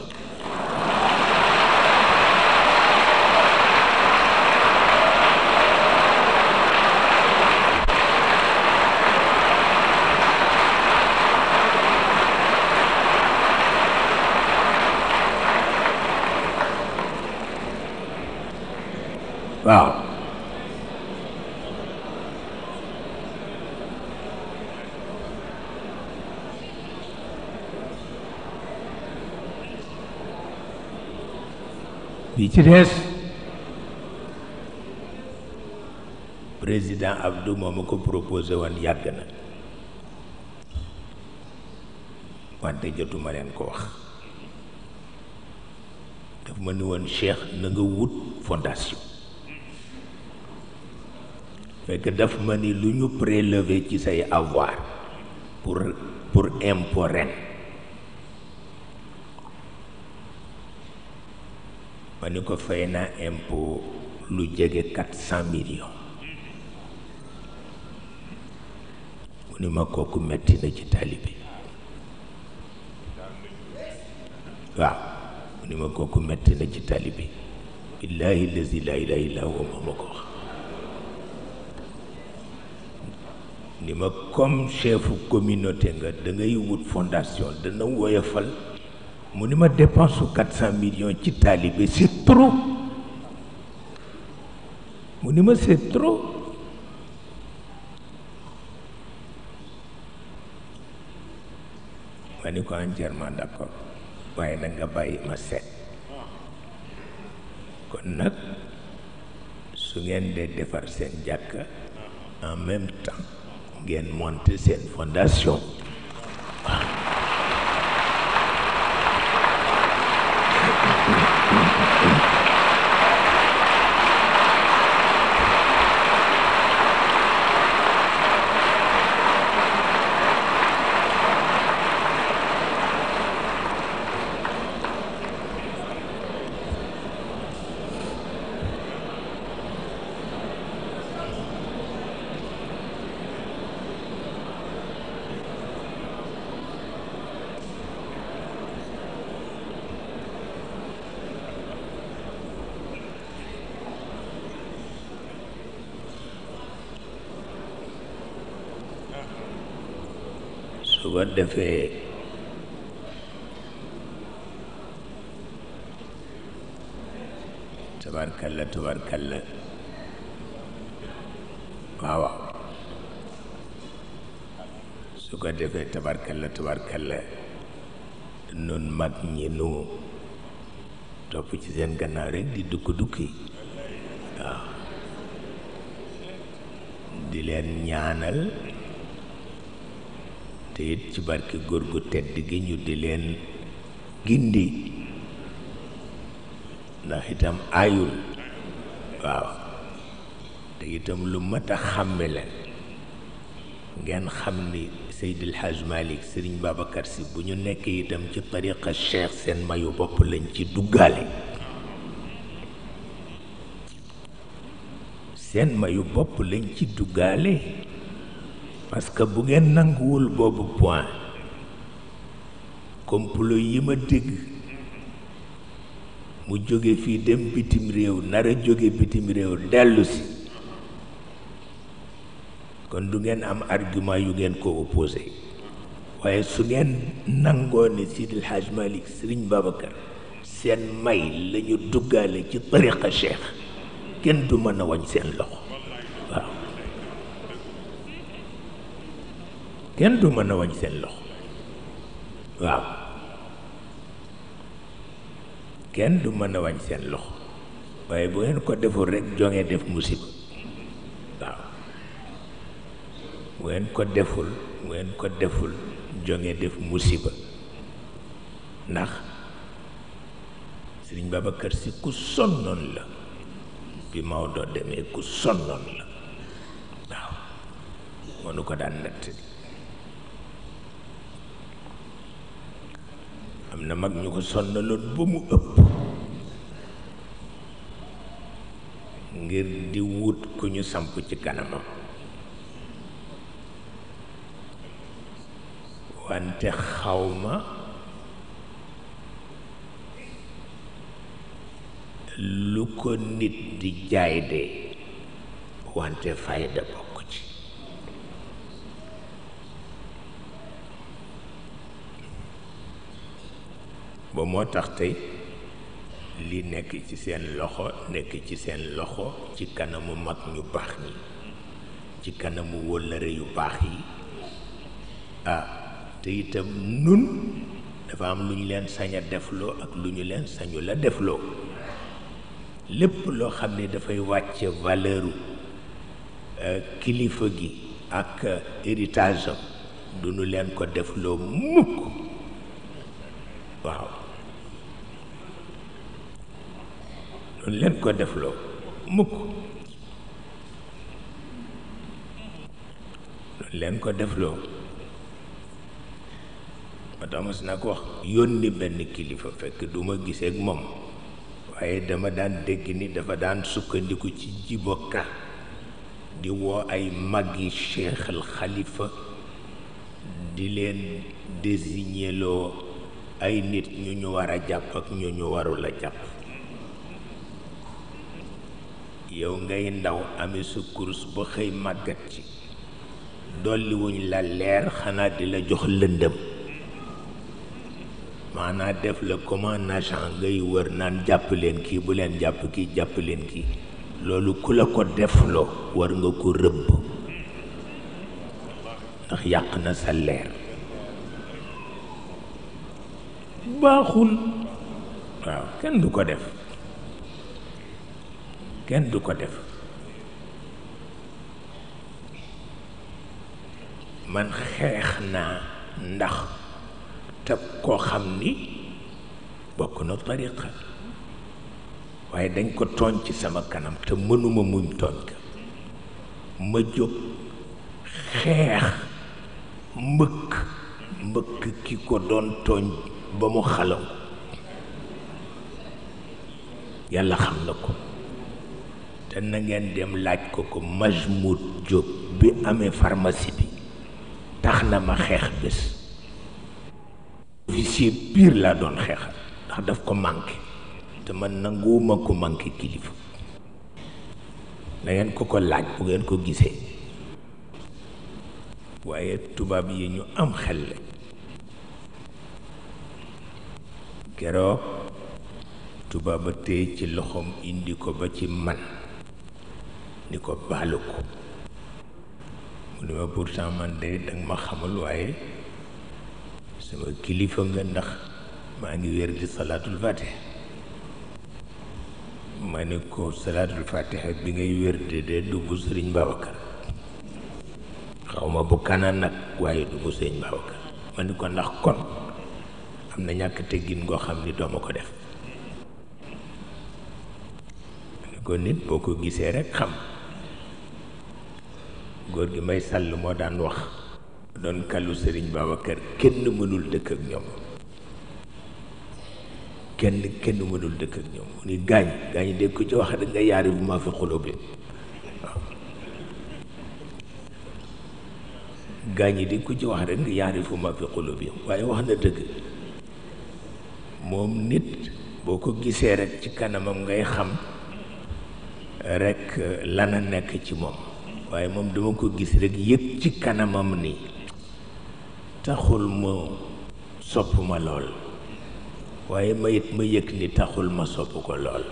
ci des président Abdou moom a ko proposé woon yàgg na wante jotuma leen ko wax daf ma ni woon Cheikh na wut fondation fekk daf ma ni lu ñu prélever ci say avoir pour pour impôt ma ni ko fay naa impôt lu jege quatre cent millions mu ni ma kooku metti na ci taalibe waaw mu ni ma kooku metti na ci taalibe billaahi lazi laa ilaaha illaa huwa ma ko wax ni ma comme chefu communauté nga da wut fondation dana woyofal mu ni ma dépense su quatre ci taalibe c'est trop mu ni ma c'est trop waaye nag nga bàyyi ma seet kon nag su ngeen dee defar seen jàkka en même temps ngeen monter seen fondation defee tabarkalla tabarkalla waaw su ko defee tabarkalla tabarkalla nun mag ñi nu topp ci seen gannaaw rekk di dukki dukki waaw di leen ñaanal te it ci barke góor gu tedd gi ñu di leen gindi ndax itam aayul waaw te itam lu mat a xàmme la ngeen xam ni Seydil Hadj Malick Serigne Babacar bu ñu nekk itam ci tariqa cheikh seen mayu bopp lañ ci duggaale seen mayu bopp lañ ci duggaale parce que bu ngeen nanguwul boobu point complot yi ma dégg mu jóge fii dem bitim réew nara jóge bitim réew dellu kon du ngeen am argument yu ngeen ko opposé waaye su ngeen nangoo ne Sidil Hadj Malick Serigne Babacar seen may lañu duggaale ci tariqa cheikh kenn du mën a wañ seen loxo kenn du mën a wañ seen loxo waaw kenn du mën a wañ seen loxo waaye bu ngeen ko deful rekk jonge def musiba waaw bu ngeen ko deful bu ko deful jonge def musiba ndax Sëriñ Babacar Si ku sonnoon la bi Maodo demee ku sonnoon la waaw mënu ko daan natt am na mag ñu ko sonnaloon ba mu ëpp ngir di wut ku ñu samp ci kanamam wante xawma lu ko nit di jaay de wante fayda ko ba moo tax tey li nekk ci seen loxo nekk ci seen loxo ci kanamu mag ñu baax ñi ci kanamu wóllëre yu baax yi ah te itam nun dafa am lu ñu leen saña defloo ak lu ñu leen sañu la defloo lépp loo xam ne dafay wàcce valeuru euh, kilifa gi ak héritage am ñu leen ko defloo mukk waaw loolu leen ko defloo mukk loolu leen ko defloo ma tax mas ko wax yónni benn kilifa fekk duma ma moom waaye dama daan dégg ni dafa daan sukkandiku ci jiboka di woo ay magi cheikh al xalifa di leen désigné loo ay nit ñu ñu war a jàpp ak ñu ñu warul a jàpp yow ngay ndaw ami sa course ba xëy màgget ci dolli la leer xanaa di la jox lëndëm maanaa def la comme ngay wër naan jàpp leen kii bu leen jàpp kii jàpp leen kii loolu ku la ko defuloo war nga ko rëbb ndax yàq na sa leer baaxul waaw kenn du ko def kenn du ko def man xeex naa ndax tëb koo xam ni bokk na tariqa waaye dañ ko tooñ ci sama kanam te mënuma muñ tooñ ka ma jóg xeex mbëkk mbëkk ki ko doon tooñ ba mu xalam yàlla xam na ko te na ngeen dem laaj ko ko Majmout Diop bi amee pharmacie bi tax na ma xeex bés officier pire laa doon xeexal ndax daf ko manqué te man nanguwuma ko manqué kilifa na ko ko laaj bu ngeen ko gisee waaye tubaab yi ñu am xel la keroog tubaaba tey ci loxoom indi ko ba ci man ni ko baalu ko mu ne ma pourtant man de danga ma xamul waaye sama kilifa nga ndax maa ngi wér di salaatul fatiha ma ne ko salaatul fatiha bi ngay wér di de du bu sëriñ Babacar xaw bu kanaan nag waaye du bu sëriñ Babacar ma ne ko ndax kon am na ñàkk teggin ngoo xam ni dooma ko def ma ne ko nit boo ko gisee rek xam góor gi may sàll moo daan wax doon kàllu sëriñ Babacar kenn mënul dëkk ak ñoom kenn kenn mënul dëkk ak ñoom mu ni gaañ gaañ de ku ci wax da nga yaari bu maa fi xuloo bi waaye wax na dëgg moom nit boo ko gisee rek ci kanamam ngay xam rekk lana nekk ci moom waaye moom duma ko gis rekk yëg ci kanamam ni taxul ma sopp ma lool waaye ma it ma yëg ni taxul ma sopp ko lool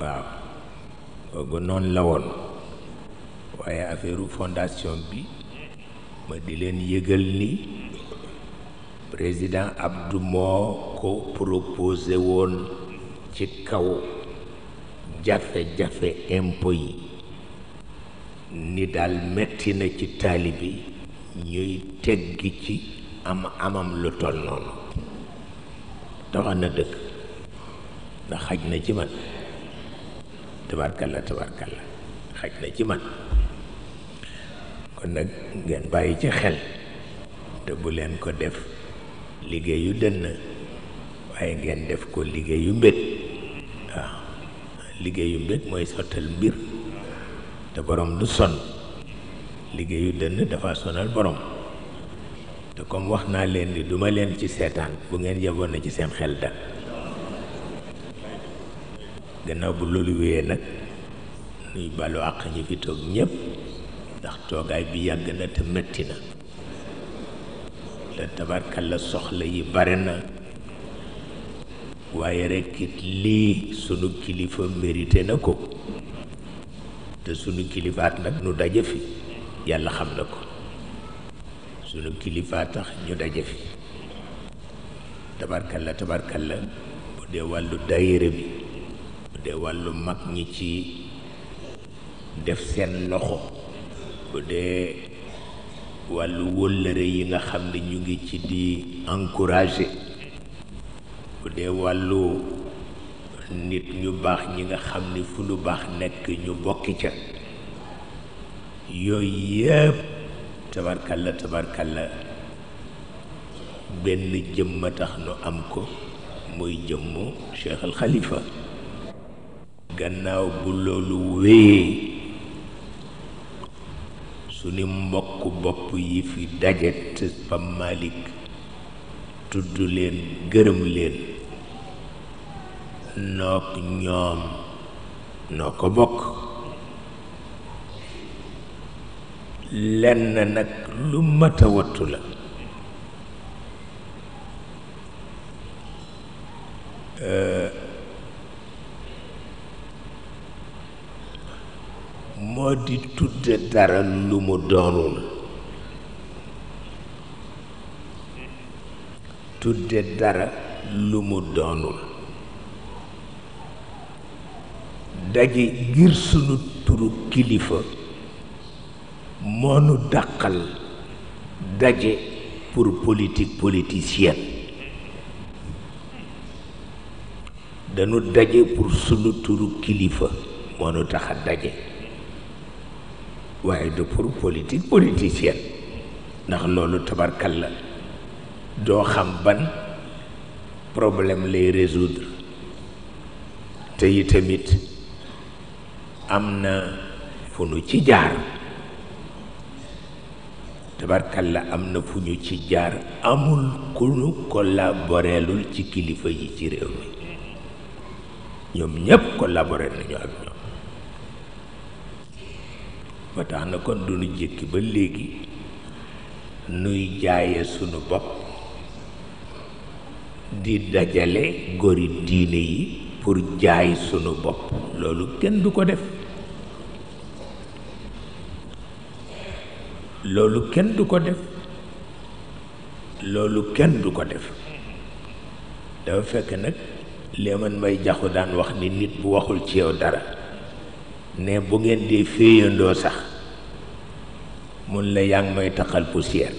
waaw boobu noonu la woon waaye affaire fondation bi ma di leen yëgal ni président Abdou moo ko proposé woon ci kaw jafe-jafe impôt yi ni daal metti na ci taali bi ñuy gi ci am amam lu toll noonu tawax na dëkk ndax xaj na ci man tabarkalla tabarkalla xaj na ci man kon nag ngeen bàyyi ci xel te bu leen ko def liggéeyu dënn waaye ngeen def ko liggéeyu mbét liggéeyu bët mooy sottal mbir te borom du son liggéeyu dënn dafa sonal boroom te comme wax naa leen ni duma leen ci seetaan bu ngeen yeboon na ci seen xel dal gannaaw bu loolu wéyee nag nuy balu àq ñi fi toog ñépp ndax toogaay bi yàgg na te metti na te tabarkalla soxla yi bare na waaye rekkit lii sunu kilifa mérité na ko te sunu kilifaat nag nu daje fi yàlla xam na ko sunu kilifaa tax ñu daje fi tabarkalla tabarkalla bu dee wàllu daayira bi bu dee wàllu mag ñi ci def seen loxo bu dee wàllu wëllëre yi nga xam ne ñu ngi ci di encourager bu dee wàllu nit ñu baax ñi nga xam ni fu lu baax nekk ñu bokki ca yooyu yëpp tabarkalla tabarkalla benn jëmm tax nu am ko muy jëmmu Cheikh al gannaaw bu loolu wéyee suñu mbokk bopp yi fi daje te Pape tudd leen gërëm leen noog ñoom noo ko bokk lenn nag lu mata a wattu la moo di tudde dara lu mu doonul tudde dara lu mu doonul daje ngir sunu turu kilifa moonu dàqal daje pour politique politicienne dañu daje pour sunu turu kilifa moonu tax a daje waaye du pour politique politicienne ndax loolu tabarkal la doo xam ban problème lay résoudre te itamit am na fu nu ci jaar tabarkalla am na fu ñu ci jaar amul ku ñu collaborelul ci kilifa yi ci réew mi ñoom ñëpp collaboré nañu ak ñoom ba tax na kon du ñu jëkki ba léegi nuy jaaye sunu bopp di dajale góori diine yi pour jaay sunu bopp loolu kenn du ko def loolu kenn du ko def loolu kenn du ko def dafa fekk nag mën may jaxu daan wax ni nit bu waxul ci yow dara ne bu ngeen dee féeyandoo sax mun la yaa ngi may taxal poussière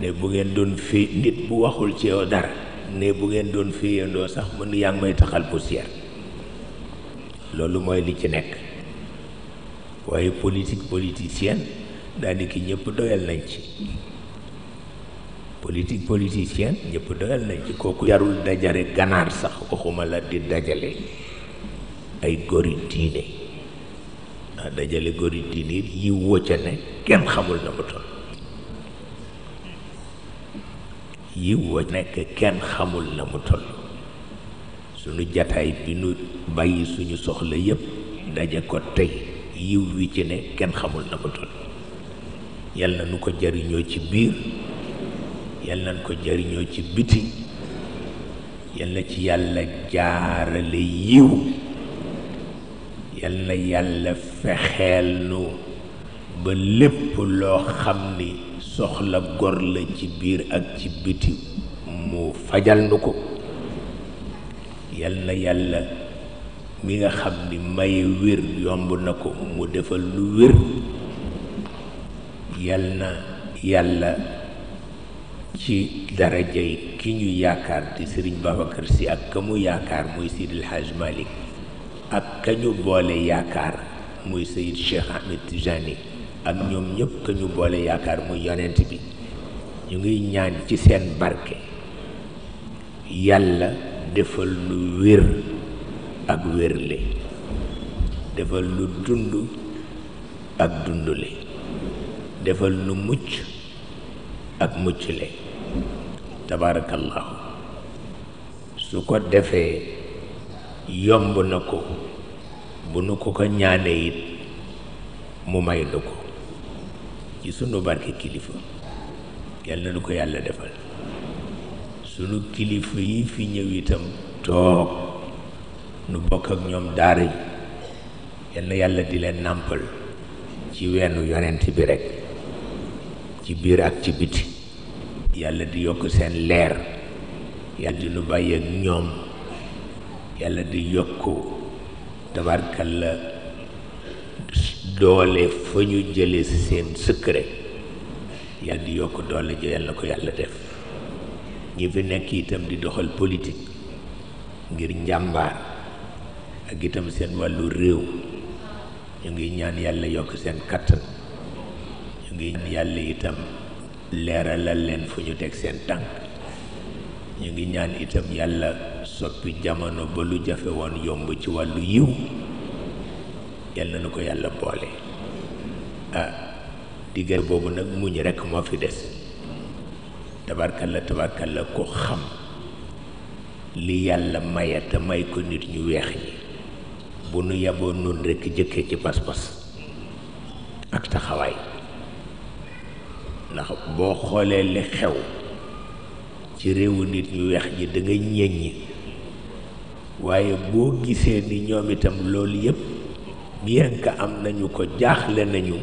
ne bu ngeen doon fii nit bu waxul ci yow dara ne bu ngeen doon féeyandoo sax mun yaa ngi may taxal poussière loolu mooy li ci nekk waaye politique politicienne daanaka ñëpp doyal nañ ci politique politicienne ñëpp doyal nañ ci kooku yarul dajale ganaar sax waxuma la di dajale ay góri diine ndax ah dajale góri diine yi wocca ne kenn xamul na mu toll yi wocca nekk kenn xamul na mu toll suñu jataay bi nu bàyyi suñu soxla yépp daje ko tey yiw wi ci ne kenn xamul na ko toll yàlla nu ko jariñoo ci biir yàlla nañ ko jariñoo ci biti yàlla ci yàlla jaarale yiw yàlla yàlla fexeel nu ba lépp loo xam ni soxla gor la ci biir ak ci biti mu fajal nu ko na yàlla mi nga xam ni may wér yomb na ko mu defal lu wér yal na yàlla ci darajay ki ñu yaakaar di sëriñ Babacar si ak ka mu yaakaar mooy Seydil Hadj Malick ak ka ñu boole yaakaar muy Seyid Cheikh Ahmed Tijani ak ñoom ñëpp ka ñu boole yaakaar muy yonent bi ñu ngi ñaan ci seen barke yàlla defal lu wér ak wérle defal lu dund ak dundle defal lu mucc ak muccle tabaarakallaahu su ko defee yomb na ko bu nu ko ko ñaane it mu may nu ko ci sunu barke kilifa yàlla na ko yàlla defal sunu kilifa yi fi ñëw itam toog nu bokk ak ñoom daara yi yenn yàlla di leen nàmpal ci weenu yonent bi rekk ci biir ak ci biti yàlla di yokk seen leer yàlla di nu bàyyi ak ñoom yàlla di yokk tabarkalla doole fa ñu jële seen secret yàlla di yokk doole ji yàlla ko yàlla def ñi fi nekk itam di doxal politique ngir njàmbaar ak itam seen wàllu réew ñu ngi ñaan yàlla yokk seen kattan ñu ngi ñaan yàlla itam leeralal leen fu ñu teg seen tànk ñu ngi ñaan itam yàlla soppi jamono ba lu jafe woon yomb ci wàllu yiw yàlla na ko yàlla boole ah digal boobu nag muñ rekk moo fi des tabarkalla tabarkalla ko xam li yàlla maye te may ko nit ñu weex ñi bu nu yeboon noonu rekk jëkkee ci pas-pas ak taxawaay ndax boo xoolee li xew ci réewu nit ñu weex ji da nga waaye boo gisee ni ñoom itam loolu yépp bien am nañu ko jaaxle nañu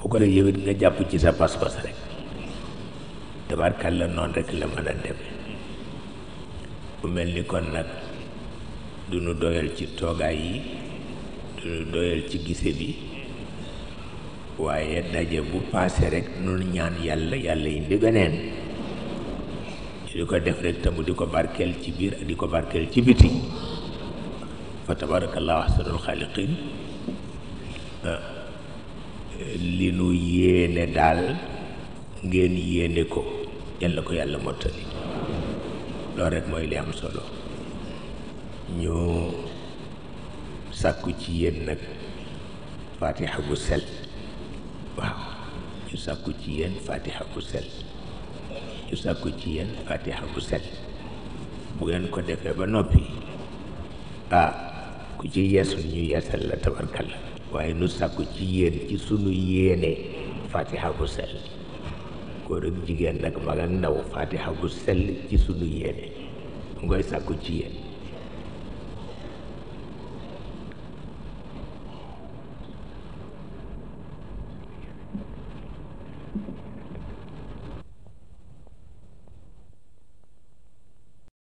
bu ko def yow it nga jàpp ci sa pas-pas rek tabarkal la noonu rek la mën a demee bu mel ni kon nag du duñu doyal ci toogaay yi duñu doyal ci gise bi waaye daje bu paase rek nunu ñaan yàlla yàlla indi beneen di ko def rek tamu di ko barkeel ci biir ak di ko barkeel ci biti fa tabarakallahu ahsanul xaaliqin ah, li nu yéene daal ngeen yéene ko yàlla ko yàlla mottali loolu rek mooy li am solo ñu sàkku ci yéen nag fatiha bu sel waaw ñu sàkku ci yéen fatiha bu sel ñu sàkku ci yéen fatiha bu sel bu ngeen ko defee ba noppi ah ku ci yeesul ñu yeesal la tabarkalla waaye nu sàkku ci yéen ci sunu yéene fatiha bu sel góor ak jigéen nag mag ak ndaw fatiha bu sel ci sunu yéene ngoy sàkku ci yéen